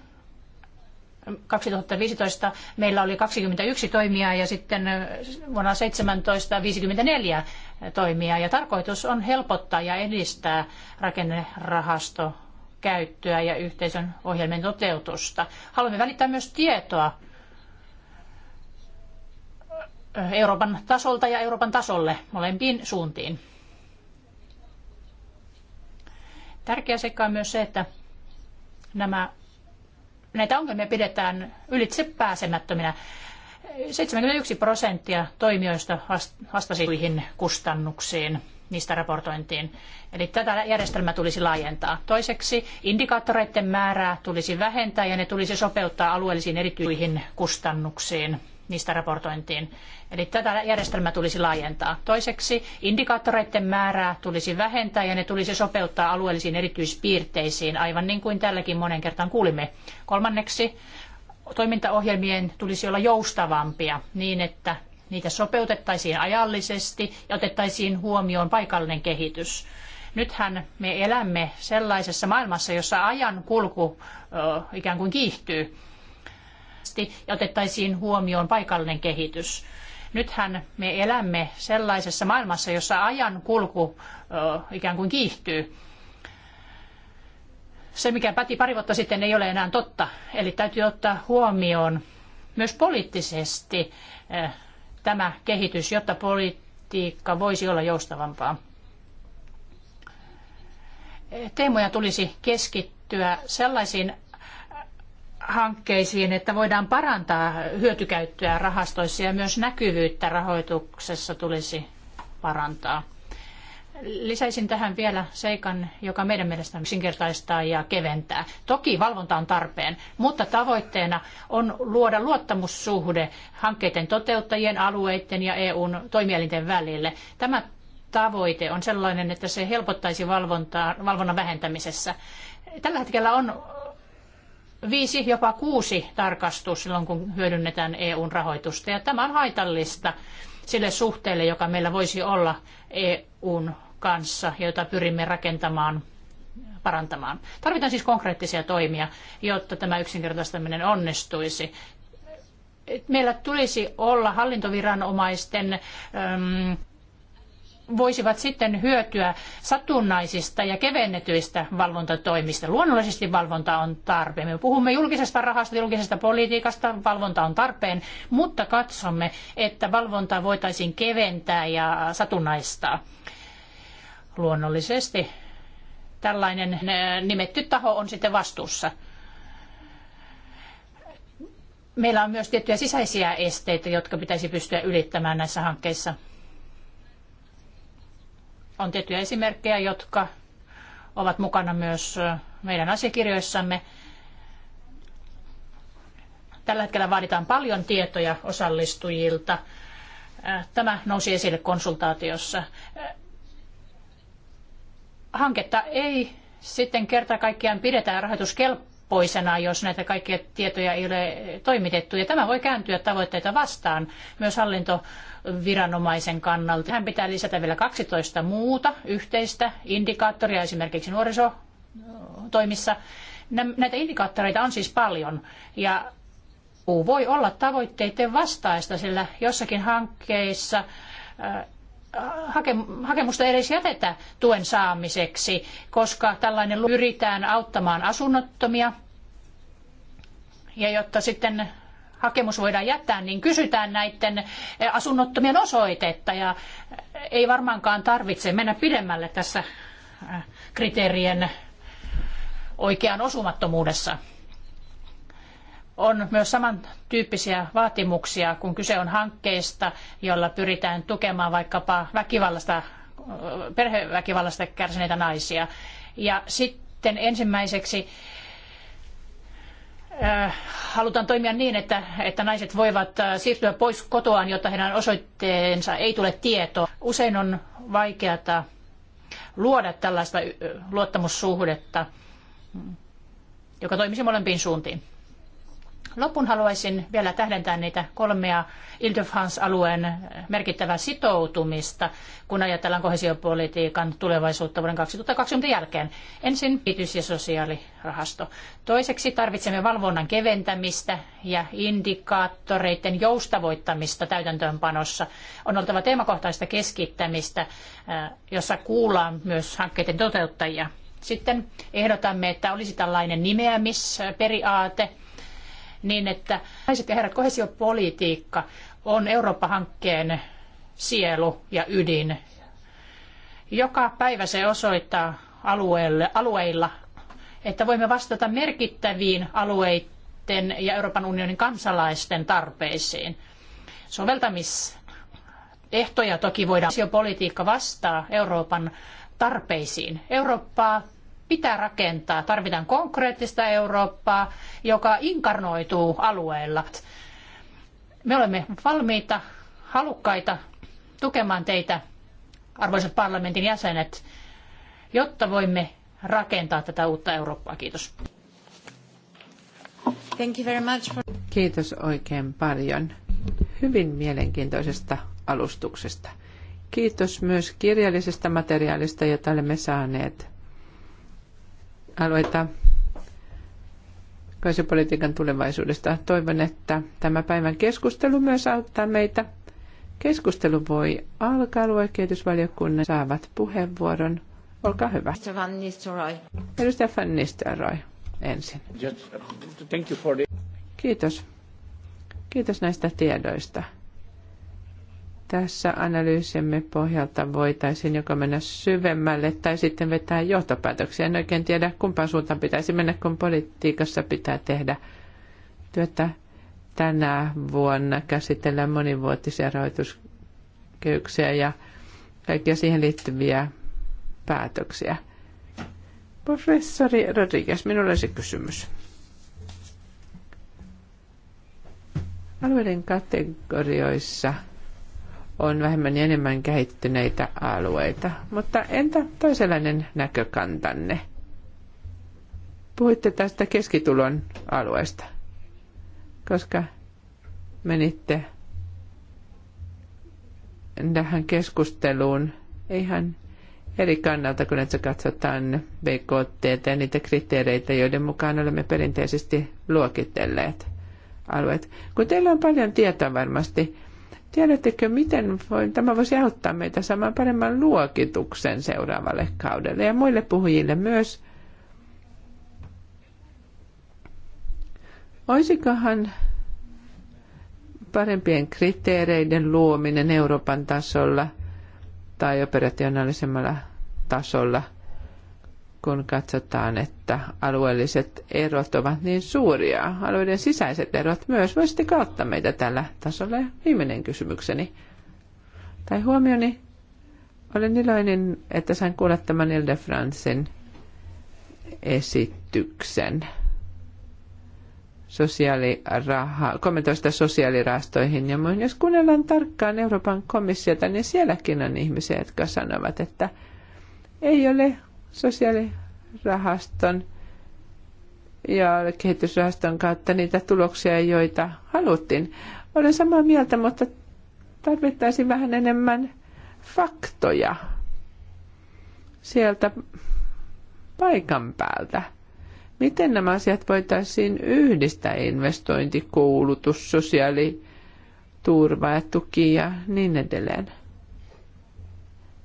2015 meillä oli 21 toimijaa ja sitten äh, vuonna 17 54 toimijaa. Ja tarkoitus on helpottaa ja edistää rakennerahasto käyttöä ja yhteisön ohjelmien toteutusta. Haluamme välittää myös tietoa Euroopan tasolta ja Euroopan tasolle molempiin suuntiin. Tärkeä seikka on myös se, että nämä, näitä ongelmia pidetään ylitse pääsemättöminä. 71 prosenttia toimijoista vastasi kustannuksiin niistä raportointiin. Eli tätä järjestelmää tulisi laajentaa. Toiseksi indikaattoreiden määrää tulisi vähentää ja ne tulisi sopeuttaa alueellisiin erityisiin kustannuksiin niistä raportointiin. Eli tätä järjestelmää tulisi laajentaa. Toiseksi indikaattoreiden määrää tulisi vähentää ja ne tulisi sopeuttaa alueellisiin erityispiirteisiin, aivan niin kuin tälläkin monen kertaan kuulimme. Kolmanneksi toimintaohjelmien tulisi olla joustavampia niin, että niitä sopeutettaisiin ajallisesti ja otettaisiin huomioon paikallinen kehitys. Nythän me elämme sellaisessa maailmassa, jossa ajan kulku ikään kuin kiihtyy ja otettaisiin huomioon paikallinen kehitys. Nythän me elämme sellaisessa maailmassa, jossa ajan kulku ikään kuin kiihtyy. Se, mikä päti pari vuotta sitten, ei ole enää totta. Eli täytyy ottaa huomioon myös poliittisesti tämä kehitys, jotta politiikka voisi olla joustavampaa. Teemoja tulisi keskittyä sellaisiin hankkeisiin, että voidaan parantaa hyötykäyttöä rahastoissa ja myös näkyvyyttä rahoituksessa tulisi parantaa. Lisäisin tähän vielä seikan, joka meidän mielestä yksinkertaistaa ja keventää. Toki valvonta on tarpeen, mutta tavoitteena on luoda luottamussuhde hankkeiden toteuttajien, alueiden ja EUn toimielinten välille. Tämä tavoite on sellainen, että se helpottaisi valvontaa, valvonnan vähentämisessä. Tällä hetkellä on viisi, jopa kuusi tarkastus silloin, kun hyödynnetään EUn rahoitusta. Ja tämä on haitallista sille suhteelle, joka meillä voisi olla EUn kanssa, joita pyrimme rakentamaan parantamaan. Tarvitaan siis konkreettisia toimia, jotta tämä yksinkertaistaminen onnistuisi. Meillä tulisi olla hallintoviranomaisten voisivat sitten hyötyä satunnaisista ja kevennetyistä valvontatoimista. Luonnollisesti valvonta on tarpeen. Me puhumme julkisesta rahasta, julkisesta politiikasta, valvonta on tarpeen, mutta katsomme, että valvontaa voitaisiin keventää ja satunnaistaa luonnollisesti tällainen eh, nimetty taho on sitten vastuussa. Meillä on myös tiettyjä sisäisiä esteitä, jotka pitäisi pystyä ylittämään näissä hankkeissa. On tiettyjä esimerkkejä, jotka ovat mukana myös eh, meidän asiakirjoissamme. Tällä hetkellä vaaditaan paljon tietoja osallistujilta. Eh, Tämä nousi esille konsultaatiossa hanketta ei sitten kerta kaikkiaan pidetä rahoituskelpoisena, jos näitä kaikkia tietoja ei ole toimitettu. Ja tämä voi kääntyä tavoitteita vastaan myös hallintoviranomaisen kannalta. Tähän pitää lisätä vielä 12 muuta yhteistä indikaattoria esimerkiksi nuorisotoimissa. Näitä indikaattoreita on siis paljon ja voi olla tavoitteiden vastaista, sillä jossakin hankkeissa hakemusta edes jätetä tuen saamiseksi, koska tällainen pyritään auttamaan asunnottomia. Ja jotta sitten hakemus voidaan jättää, niin kysytään näiden eh, asunnottomien osoitetta ja eh, ei varmaankaan tarvitse mennä pidemmälle tässä eh, kriteerien oikean osumattomuudessa on myös samantyyppisiä vaatimuksia, kun kyse on hankkeista, joilla pyritään tukemaan vaikkapa väkivallasta, perheväkivallasta kärsineitä naisia. Ja sitten ensimmäiseksi äh, halutaan toimia niin, että, että naiset voivat äh, siirtyä pois kotoaan, jotta heidän osoitteensa ei tule tietoa. Usein on vaikeata luoda tällaista äh, luottamussuhdetta, joka toimisi molempiin suuntiin. Lopun haluaisin vielä tähdentää niitä kolmea Ile-de-France-alueen merkittävää sitoutumista, kun ajatellaan kohesiopolitiikan tulevaisuutta vuoden 2020 jälkeen. Ensin kehitys- ja sosiaalirahasto. Toiseksi tarvitsemme valvonnan keventämistä ja indikaattoreiden joustavoittamista täytäntöönpanossa. On oltava teemakohtaista keskittämistä, äh, jossa kuullaan myös hankkeiden toteuttajia. Sitten ehdotamme, että olisi tällainen nimeämisperiaate – niin että naiset ja herrat, kohesiopolitiikka on Eurooppa-hankkeen sielu ja ydin. Joka päivä se osoittaa alueelle, alueilla, että voimme vastata merkittäviin alueiden ja Euroopan unionin kansalaisten tarpeisiin. Soveltamisehtoja toki voidaan Kohesiopolitiikka vastaa Euroopan tarpeisiin. Eurooppaa pitää rakentaa. Tarvitaan konkreettista Eurooppaa, joka inkarnoituu alueella. Me olemme valmiita, halukkaita tukemaan teitä, arvoisat parlamentin jäsenet, jotta voimme rakentaa tätä uutta Eurooppaa. Kiitos. Thank you very much for... Kiitos oikein paljon. Hyvin mielenkiintoisesta alustuksesta. Kiitos myös kirjallisesta materiaalista, jota olemme saaneet alueita kansapolitiikan tulevaisuudesta. Toivon, että tämä päivän keskustelu myös auttaa meitä. Keskustelu voi alkaa. Aluekehitysvaliokunnan saavat puheenvuoron. Olkaa hyvä. Mr. Van Nistelrooy. Edustaja Van Nistelrooy ensin. Kiitos. Kiitos näistä tiedoista tässä analyysimme pohjalta voitaisiin joko mennä syvemmälle tai sitten vetää johtopäätöksiä. En oikein tiedä, kumpaan suuntaan pitäisi mennä, kun politiikassa pitää tehdä työtä tänä vuonna. käsitellä monivuotisia rahoituskehyksiä ja kaikkia siihen liittyviä päätöksiä. Professori Rodriguez, minulla olisi kysymys. Alueiden kategorioissa – on vähemmän ja enemmän kehittyneitä alueita. Mutta entä toisenlainen näkökantanne? Puhuitte tästä keskitulon alueesta, koska menitte tähän keskusteluun ihan eri kannalta, kun että katsotaan BKT ja niitä kriteereitä, joiden mukaan olemme perinteisesti luokitelleet alueet. Kun teillä on paljon tietoa varmasti, Tiedättekö, miten voin, tämä voisi auttaa meitä saamaan paremman luokituksen seuraavalle kaudelle ja muille puhujille myös? Olisikohan parempien kriteereiden luominen Euroopan tasolla tai operationaalisemmalla tasolla – kun katsotaan, että alueelliset erot ovat niin suuria, alueiden sisäiset erot myös. Voisitteko kautta meitä tällä tasolla? Viimeinen kysymykseni tai huomioni. Olen iloinen, että sain kuulla tämän Ilde Fransin esityksen sosiaaliraha, kommentoista sosiaalirahastoihin ja muihin. Jos kuunnellaan tarkkaan Euroopan komissiota, niin sielläkin on ihmisiä, jotka sanovat, että ei ole sosiaalirahaston ja kehitysrahaston kautta niitä tuloksia, joita haluttiin. Olen samaa mieltä, mutta tarvittaisiin vähän enemmän faktoja sieltä paikan päältä. Miten nämä asiat voitaisiin yhdistää, investointi, koulutus, sosiaaliturva ja tuki ja niin edelleen.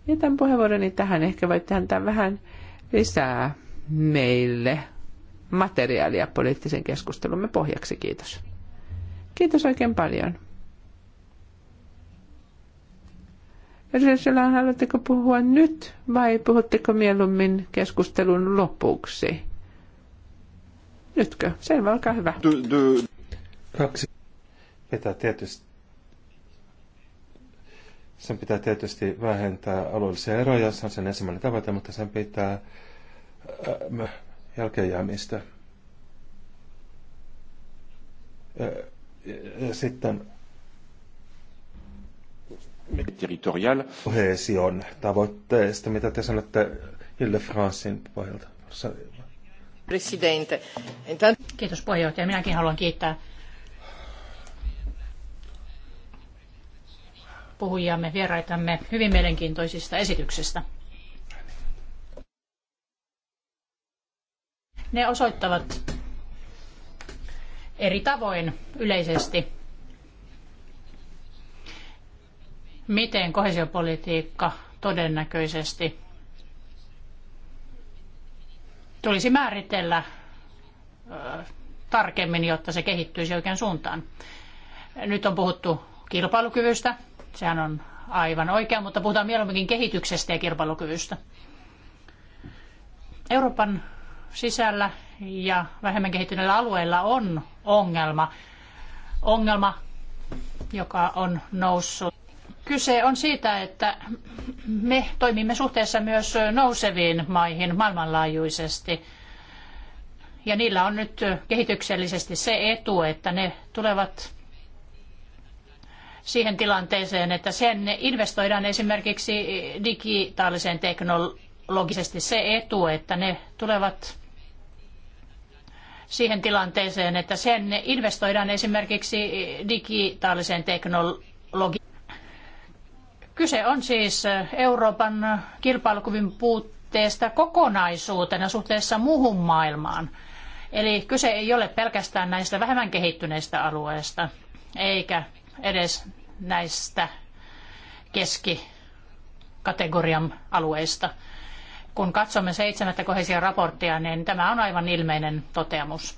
Jätän puheenvuoroni tähän, ehkä voitte antaa vähän lisää meille materiaalia poliittisen keskustelumme pohjaksi. Kiitos. Kiitos oikein paljon. Reselan, haluatteko puhua nyt vai puhutteko mieluummin keskustelun lopuksi? Nytkö? Selvä, olkaa hyvä. Kaksi. Vetää tietysti sen pitää tietysti vähentää alueellisia eroja, se on sen ensimmäinen tavoite, mutta sen pitää äh, äh, jälkeenjäämistä. Äh, ja sitten territorial. Kohesion tavoitteesta, mitä te sanotte Hilde Fransin pohjalta. Presidente. Kiitos puheenjohtaja. Minäkin haluan kiittää puhujiamme, vieraitamme hyvin mielenkiintoisista esityksistä. Ne osoittavat eri tavoin yleisesti, miten kohesiopolitiikka todennäköisesti tulisi määritellä tarkemmin, jotta se kehittyisi oikean suuntaan. Nyt on puhuttu kilpailukyvystä, Sehän on aivan oikea, mutta puhutaan mieluummin kehityksestä ja kilpailukyvystä. Euroopan sisällä ja vähemmän kehittyneillä alueilla on ongelma. Ongelma, joka on noussut. Kyse on siitä, että me toimimme suhteessa myös nouseviin maihin maailmanlaajuisesti. Ja niillä on nyt kehityksellisesti se etu, että ne tulevat siihen tilanteeseen, että sen investoidaan esimerkiksi digitaaliseen teknologisesti se etu, että ne tulevat siihen tilanteeseen, että sen investoidaan esimerkiksi digitaaliseen teknologiaan. Kyse on siis Euroopan kilpailukyvyn puutteesta kokonaisuutena suhteessa muuhun maailmaan. Eli kyse ei ole pelkästään näistä vähemmän kehittyneistä alueista, eikä edes näistä keskikategorian alueista. Kun katsomme seitsemättä kohesia raporttia, niin tämä on aivan ilmeinen toteamus.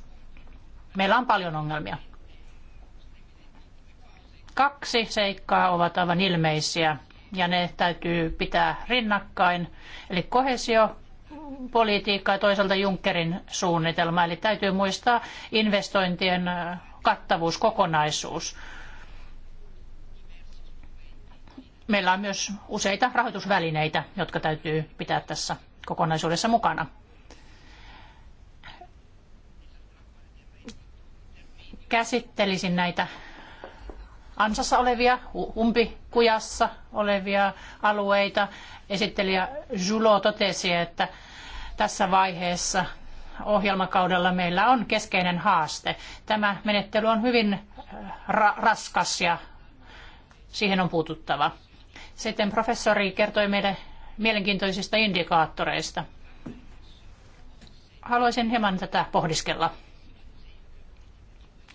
Meillä on paljon ongelmia. Kaksi seikkaa ovat aivan ilmeisiä ja ne täytyy pitää rinnakkain. Eli kohesio politiikka ja toisaalta Junckerin suunnitelma. Eli täytyy muistaa investointien kattavuus, kokonaisuus. meillä on myös useita rahoitusvälineitä, jotka täytyy pitää tässä kokonaisuudessa mukana. Käsittelisin näitä ansassa olevia, umpikujassa olevia alueita. Esittelijä Julo totesi, että tässä vaiheessa ohjelmakaudella meillä on keskeinen haaste. Tämä menettely on hyvin äh, ra raskas ja siihen on puututtava. Sitten professori kertoi meille mielenkiintoisista indikaattoreista. Haluaisin hieman tätä pohdiskella.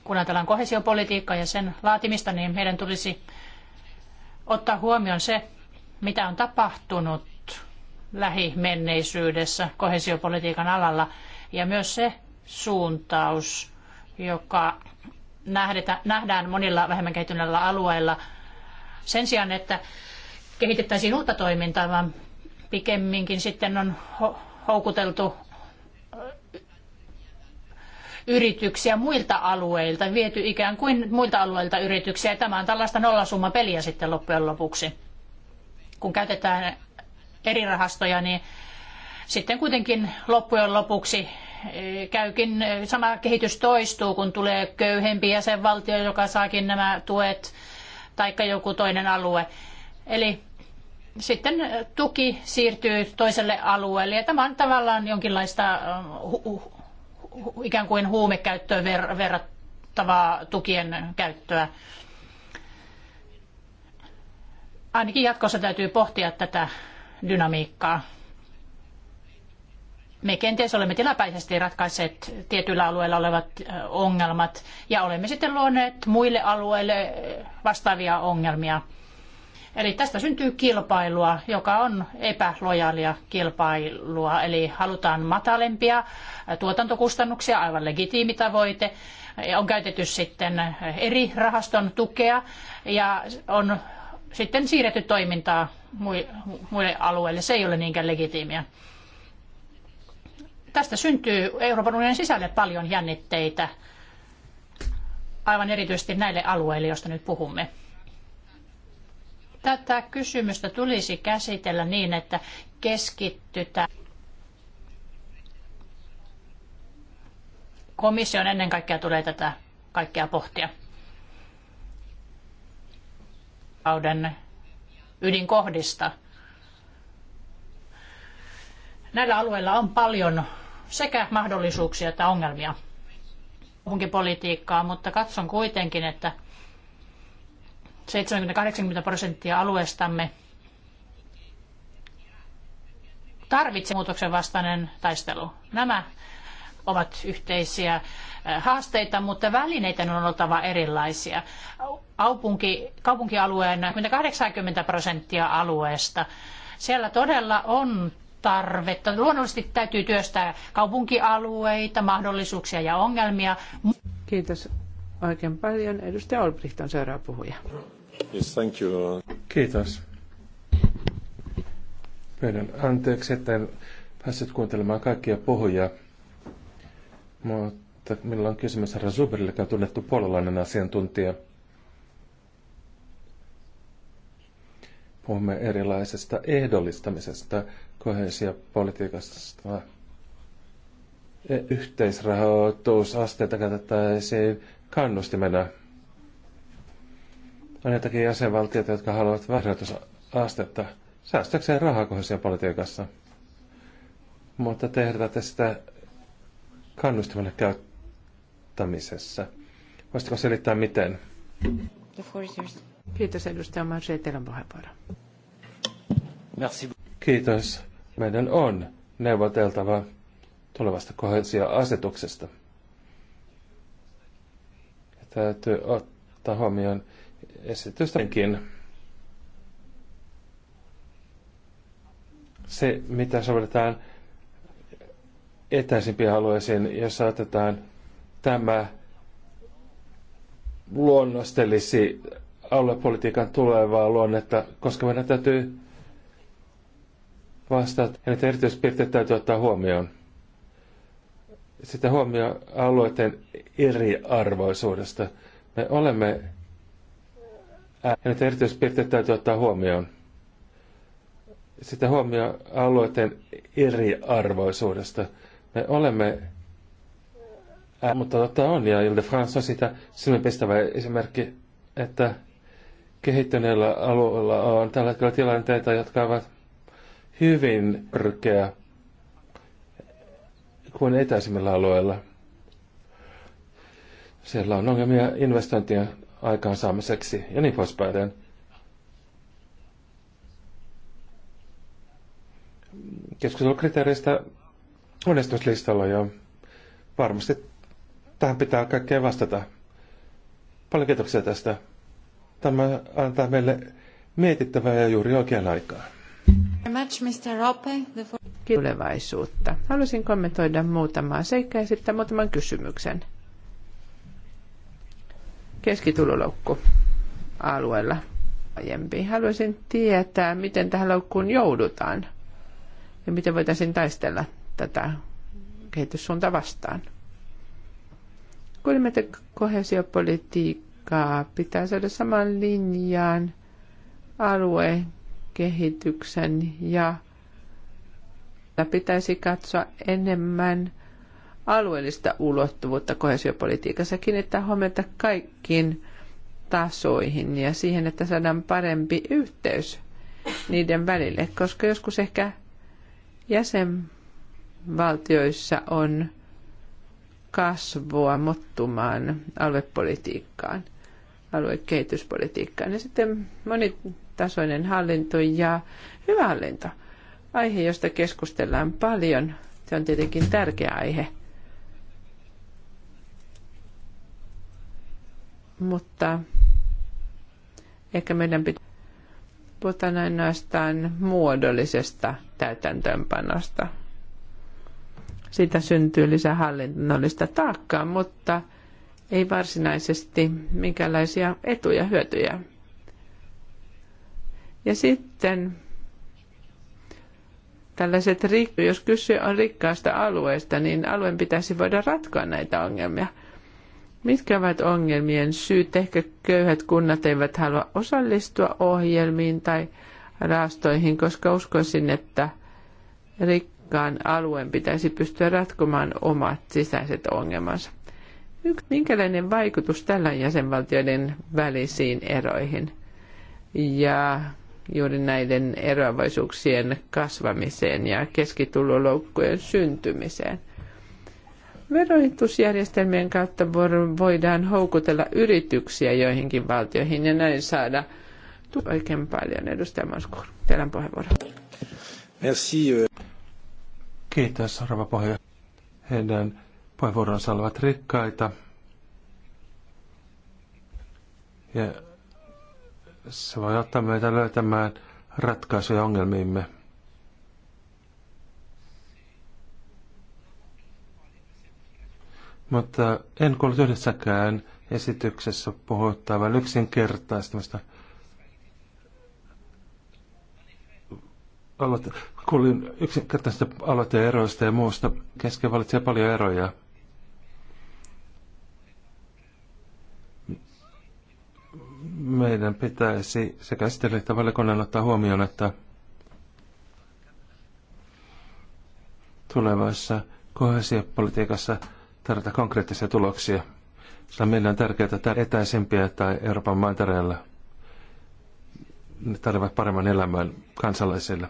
Kun ajatellaan kohesiopolitiikkaa ja sen laatimista, niin meidän tulisi ottaa huomioon se, mitä on tapahtunut lähimenneisyydessä kohesiopolitiikan alalla ja myös se suuntaus, joka nähdään monilla vähemmän kehittyneillä alueilla sen sijaan, että kehitettäisiin uutta toimintaa, vaan pikemminkin sitten on houkuteltu yrityksiä muilta alueilta, viety ikään kuin muilta alueilta yrityksiä. Tämä on tällaista peliä sitten loppujen lopuksi. Kun käytetään eri rahastoja, niin sitten kuitenkin loppujen lopuksi e, käykin, e, sama kehitys toistuu, kun tulee köyhempi jäsenvaltio, joka saakin nämä tuet, taikka joku toinen alue. Eli sitten tuki siirtyy toiselle alueelle ja tämä on tavallaan jonkinlaista um, ikään kuin huumekäyttöön ver- verrattavaa tukien käyttöä. Ainakin jatkossa täytyy pohtia tätä dynamiikkaa. Me kenties olemme tilapäisesti ratkaisseet tietyillä alueilla olevat ongelmat ja olemme sitten luoneet muille alueille vastaavia ongelmia – Eli tästä syntyy kilpailua, joka on epälojaalia kilpailua. Eli halutaan matalempia tuotantokustannuksia, aivan legitiimi tavoite. On käytetty sitten eri rahaston tukea ja on sitten siirretty toimintaa muille alueille. Se ei ole niinkään legitiimiä. Tästä syntyy Euroopan unionin sisälle paljon jännitteitä, aivan erityisesti näille alueille, joista nyt puhumme. Tätä kysymystä tulisi käsitellä niin, että keskitytään komission ennen kaikkea tulee tätä kaikkea pohtia. Kauden ydinkohdista. Näillä alueilla on paljon sekä mahdollisuuksia että ongelmia kaupunkipolitiikkaa, mutta katson kuitenkin, että 70-80 prosenttia alueestamme tarvitsee muutoksen vastainen taistelu. Nämä ovat yhteisiä äh, haasteita, mutta välineiden on oltava erilaisia. kaupunkialueen 80 prosenttia alueesta, siellä todella on tarvetta. Luonnollisesti täytyy työstää kaupunkialueita, mahdollisuuksia ja ongelmia. Kiitos oikein paljon. Edustaja Olbricht on seuraava puhuja. Yes, thank you. Kiitos. Pyydän anteeksi, että en päässyt kuuntelemaan kaikkia puhujia, mutta minulla on kysymys herra Zuberille, joka on tunnettu puolalainen asiantuntija. Puhumme erilaisesta ehdollistamisesta, kohesiopolitiikasta, e- yhteisrahoitusasteita käytettäisiin kannustimena on jotakin jäsenvaltioita, jotka haluavat varjoitusastetta säästäkseen rahaa politiikassa, Mutta tehdä tästä sitä käyttämisessä. Voisitko selittää miten? Kiitos edustaja Marge, teidän puheenvuoro. Kiitos. Meidän on neuvoteltava tulevasta kohesia-asetuksesta. Täytyy ottaa huomioon esitystenkin. Se, mitä sovelletaan etäisimpiin alueisiin, jossa otetaan tämä luonnostelisi aluepolitiikan tulevaa luonnetta, koska meidän täytyy vastata, ja niitä erityispiirteitä täytyy ottaa huomioon. Sitä huomioon alueiden eriarvoisuudesta. Me olemme ja näitä erityispiirteitä täytyy ottaa huomioon. Sitä huomioon alueiden eriarvoisuudesta. Me olemme, ää, mutta totta on, ja Ilde France on sitä silmipistävä esimerkki, että kehittyneillä alueilla on tällä hetkellä tilanteita, jotka ovat hyvin rykeä kuin etäisimmillä alueilla. Siellä on ongelmia investointien aikaansaamiseksi ja niin poispäin. Keskustelukriteereistä onnistuslistalla ja varmasti tähän pitää kaikkeen vastata. Paljon kiitoksia tästä. Tämä antaa meille mietittävää ja juuri oikean aikaan. Tulevaisuutta. Haluaisin kommentoida muutamaa seikkaa ja sitten muutaman kysymyksen keskituloloukku alueella aiempi. Haluaisin tietää, miten tähän loukkuun joudutaan ja miten voitaisiin taistella tätä kehityssuunta vastaan. Kuulimme, että kohesiopolitiikkaa pitää saada saman linjaan aluekehityksen ja pitäisi katsoa enemmän – alueellista ulottuvuutta kohesiopolitiikassa, kiinnittää huomiota kaikkiin tasoihin ja siihen, että saadaan parempi yhteys niiden välille, koska joskus ehkä jäsenvaltioissa on kasvua mottumaan aluepolitiikkaan, aluekehityspolitiikkaan. Ja sitten monitasoinen hallinto ja hyvä hallinto. Aihe, josta keskustellaan paljon. Se on tietenkin tärkeä aihe – mutta ehkä meidän pitää puhutaan ainoastaan muodollisesta täytäntöönpanosta. Siitä syntyy lisää hallinnollista taakkaa, mutta ei varsinaisesti minkälaisia etuja, hyötyjä. Ja sitten tällaiset, jos kyse on rikkaasta alueesta, niin alueen pitäisi voida ratkoa näitä ongelmia – Mitkä ovat ongelmien syyt? Ehkä köyhät kunnat eivät halua osallistua ohjelmiin tai rahastoihin, koska uskoisin, että rikkaan alueen pitäisi pystyä ratkomaan omat sisäiset ongelmansa. Minkälainen vaikutus tällä jäsenvaltioiden välisiin eroihin ja juuri näiden eroavaisuuksien kasvamiseen ja keskituloloukkujen syntymiseen? Verotusjärjestelmien kautta voidaan houkutella yrityksiä joihinkin valtioihin ja näin saada oikein paljon. Edustaja Maskur, teidän puheenvuoro. Merci. Euh. Kiitos, rouva puheenjohtaja. Heidän puheenvuoronsa olivat rikkaita. Ja se voi auttaa meitä löytämään ratkaisuja ongelmiimme. Mutta en kuullut yhdessäkään esityksessä puhuttavan yksinkertaistamista. Aloite, kuulin yksinkertaisista aloiteeroista ja muusta. Kesken valitsee paljon eroja. Meidän pitäisi sekä esitellä että valiokunnan ottaa huomioon, että tulevaisessa kohesiopolitiikassa – tarjota konkreettisia tuloksia. Sillä meillä on tärkeää, että etäisempiä tai Euroopan mantereella ne tarjoavat paremman elämän kansalaisille.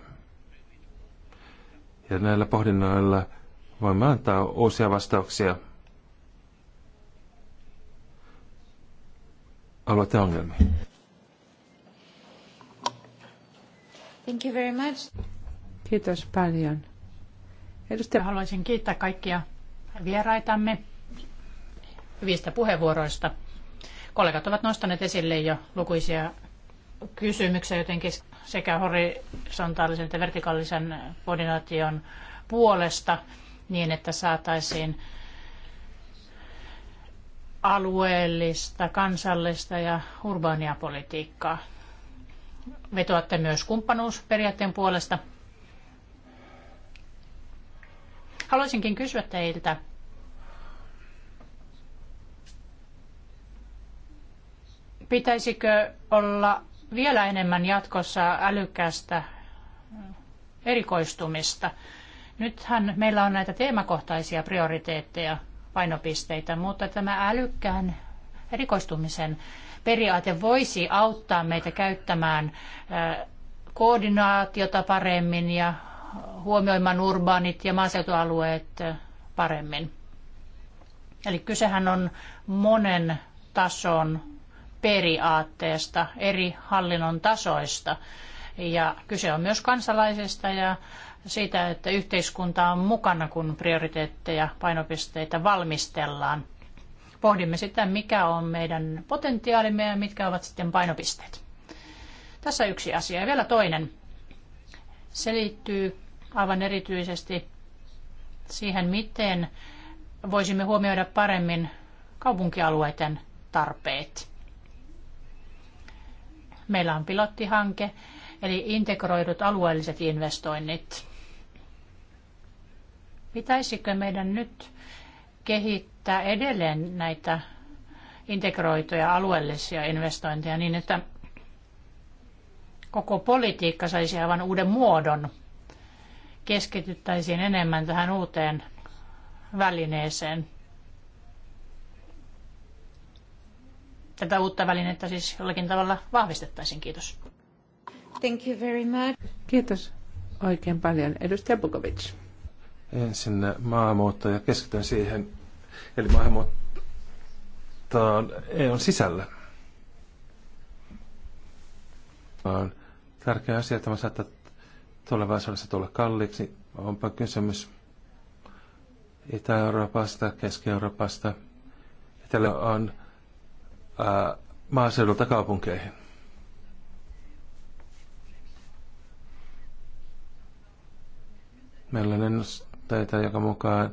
Ja näillä pohdinnoilla voimme antaa uusia vastauksia alueiden ongelmiin. Thank you very much. Kiitos paljon. Edustaja, haluaisin kiittää kaikkia vieraitamme hyvistä puheenvuoroista. Kollegat ovat nostaneet esille jo lukuisia kysymyksiä jotenkin sekä horisontaalisen että vertikaalisen koordinaation puolesta niin, että saataisiin alueellista, kansallista ja urbaania politiikkaa. Vetoatte myös kumppanuusperiaatteen puolesta – Haluaisinkin kysyä teiltä, pitäisikö olla vielä enemmän jatkossa älykkäästä erikoistumista? Nythän meillä on näitä teemakohtaisia prioriteetteja, painopisteitä, mutta tämä älykkään erikoistumisen periaate voisi auttaa meitä käyttämään koordinaatiota paremmin ja huomioimaan urbaanit ja maaseutualueet paremmin. Eli kysehän on monen tason periaatteesta, eri hallinnon tasoista. Ja kyse on myös kansalaisista ja siitä, että yhteiskunta on mukana, kun prioriteetteja, painopisteitä valmistellaan. Pohdimme sitä, mikä on meidän potentiaalimme ja mitkä ovat sitten painopisteet. Tässä yksi asia. Ja vielä toinen. Se liittyy aivan erityisesti siihen, miten voisimme huomioida paremmin kaupunkialueiden tarpeet. Meillä on pilottihanke, eli integroidut alueelliset investoinnit. Pitäisikö meidän nyt kehittää edelleen näitä integroituja alueellisia investointeja niin, että koko politiikka saisi aivan uuden muodon. Keskityttäisiin enemmän tähän uuteen välineeseen. Tätä uutta välinettä siis jollakin tavalla vahvistettaisiin. Kiitos. Thank you very much. Kiitos oikein paljon. Edustaja Bukovic. Ensin maahanmuutto ja keskityn siihen. Eli maahanmuuttoon EUn sisällä. On tärkeä asia. Tämä saattaa tulevaisuudessa tulla kalliiksi. Onpa kysymys Itä-Euroopasta, Keski-Euroopasta. Etelä on ää, maaseudulta kaupunkeihin. Meillä on ennusteita, joka mukaan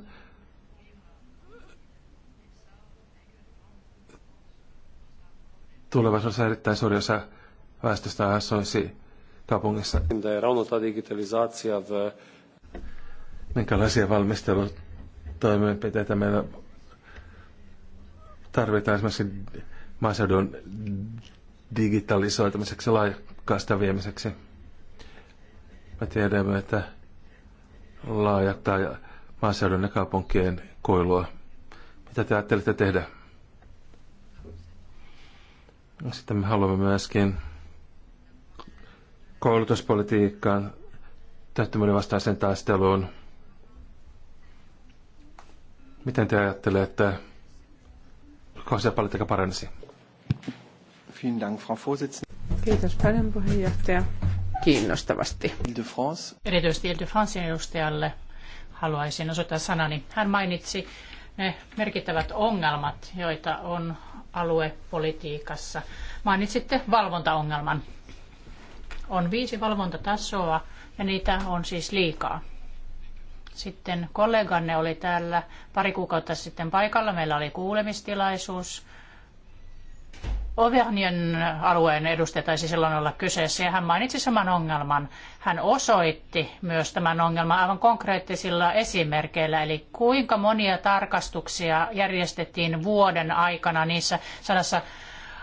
tulevaisuudessa erittäin suuri osa väestöstä asuisi kaupungissa. Minkälaisia valmistelutoimenpiteitä meillä tarvitaan esimerkiksi maaseudun digitalisoitumiseksi, ja laajakaista viemiseksi? Me tiedämme, että laajentaa maaseudun ja kaupunkien koilua. Mitä te ajattelette tehdä? Sitten me haluamme myöskin koulutuspolitiikkaan, työttömyyden vastaiseen taisteluun. Miten te ajattelette, että kohdallisia paransi? Kiitos paljon puheenjohtaja. Kiinnostavasti. France. Erityisesti Ilde de edustajalle haluaisin osoittaa sanani. Hän mainitsi ne merkittävät ongelmat, joita on aluepolitiikassa. Mainitsitte valvontaongelman. On viisi valvontatasoa ja niitä on siis liikaa. Sitten kolleganne oli täällä pari kuukautta sitten paikalla. Meillä oli kuulemistilaisuus. Overnian alueen edustaja taisi silloin olla kyseessä ja hän mainitsi saman ongelman. Hän osoitti myös tämän ongelman aivan konkreettisilla esimerkeillä, eli kuinka monia tarkastuksia järjestettiin vuoden aikana niissä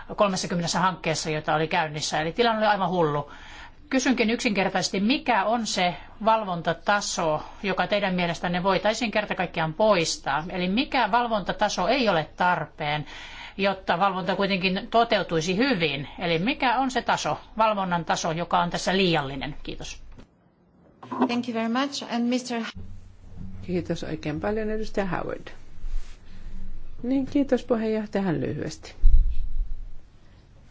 130 hankkeessa, joita oli käynnissä. Eli tilanne oli aivan hullu. Kysynkin yksinkertaisesti, mikä on se valvontataso, joka teidän mielestänne voitaisiin kerta kaikkiaan poistaa? Eli mikä valvontataso ei ole tarpeen, jotta valvonta kuitenkin toteutuisi hyvin? Eli mikä on se taso, valvonnan taso, joka on tässä liiallinen? Kiitos. Thank you very much. And Mr. Kiitos oikein paljon, edustaja Howard. Niin, kiitos puheenjohtajan lyhyesti.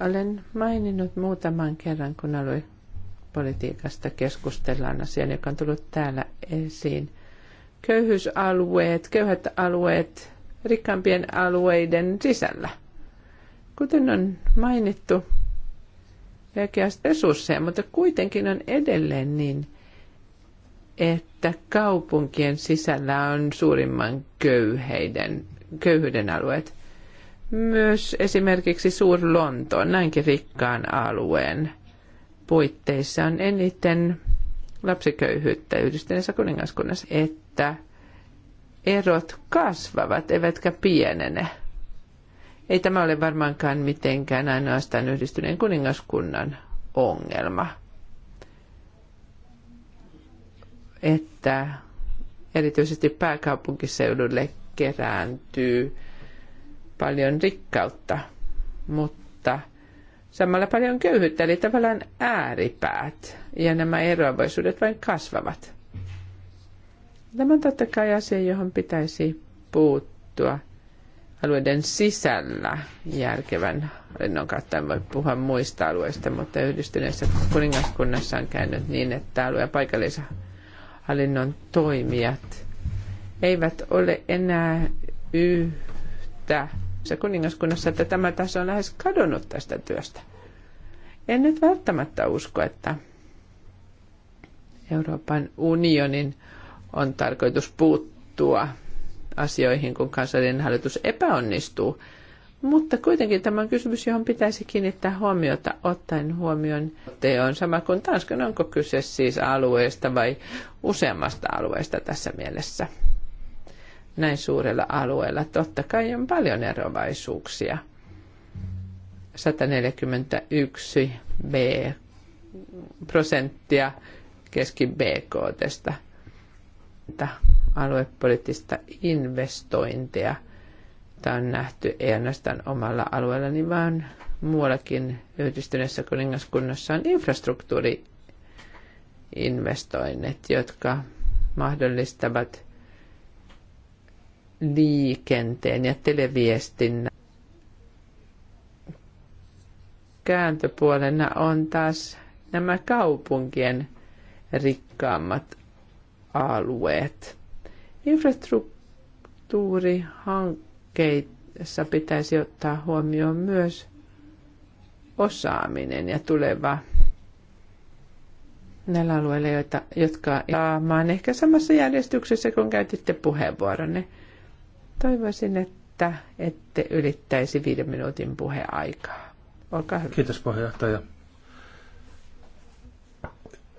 Olen maininnut muutaman kerran, kun aloin politiikasta keskustellaan asian, joka on tullut täällä esiin. Köyhyysalueet, köyhät alueet rikkaampien alueiden sisällä. Kuten on mainittu, oikeasti resursseja, mutta kuitenkin on edelleen niin, että kaupunkien sisällä on suurimman köyheiden, köyhyyden alueet. Myös esimerkiksi Suur-Lontoon, näinkin rikkaan alueen puitteissa on eniten lapsiköyhyyttä yhdistyneessä kuningaskunnassa, että erot kasvavat eivätkä pienene. Ei tämä ole varmaankaan mitenkään ainoastaan yhdistyneen kuningaskunnan ongelma, että erityisesti pääkaupunkiseudulle kerääntyy paljon rikkautta, mutta samalla paljon köyhyyttä, eli tavallaan ääripäät ja nämä eroavaisuudet vain kasvavat. Tämä on totta kai asia, johon pitäisi puuttua alueiden sisällä järkevän hallinnon kautta. En voi puhua muista alueista, mutta yhdistyneessä kuningaskunnassa on käynyt niin, että alue- ja hallinnon toimijat eivät ole enää yhtä se kuningaskunnassa, että tämä taso on lähes kadonnut tästä työstä. En nyt välttämättä usko, että Euroopan unionin on tarkoitus puuttua asioihin, kun kansallinen hallitus epäonnistuu. Mutta kuitenkin tämä on kysymys, johon pitäisi kiinnittää huomiota ottaen huomioon te on sama kuin Tanskan. Onko kyse siis alueesta vai useammasta alueesta tässä mielessä? näin suurella alueella. Totta kai on paljon erovaisuuksia. 141 B prosenttia keski BKTstä aluepoliittista investointia. Tämä on nähty ei ainoastaan omalla alueellani, vaan muuallakin yhdistyneessä kuningaskunnassa on infrastruktuuriinvestoinnit, jotka mahdollistavat – liikenteen ja televiestinnän kääntöpuolena on taas nämä kaupunkien rikkaammat alueet. Infrastruktuurihankkeissa pitäisi ottaa huomioon myös osaaminen ja tuleva näillä alueilla, joita, jotka saamaan ehkä samassa järjestyksessä, kun käytitte puheenvuoronne. Toivoisin, että ette ylittäisi viiden minuutin puheaikaa. Olkaa hyvä. Kiitos puheenjohtaja.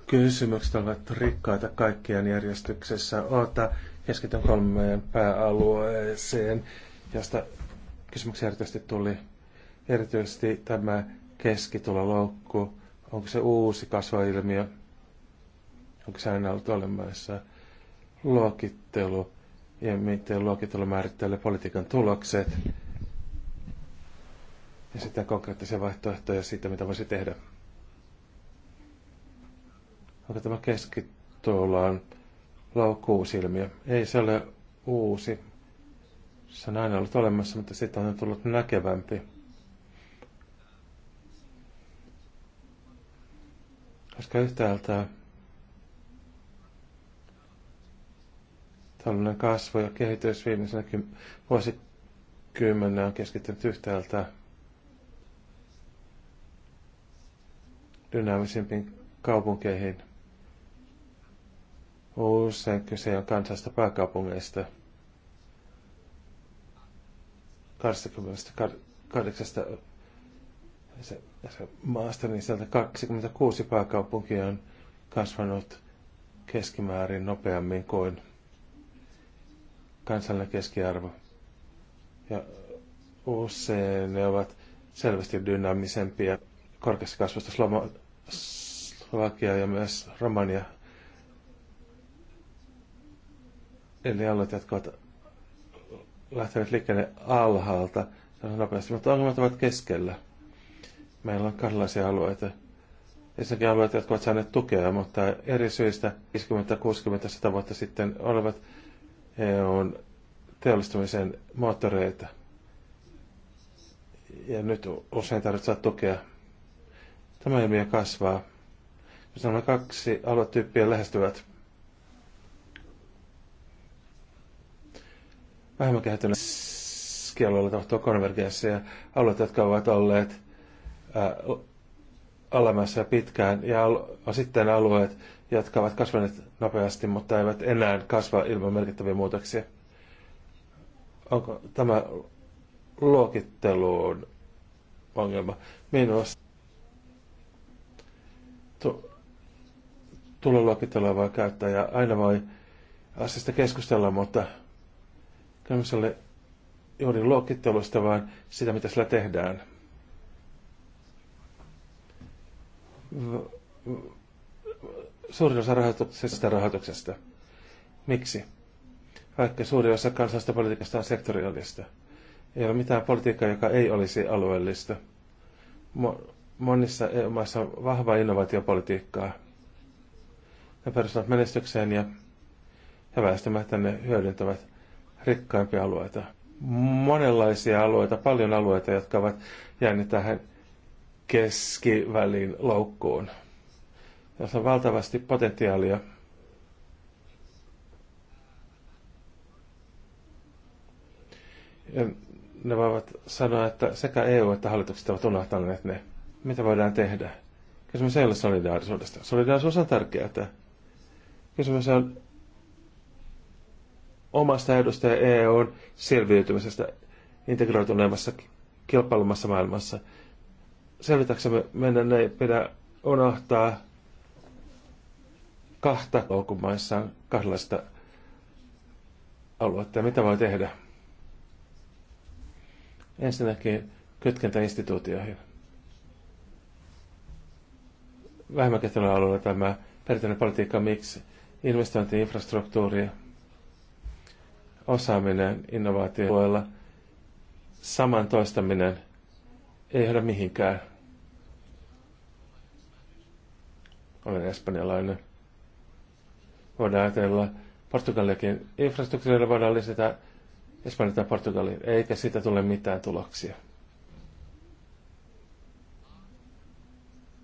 Kysymykset ovat rikkaita kaikkien järjestyksessä. Ota keskityn kolmeen pääalueeseen, josta kysymyksiä erityisesti tuli. Erityisesti tämä keskituloloukku, onko se uusi kasvailmiö, onko se aina ollut olemassa, luokittelu, ja miten luokitella määrittelee politiikan tulokset ja sitten konkreettisia vaihtoehtoja siitä, mitä voisi tehdä. Onko tämä keskitullaan laukkuusilmiö? Ei se ole uusi. Se on aina ollut olemassa, mutta siitä on tullut näkevämpi. Koska yhtäältä talouden kasvu ja kehitys viimeisenä vuosikymmenä on keskittynyt yhtäältä dynaamisimpiin kaupunkeihin. Usein kyse on kansasta pääkaupungeista. 28 se, se maasta, niin sieltä 26 pääkaupunkia on kasvanut keskimäärin nopeammin kuin kansallinen keskiarvo. Ja usein ne ovat selvästi dynaamisempia korkeassa kasvusta Slovakia ja myös Romania. Eli alueet, jotka ovat lähteneet liikkeelle alhaalta nopeasti, mutta ongelmat ovat keskellä. Meillä on kahdenlaisia alueita. Ensinnäkin alueita, jotka ovat saaneet tukea, mutta eri syistä 50, 60, 100 vuotta sitten olivat on e teollistumisen moottoreita. Ja nyt usein tarvitsee tukea. Tämä ilmiö kasvaa. Jos nämä kaksi aluetyyppiä lähestyvät vähemmän kehittyneillä kielellä tapahtuu ja Alueet, jotka ovat olleet ää, alamassa pitkään ja al- sitten alueet, jotka ovat kasvaneet nopeasti, mutta eivät enää kasva ilman merkittäviä muutoksia. Onko tämä luokitteluun ongelma? Minusta luokittelua voi käyttää ja aina voi asiasta keskustella, mutta kysymys juuri luokittelusta, vaan sitä, mitä sillä tehdään. V- suurin osa rahoituksesta rahoituksesta. Miksi? Vaikka suuri osa kansallisesta politiikasta on sektoriallista. Ei ole mitään politiikkaa, joka ei olisi alueellista. Mo- monissa EU-maissa on vahvaa innovaatiopolitiikkaa. Ne perustuvat menestykseen ja, ja väistämättä ne hyödyntävät rikkaimpia alueita. Monenlaisia alueita, paljon alueita, jotka ovat jääneet tähän keskivälin loukkuun. Tässä on valtavasti potentiaalia. Ja ne voivat sanoa, että sekä EU että hallitukset ovat unohtaneet ne. Mitä voidaan tehdä? Kysymys ei ole solidaarisuudesta. Solidaarisuus on tärkeää. Kysymys on omasta edusta ja EUn selviytymisestä integroituneemmassa kilpailumassa maailmassa. Selvitäksemme meidän ei pidä unohtaa kahta loukumaissa on kahdenlaista aluetta. Mitä voi tehdä? Ensinnäkin kytkentä instituutioihin. Vähemmän alueella tämä perinteinen politiikka, miksi investointiinfrastruktuuri, osaaminen innovaatioilla, saman toistaminen ei johda mihinkään. Olen espanjalainen. Voidaan ajatella Portugaliakin infrastruktuurilla, voidaan lisätä Espanja tai Portugali, eikä siitä tule mitään tuloksia.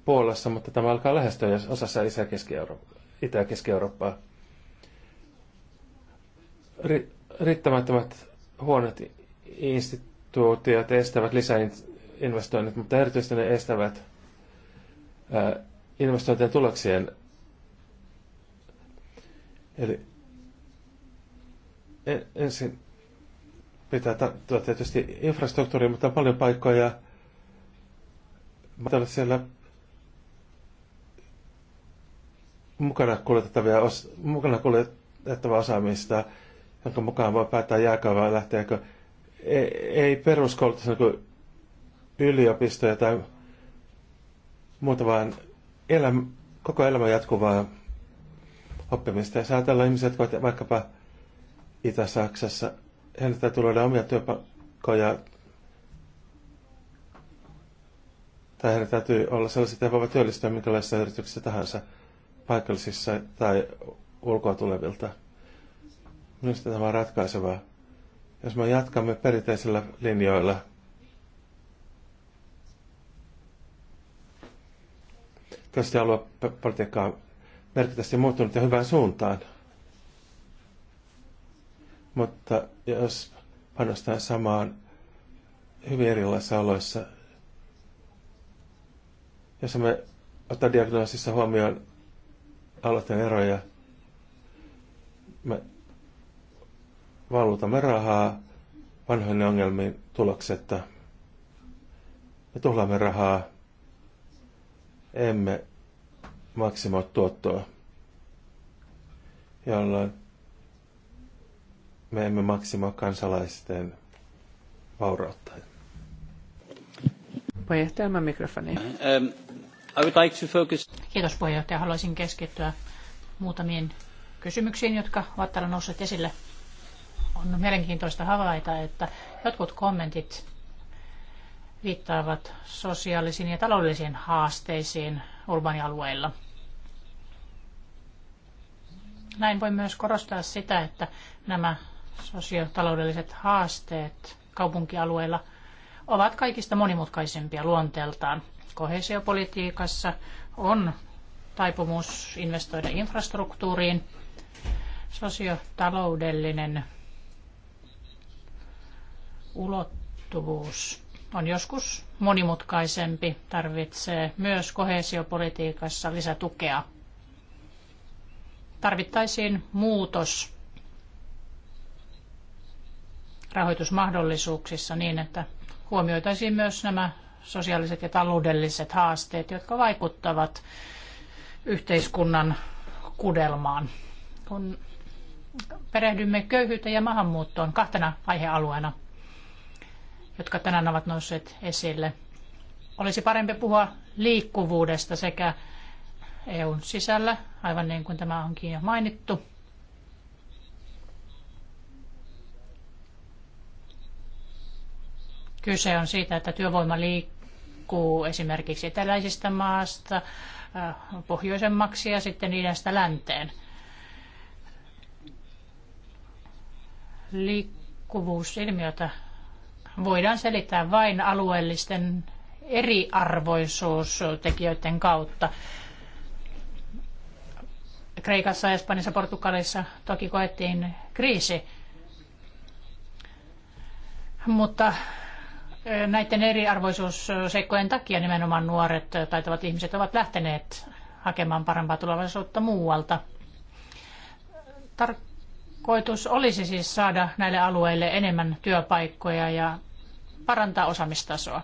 Puolassa, mutta tämä alkaa lähestyä jos osassa Itä- ja Keski-Eurooppaa. Ri- riittämättömät huonot instituutiot estävät lisäinvestoinnit, mutta erityisesti ne estävät ää, investointien tuloksien Eli e- ensin pitää tuoda tietysti infrastruktuuria, mutta on paljon paikkoja. Mä olen siellä mukana kuljetettavia, os, mukana kuljetettavaa osaamista, jonka mukaan voi päättää jääkaavaa lähteekö. Ei, ei peruskoulutus niin yliopistoja tai muuta, vaan elämä, koko elämä jatkuvaa oppimista. Ja saatella ihmiset, jotka vaikkapa Itä-Saksassa, heille täytyy luoda omia työpaikkoja tai heidän täytyy olla sellaisia, että he voivat työllistyä minkälaisissa yrityksissä tahansa, paikallisissa tai ulkoa tulevilta. Minusta tämä on ratkaisevaa. Jos me jatkamme perinteisillä linjoilla, tästä aluepolitiikka on merkittävästi muuttunut ja hyvään suuntaan. Mutta jos panostaa samaan hyvin erilaisissa aloissa, jos me ottaa diagnoosissa huomioon aloitteen eroja, me valuutamme rahaa vanhoihin ongelmiin tuloksetta. Me tuhlaamme rahaa, emme maksimoi tuottoa, jolloin me emme maksimoi kansalaisten vaurautta. Puheenjohtajan mikrofoni. Um, I would like to focus... Kiitos puheenjohtaja. Haluaisin keskittyä muutamiin kysymyksiin, jotka ovat täällä nousseet esille. On mielenkiintoista havaita, että jotkut kommentit viittaavat sosiaalisiin ja taloudellisiin haasteisiin urbanialueilla – näin voi myös korostaa sitä, että nämä sosiotaloudelliset haasteet kaupunkialueilla ovat kaikista monimutkaisempia luonteeltaan. Kohesiopolitiikassa on taipumus investoida infrastruktuuriin. Sosiotaloudellinen ulottuvuus on joskus monimutkaisempi, tarvitsee myös kohesiopolitiikassa lisätukea tarvittaisiin muutos rahoitusmahdollisuuksissa niin, että huomioitaisiin myös nämä sosiaaliset ja taloudelliset haasteet, jotka vaikuttavat yhteiskunnan kudelmaan. Kun perehdymme köyhyyteen ja maahanmuuttoon kahtena aihealueena, jotka tänään ovat nousseet esille, olisi parempi puhua liikkuvuudesta sekä EUn sisällä, aivan niin kuin tämä onkin jo mainittu. Kyse on siitä, että työvoima liikkuu esimerkiksi Eteläisistä maasta äh, pohjoisemmaksi ja sitten idästä länteen. Liikkuvuusilmiötä voidaan selittää vain alueellisten eriarvoisuustekijöiden kautta. Kreikassa, Espanjassa, Portugalissa toki koettiin kriisi. Mutta näiden eriarvoisuusseikkojen takia nimenomaan nuoret taitavat ihmiset ovat lähteneet hakemaan parempaa tulevaisuutta muualta. Tarkoitus olisi siis saada näille alueille enemmän työpaikkoja ja parantaa osaamistasoa.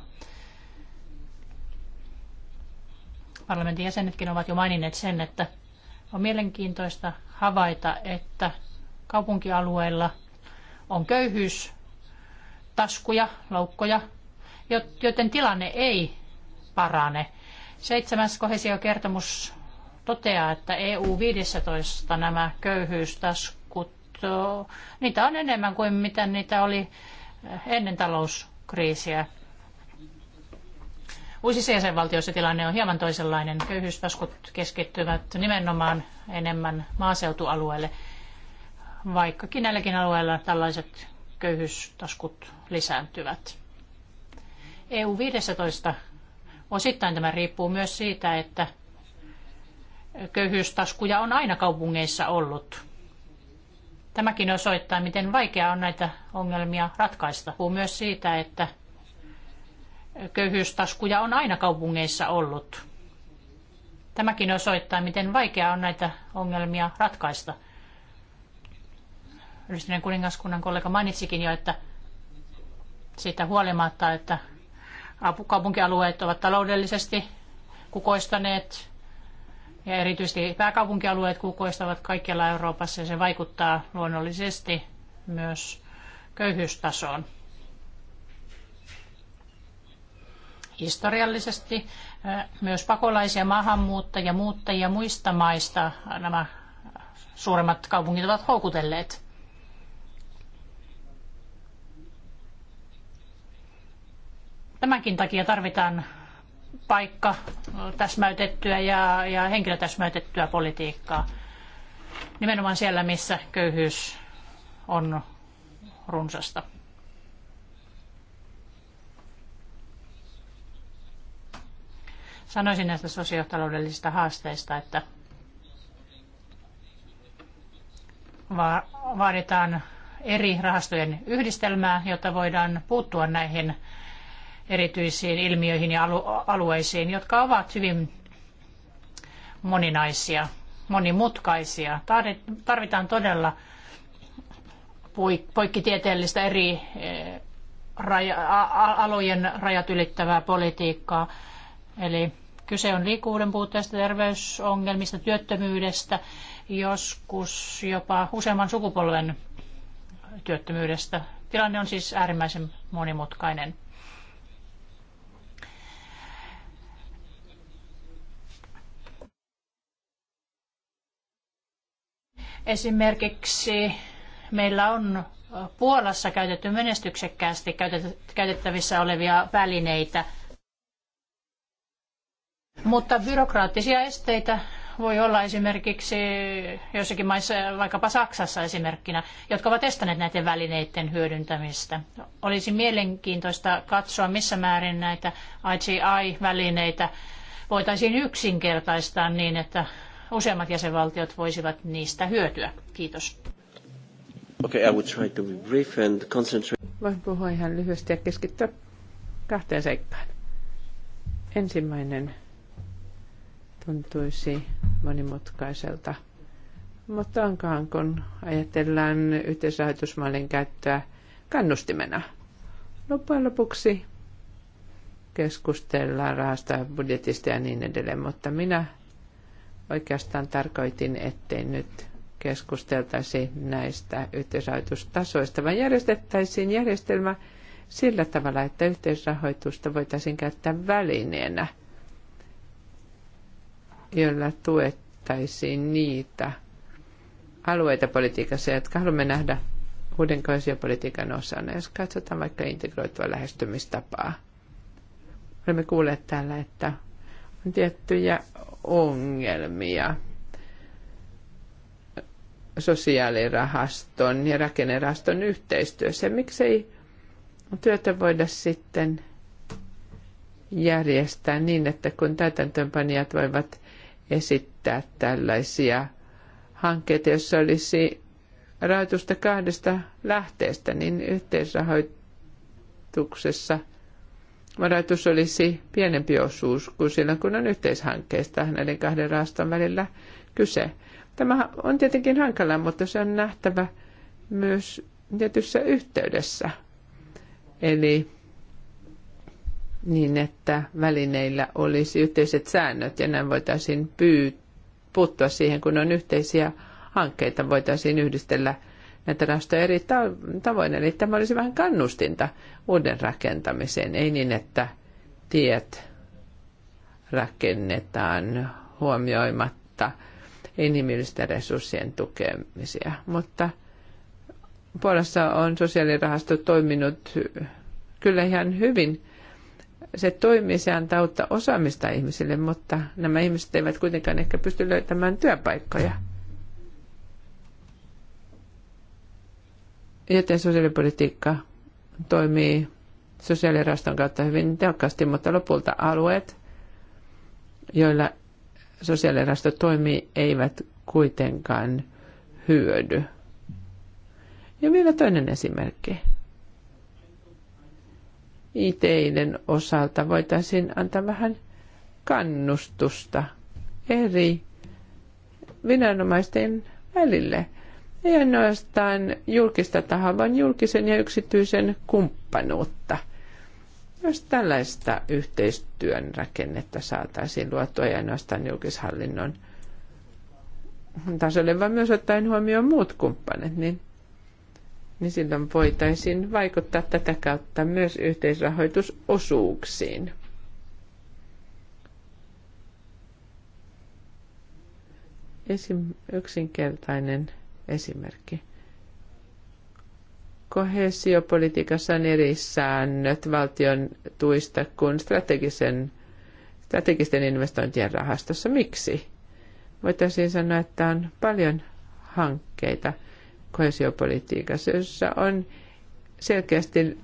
Parlamentin jäsenetkin ovat jo maininneet sen, että on mielenkiintoista havaita, että kaupunkialueilla on köyhyys, taskuja, laukkoja, joten tilanne ei parane. Seitsemäs kohesiokertomus toteaa, että EU-15 nämä köyhyystaskut, oh, niitä on enemmän kuin mitä niitä oli ennen talouskriisiä. Uusissa jäsenvaltioissa tilanne on hieman toisenlainen. Köyhyysvaskut keskittyvät nimenomaan enemmän maaseutualueelle, vaikkakin näilläkin alueilla tällaiset köyhyystaskut lisääntyvät. EU-15 osittain tämä riippuu myös siitä, että köyhyystaskuja on aina kaupungeissa ollut. Tämäkin osoittaa, miten vaikea on näitä ongelmia ratkaista. Puhuu myös siitä, että köyhyystaskuja on aina kaupungeissa ollut. Tämäkin osoittaa, miten vaikeaa on näitä ongelmia ratkaista. Yhdistyneen kuningaskunnan kollega mainitsikin jo, että siitä huolimatta, että kaupunkialueet ovat taloudellisesti kukoistaneet ja erityisesti pääkaupunkialueet kukoistavat kaikkialla Euroopassa ja se vaikuttaa luonnollisesti myös köyhyystasoon. historiallisesti myös pakolaisia, maahanmuuttajia, muuttajia muista maista nämä suuremmat kaupungit ovat houkutelleet. Tämänkin takia tarvitaan paikka täsmäytettyä ja, ja henkilötäsmäytettyä politiikkaa. Nimenomaan siellä, missä köyhyys on runsasta. Sanoisin näistä sosiotaloudellisista haasteista, että vaaditaan eri rahastojen yhdistelmää, jotta voidaan puuttua näihin erityisiin ilmiöihin ja alueisiin, jotka ovat hyvin moninaisia, monimutkaisia. Tarvitaan todella poikkitieteellistä eri eh, raja, alojen rajat ylittävää politiikkaa. Eli Kyse on liikkuvuuden puutteesta, terveysongelmista, työttömyydestä, joskus jopa useamman sukupolven työttömyydestä. Tilanne on siis äärimmäisen monimutkainen. Esimerkiksi meillä on Puolassa käytetty menestyksekkäästi käytettävissä olevia välineitä – mutta byrokraattisia esteitä voi olla esimerkiksi joissakin maissa, vaikkapa Saksassa esimerkkinä, jotka ovat estäneet näiden välineiden hyödyntämistä. Olisi mielenkiintoista katsoa, missä määrin näitä IGI-välineitä voitaisiin yksinkertaistaa niin, että useammat jäsenvaltiot voisivat niistä hyötyä. Kiitos. Okay, I would try to be brief and concentrate. Voin puhua ihan lyhyesti ja keskittyä kahteen seikkaan. Ensimmäinen tuntuisi monimutkaiselta. Mutta onkaan, kun ajatellaan yhteisrahoitusmallin käyttöä kannustimena. Loppujen lopuksi keskustellaan rahasta, budjetista ja niin edelleen, mutta minä oikeastaan tarkoitin, ettei nyt keskusteltaisi näistä yhteisrahoitustasoista, vaan järjestettäisiin järjestelmä sillä tavalla, että yhteisrahoitusta voitaisiin käyttää välineenä – jolla tuettaisiin niitä alueita politiikassa, jotka haluamme nähdä uuden politiikan osana, jos katsotaan vaikka integroitua lähestymistapaa. Olemme kuulleet täällä, että on tiettyjä ongelmia sosiaalirahaston ja rakennerahaston yhteistyössä. Miksei työtä voida sitten järjestää niin, että kun täytäntöönpanijat voivat esittää tällaisia hankkeita, joissa olisi rahoitusta kahdesta lähteestä, niin yhteisrahoituksessa rahoitus olisi pienempi osuus kuin silloin, kun on yhteishankkeesta näiden kahden rahaston välillä kyse. Tämä on tietenkin hankala, mutta se on nähtävä myös tietyssä yhteydessä. Eli niin, että välineillä olisi yhteiset säännöt ja näin voitaisiin pyy- puuttua siihen, kun on yhteisiä hankkeita, voitaisiin yhdistellä näitä rahastoja eri tavoin. Eli tämä olisi vähän kannustinta uuden rakentamiseen, ei niin, että tiet rakennetaan huomioimatta inhimillisten resurssien tukemisia. Mutta Puolassa on sosiaalirahasto toiminut kyllä ihan hyvin – se toimii, se antaa uutta osaamista ihmisille, mutta nämä ihmiset eivät kuitenkaan ehkä pysty löytämään työpaikkoja. Joten sosiaalipolitiikka toimii sosiaaliraston kautta hyvin tehokkaasti, mutta lopulta alueet, joilla sosiaalirasto toimii, eivät kuitenkaan hyödy. Ja vielä toinen esimerkki iteiden osalta voitaisiin antaa vähän kannustusta eri viranomaisten välille. Ei ainoastaan julkista tahoa, vaan julkisen ja yksityisen kumppanuutta. Jos tällaista yhteistyön rakennetta saataisiin luotua ja ainoastaan julkishallinnon tasolle, vaan myös ottaen huomioon muut kumppanit, niin – niin silloin voitaisiin vaikuttaa tätä kautta myös yhteisrahoitusosuuksiin. Esim, yksinkertainen esimerkki. Kohesiopolitiikassa on eri säännöt valtion tuista kuin strategisen, strategisten investointien rahastossa. Miksi? Voitaisiin sanoa, että on paljon hankkeita, Koesiopolitiikassa jossa on selkeästi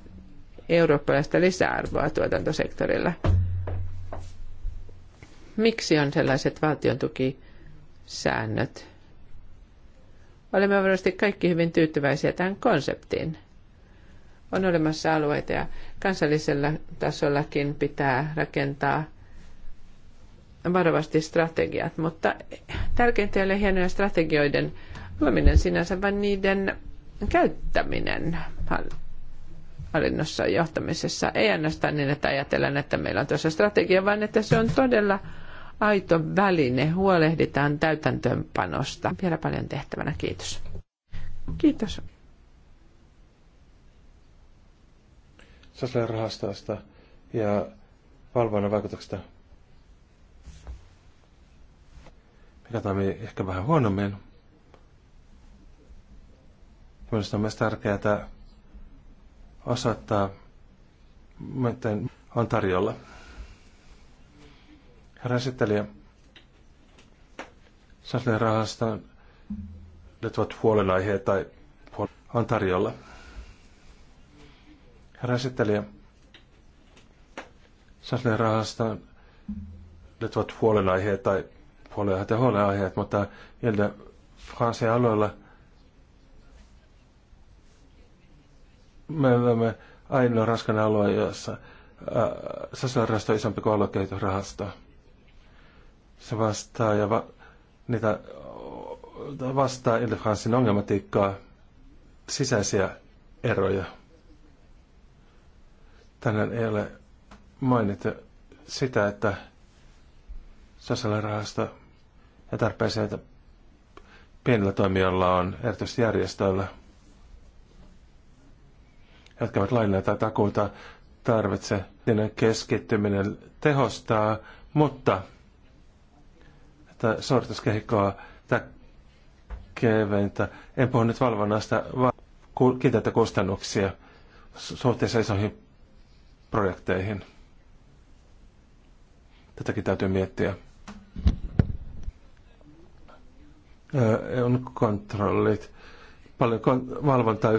eurooppalaista lisäarvoa tuotantosektorilla. Miksi on sellaiset valtiontukisäännöt? Olemme varmasti kaikki hyvin tyytyväisiä tähän konseptiin. On olemassa alueita ja kansallisella tasollakin pitää rakentaa varovasti strategiat, mutta tärkeintä ei ole hienoja strategioiden luominen sinänsä, vaan niiden käyttäminen hallinnossa ja johtamisessa. Ei ainoastaan niin, että ajatellaan, että meillä on tuossa strategia, vaan että se on todella aito väline. Huolehditaan täytäntöönpanosta. Vielä paljon tehtävänä. Kiitos. Kiitos. sosiaalirahastoista ja valvonnan vaikutuksesta. Mikä toimii ehkä vähän huonommin, Minusta on myös tärkeää osoittaa, miten on tarjolla. Herra esittelijä, sosiaalirahaston tuot huolenaiheet tai on tarjolla. Herra esittelijä, sosiaalirahaston liittyvät huolenaiheet tai huolenaiheet ja huolenaiheet, mutta Ilde Fransien alueella – me olemme ainoa Ranskan alue, jossa sosiaalirahasto on isompi kuin aluekehitysrahasto. Se vastaa ja va, niitä vastaa Ildefansin ongelmatiikkaa sisäisiä eroja. Tänään ei ole mainittu sitä, että sosiaalirahasto ja tarpeeseen, että pienillä toimijoilla on, erityisesti järjestöillä – jotka ovat lainaa tai takuuta tarvitse. Niiden keskittyminen tehostaa, mutta että sortuskehikkoa tai keventä. En puhu nyt valvonnasta, vaan kiinteitä kustannuksia suhteessa isoihin projekteihin. Tätäkin täytyy miettiä. Öö, on e kontrollit paljon valvontaa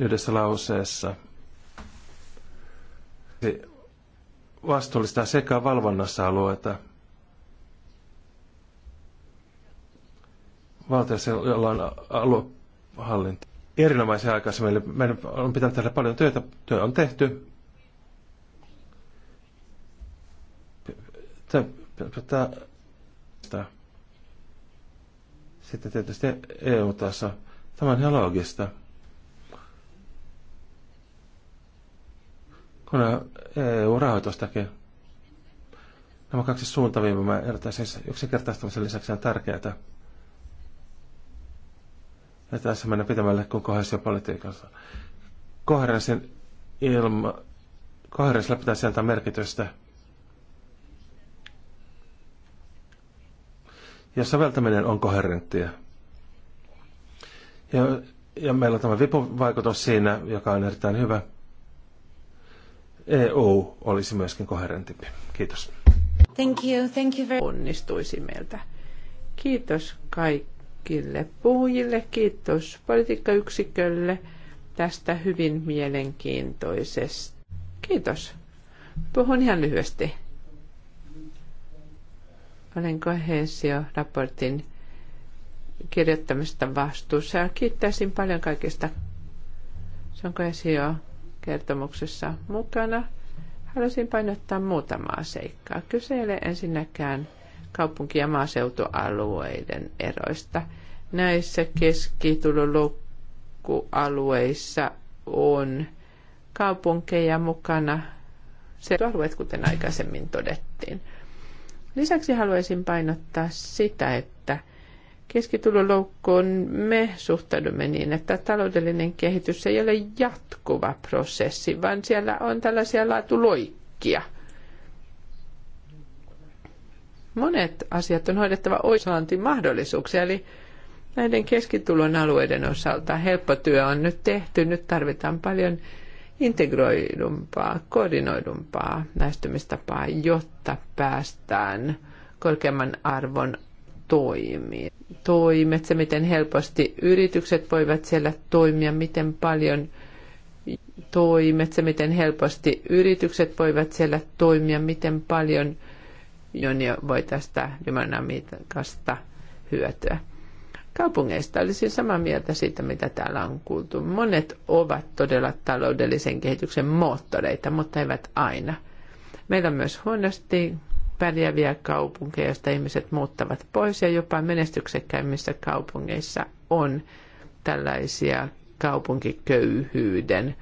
yhdessä lauseessa. Vastuullista sekä valvonnassa alueita valtiossa, jolla on aluehallinta. Erinomaisia aikaisemmin, Eli meidän on pitänyt tehdä paljon työtä, työ on tehty. Tämä, sitten tietysti EU-tasolla Tämän on Kun eu rahoitustakin nämä kaksi suuntaviivaa, mä erotan siis yksinkertaistamisen lisäksi on tärkeää, ja tässä mennä pitämälle kuin kohesiopolitiikassa. Koherenssin ilma, koherenssilla pitäisi antaa merkitystä. Ja soveltaminen on koherenttia. Ja, ja meillä on tämä vipuvaikutus siinä, joka on erittäin hyvä. EU olisi myöskin koherentimpi. Kiitos. Thank you, thank you very... Onnistuisi meiltä. Kiitos kaikille puhujille, kiitos politiikkayksikölle tästä hyvin mielenkiintoisesta. Kiitos. Puhun ihan lyhyesti. Olen kohesio-raportin kirjoittamista vastuussa. Ja kiittäisin paljon kaikista. Se onko jo kertomuksessa mukana. Haluaisin painottaa muutamaa seikkaa. Kyse ei ole ensinnäkään kaupunki- ja maaseutualueiden eroista. Näissä keskitululukkualueissa on kaupunkeja mukana seutualueet, kuten aikaisemmin todettiin. Lisäksi haluaisin painottaa sitä, että – keskituloloukkoon me suhtaudumme niin, että taloudellinen kehitys ei ole jatkuva prosessi, vaan siellä on tällaisia laatuloikkia. Monet asiat on hoidettava oisaantimahdollisuuksia, eli näiden keskitulon alueiden osalta helppo työ on nyt tehty. Nyt tarvitaan paljon integroidumpaa, koordinoidumpaa näistymistapaa, jotta päästään korkeamman arvon toimii. Toimet, se miten helposti yritykset voivat siellä toimia, miten paljon toimet, se miten helposti yritykset voivat siellä toimia, miten paljon jonia voi tästä dynamiikasta hyötyä. Kaupungeista olisin samaa mieltä siitä, mitä täällä on kuultu. Monet ovat todella taloudellisen kehityksen moottoreita, mutta eivät aina. Meillä on myös huonosti pärjääviä kaupunkeja, joista ihmiset muuttavat pois ja jopa menestyksekkäimmissä kaupungeissa on tällaisia kaupunkiköyhyyden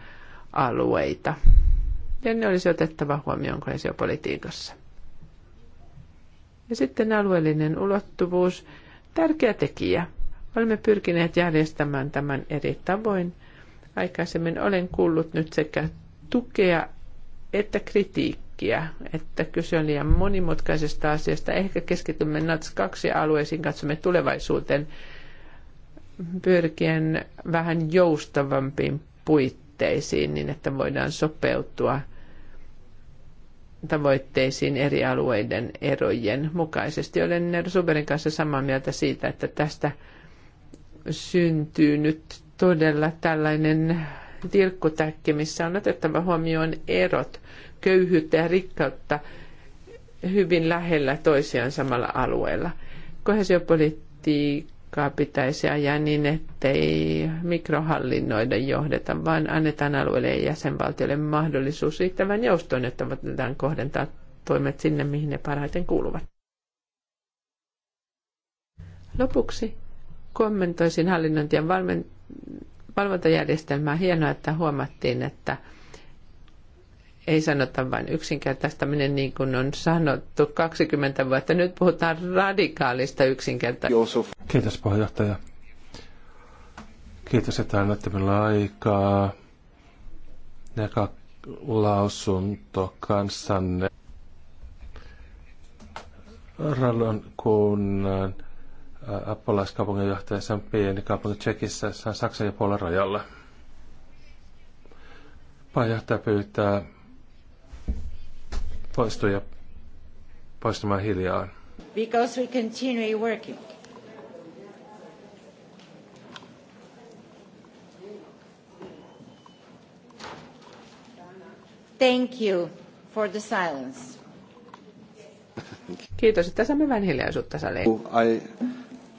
alueita. Ja ne olisi otettava huomioon kohesiopolitiikassa. Ja sitten alueellinen ulottuvuus, tärkeä tekijä. Olemme pyrkineet järjestämään tämän eri tavoin. Aikaisemmin olen kuullut nyt sekä tukea että kritiikkiä riskiä, että kyse on liian monimutkaisesta asiasta. Ehkä keskitymme NATS 2 alueisiin, katsomme tulevaisuuteen pyrkien vähän joustavampiin puitteisiin niin, että voidaan sopeutua tavoitteisiin eri alueiden erojen mukaisesti. Olen Suberin kanssa samaa mieltä siitä, että tästä syntyy nyt todella tällainen tilkkutäkki, missä on otettava huomioon erot köyhyyttä ja rikkautta hyvin lähellä toisiaan samalla alueella. Kohesiopolitiikkaa pitäisi ajaa niin, ettei mikrohallinnoida johdeta, vaan annetaan alueille ja jäsenvaltiolle mahdollisuus riittävän joustoon, jotta voidaan kohdentaa toimet sinne, mihin ne parhaiten kuuluvat. Lopuksi kommentoisin hallinnointien ja valvontajärjestelmää. Hienoa, että huomattiin, että ei sanota vain yksinkertaistaminen niin kuin on sanottu 20 vuotta. Nyt puhutaan radikaalista yksinkertaistamisesta. Kiitos puheenjohtaja. Kiitos, että annatte minulle aikaa Neka lausunto kanssanne. Rallon kunnan apulaiskaupunginjohtaja on pieni kaupunki Tsekissä, Saksan ja Puolan rajalla. Pääjohtaja pyytää poistuja poistumaan hiljaa. Because we continue working. Thank you for the silence. Kiitos, että saamme vähän hiljaisuutta saliin. Oh, I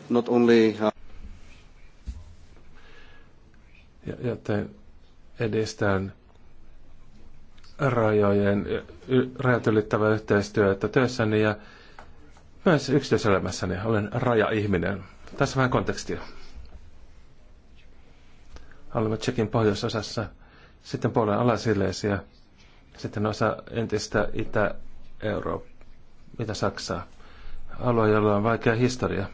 not only... Uh, ja, joten edestään rajojen, rajat yhteistyö, että työssäni ja myös yksityiselämässäni. Olen rajaihminen. Tässä vähän kontekstia. Olemme Tsekin pohjoisosassa, sitten puolen alasileisiä, sitten osa entistä Itä-Eurooppaa, mitä saksaa Alue, jolla on vaikea historia.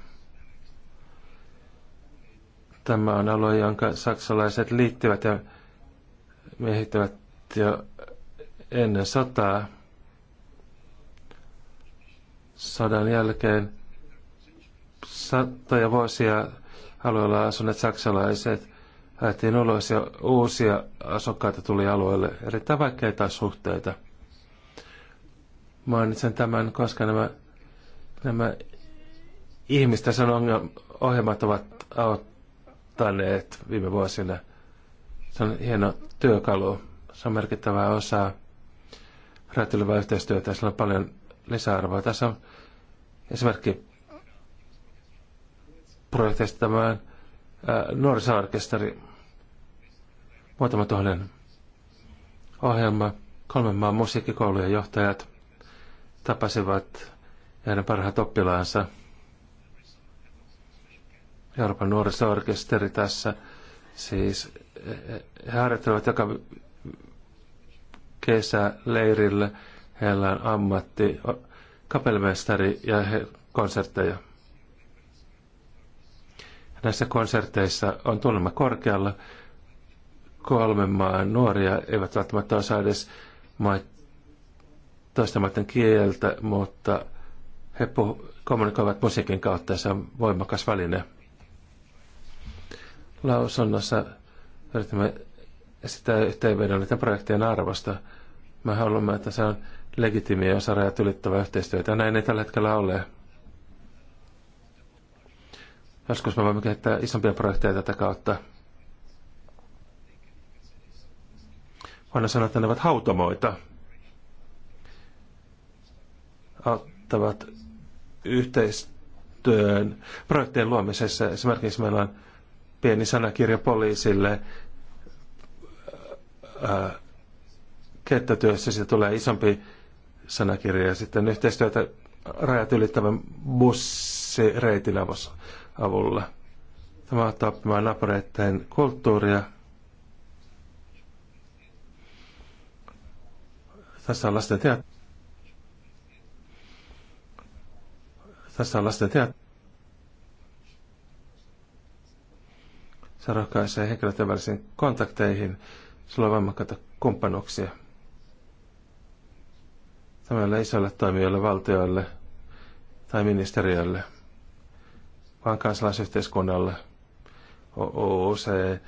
Tämä on alue, jonka saksalaiset liittyvät ja miehittävät jo ennen sataa. Sodan jälkeen satoja vuosia alueella asuneet saksalaiset haettiin ulos ja uusia asukkaita tuli alueelle. Erittäin vaikeita suhteita. Mainitsen tämän, koska nämä, nämä ihmisten ohjelmat ovat auttaneet viime vuosina. Se on hieno työkalu. Se on merkittävää osaa räätälöivää yhteistyötä ja sillä on paljon lisäarvoa. Tässä on esimerkki projekteista tämä nuorisoorkesteri, muutama tuhannen ohjelma, kolmen maan musiikkikoulujen johtajat tapasivat heidän parhaat oppilaansa. Euroopan nuorisorkesteri tässä siis he harjoittelevat joka kesäleirille. Heillä on ammatti kapelmestari ja he, konsertteja. Näissä konserteissa on tunnelma korkealla. Kolmen maan nuoria eivät välttämättä osaa edes toista maiden kieltä, mutta he puh- kommunikoivat musiikin kautta ja se on voimakas väline. Lausunnossa yritämme sitä yhteenvedon niiden projektien arvosta. Mä haluan, että se on legitimiä osa rajat ylittävää yhteistyötä. Näin ei tällä hetkellä ole. Joskus me voimme kehittää isompia projekteja tätä kautta. Voidaan sanoa, että ne ovat hautomoita. Auttavat yhteistyön projektien luomisessa. Esimerkiksi meillä on pieni sanakirja poliisille Äh, kenttätyössä siitä tulee isompi sanakirja ja sitten yhteistyötä rajat ylittävän bussireitin avulla. Tämä ottaa oppimaan naapureiden kulttuuria. Tässä on lasten teat... Tässä on lasten teat... Se rohkaisee henkilöiden välisiin kontakteihin sulla on voimakkaita kumppanuuksia. Tämällä isolle toimijoille, valtioille tai ministeriölle, vaan kansalaisyhteiskunnalle, usein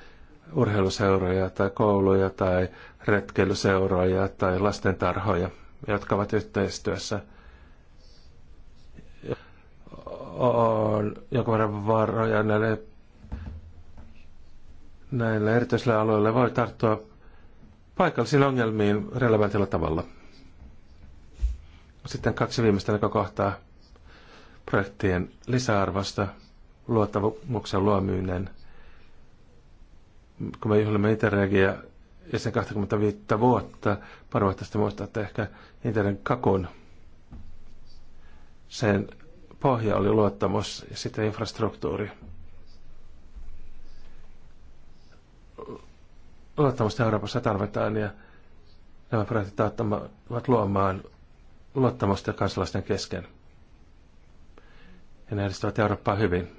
urheiluseuroja tai kouluja tai retkeilyseuroja tai lastentarhoja, jotka ovat yhteistyössä. On jonkun verran varoja näille, näille erityisille alueille voi tarttua paikallisiin ongelmiin relevantilla tavalla. Sitten kaksi viimeistä näkökohtaa projektien lisäarvosta, luottamuksen luominen. Kun me juhlimme Interregia ja sen 25 vuotta, pari vuotta sitten muistatte ehkä Interreg kakun. Sen pohja oli luottamus ja sitten infrastruktuuri. luottamusta Euroopassa tarvitaan ja nämä projektit auttavat luomaan luottamusta kansalaisten kesken. Ja ne edistävät Eurooppaa hyvin.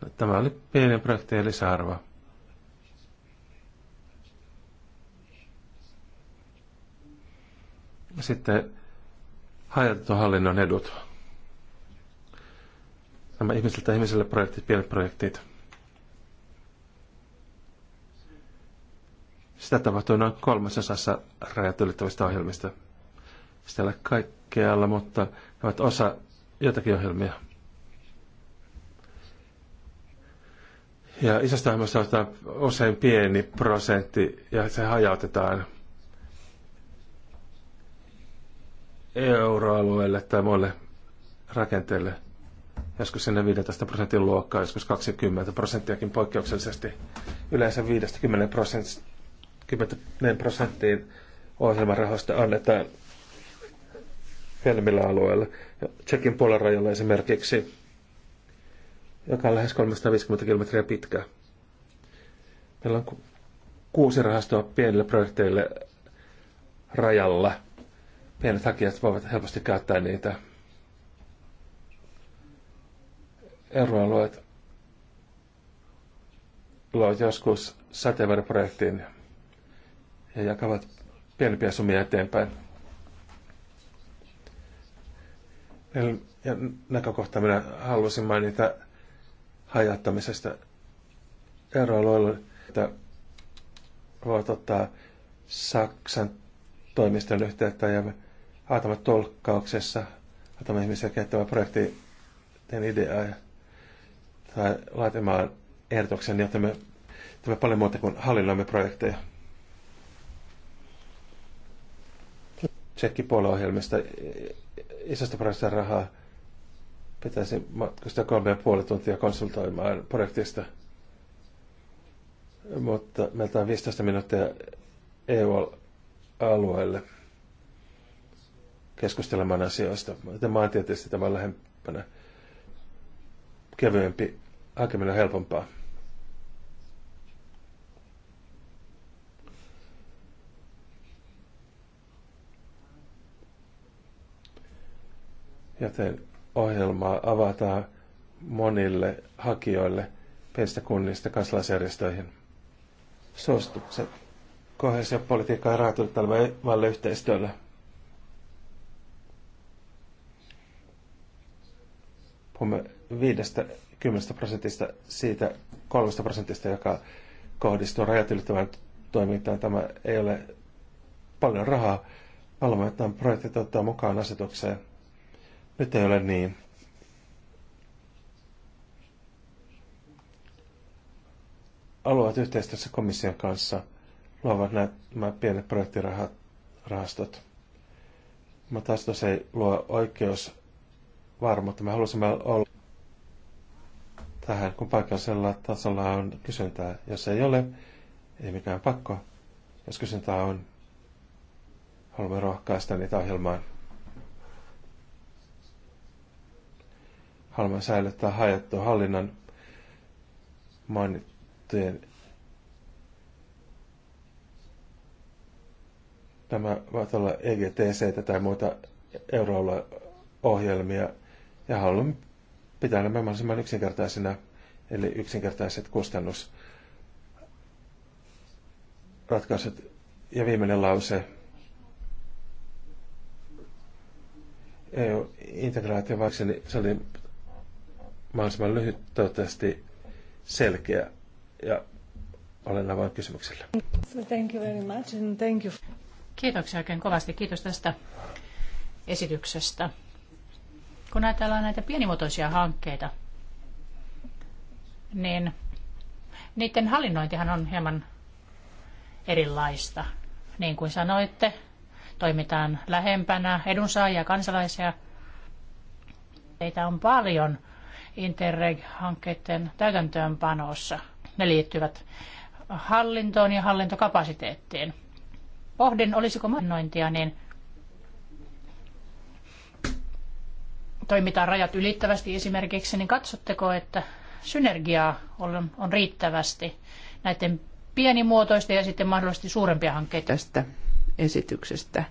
No, tämä oli pieni projekti ja lisäarvo. Sitten hajautetun hallinnon edut. Nämä ihmisiltä ihmisille projektit, pienet projektit. Sitä tapahtui noin kolmasosassa rajat ylittävistä ohjelmista. Sitä ei ole kaikkealla, mutta ne ovat osa jotakin ohjelmia. Ja isosta ohjelmasta otetaan usein pieni prosentti ja se hajautetaan euroalueelle tai muille rakenteille. Joskus sinne 15 prosentin luokkaa, joskus 20 prosenttiakin poikkeuksellisesti. Yleensä 50 prosentista 10 prosenttiin ohjelmarahoista annetaan pienemmillä alueilla. Tsekin puolen rajalla esimerkiksi, joka on lähes 350 kilometriä pitkä. Meillä on kuusi rahastoa pienille projekteille rajalla. Pienet hakijat voivat helposti käyttää niitä. Euroalueet luo joskus sateenvarjoprojektin ja jakavat pienempiä summia eteenpäin. Ja näkökohta minä haluaisin mainita hajattamisesta euroalueella, että voit ottaa Saksan toimiston yhteyttä ja Aatama tolkkauksessa, Aatama ihmisiä käyttävä projekti, teen ideaa ja, tai laitamaan ehdotuksen, jotta me teemme paljon muuta kuin hallinnoimme projekteja. tsekki ohjelmista isosta parasta rahaa. Pitäisi matkustaa kolme ja puoli tuntia konsultoimaan projektista. Mutta meiltä on 15 minuuttia EU-alueelle keskustelemaan asioista. Tämä on tietysti tämä lähempänä kevyempi, hakeminen on helpompaa. joten ohjelmaa avataan monille hakijoille peistä kunnista kansalaisjärjestöihin. Suositukset kohesiopolitiikkaa raatuttelevalle yhteistyölle. Puhumme 50 prosentista siitä 3 prosentista, joka kohdistuu rajat ylittävään toimintaan. Tämä ei ole paljon rahaa. Haluamme, että projektit ottaa mukaan asetukseen nyt ei ole niin. Alueet yhteistyössä komission kanssa luovat nämä pienet projektirahastot. Mutta taas ei luo oikeus varmuutta. Me halusimme olla tähän, kun paikallisella tasolla on kysyntää. Jos ei ole, ei mikään pakko. Jos kysyntää on, haluamme rohkaista niitä ohjelmaan. haluamme säilyttää hajattua hallinnan mainittujen tämä voivat olla EGTC tai muita euroalueohjelmia. ohjelmia ja haluamme pitää nämä mahdollisimman yksinkertaisina, eli yksinkertaiset kustannusratkaisut. Ja viimeinen lause. EU-integraatio, vaikka se oli mahdollisimman lyhyt, toivottavasti selkeä ja olen avoin kysymyksellä. Thank you very much and thank you. Kiitoksia oikein kovasti. Kiitos tästä esityksestä. Kun ajatellaan näitä pienimuotoisia hankkeita, niin niiden hallinnointihan on hieman erilaista. Niin kuin sanoitte, toimitaan lähempänä edunsaajia, kansalaisia. Teitä on paljon – Interreg-hankkeiden täytäntöönpanossa. Ne liittyvät hallintoon ja hallintokapasiteettiin. Pohdin, olisiko markkinointia, niin toimitaan rajat ylittävästi esimerkiksi, niin katsotteko, että synergiaa on, on riittävästi näiden pienimuotoista ja sitten mahdollisesti suurempia hankkeita? Tästä esityksestä.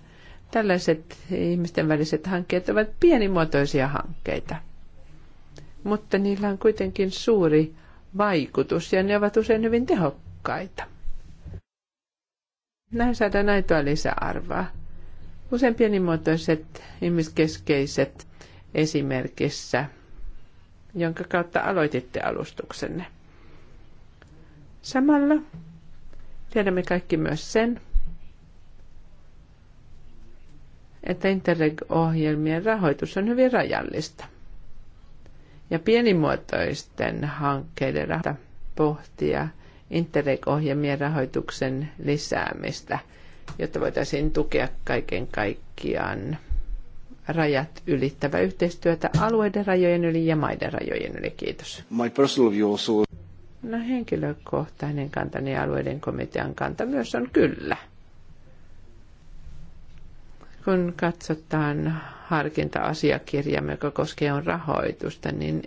Tällaiset ihmisten väliset hankkeet ovat pienimuotoisia hankkeita mutta niillä on kuitenkin suuri vaikutus ja ne ovat usein hyvin tehokkaita. Näin saadaan aitoa lisäarvoa. Usein pienimuotoiset ihmiskeskeiset esimerkissä, jonka kautta aloititte alustuksenne. Samalla tiedämme kaikki myös sen, että Interreg-ohjelmien rahoitus on hyvin rajallista – ja pienimuotoisten hankkeiden rahoita pohtia Interreg-ohjelmien rahoituksen lisäämistä, jotta voitaisiin tukea kaiken kaikkiaan rajat ylittävää yhteistyötä alueiden rajojen yli ja maiden rajojen yli. Kiitos. My personal view also... No henkilökohtainen kantani alueiden komitean kanta myös on kyllä kun katsotaan harkinta-asiakirjamme, joka koskee on rahoitusta, niin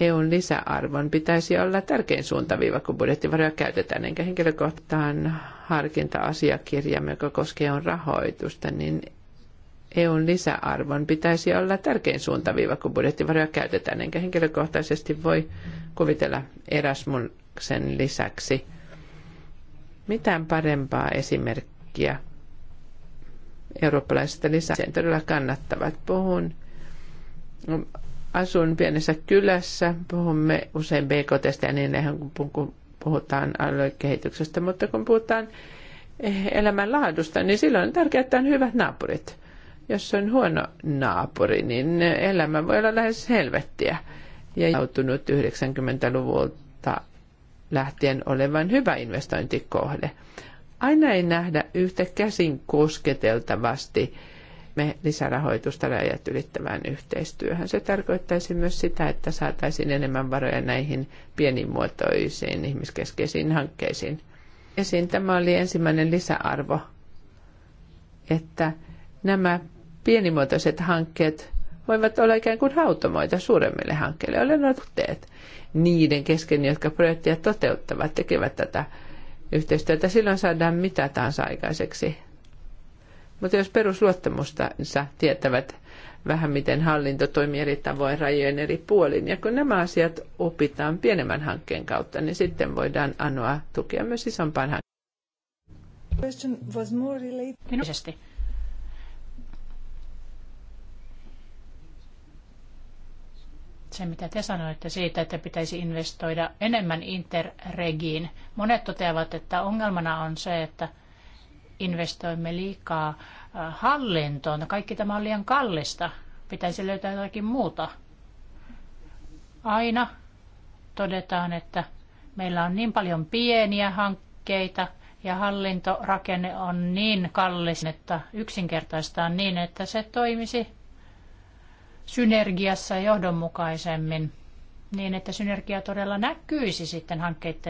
EUn lisäarvon pitäisi olla tärkein suuntaviiva, kun budjettivaroja käytetään, enkä henkilökohtaan harkinta-asiakirjamme, joka koskee on rahoitusta, niin EUn lisäarvon pitäisi olla tärkein suuntaviiva, kun budjettivaroja käytetään, enkä henkilökohtaisesti voi kuvitella Erasmuksen lisäksi mitään parempaa esimerkkiä – eurooppalaisesta lisäämiseen niin todella kannattavat. Puhun, asun pienessä kylässä, puhumme usein BKT ja niin ihan kun puhutaan aluekehityksestä, mutta kun puhutaan eh, elämänlaadusta, niin silloin on tärkeää, että on hyvät naapurit. Jos on huono naapuri, niin elämä voi olla lähes helvettiä. Ja joutunut 90-luvulta lähtien olevan hyvä investointikohde. Aina ei nähdä yhtä käsin kosketeltavasti me lisärahoitusta rajat ylittävään yhteistyöhön. Se tarkoittaisi myös sitä, että saataisiin enemmän varoja näihin pienimuotoisiin ihmiskeskeisiin hankkeisiin. Esiin tämä oli ensimmäinen lisäarvo, että nämä pienimuotoiset hankkeet voivat olla ikään kuin hautomoita suuremmille hankkeille. Olen teet niiden kesken, jotka projektia toteuttavat, tekevät tätä yhteistyötä, silloin saadaan mitä tahansa aikaiseksi. Mutta jos perusluottamusta sä tietävät vähän miten hallinto toimii eri tavoin rajojen eri puolin, ja kun nämä asiat opitaan pienemmän hankkeen kautta, niin sitten voidaan anoa tukea myös isompaan hankkeen. se, mitä te sanoitte siitä, että pitäisi investoida enemmän Interregiin. Monet toteavat, että ongelmana on se, että investoimme liikaa äh, hallintoon. Kaikki tämä on liian kallista. Pitäisi löytää jotakin muuta. Aina todetaan, että meillä on niin paljon pieniä hankkeita ja hallintorakenne on niin kallis, että yksinkertaistaan niin, että se toimisi synergiassa ja johdonmukaisemmin niin, että synergia todella näkyisi sitten hankkeiden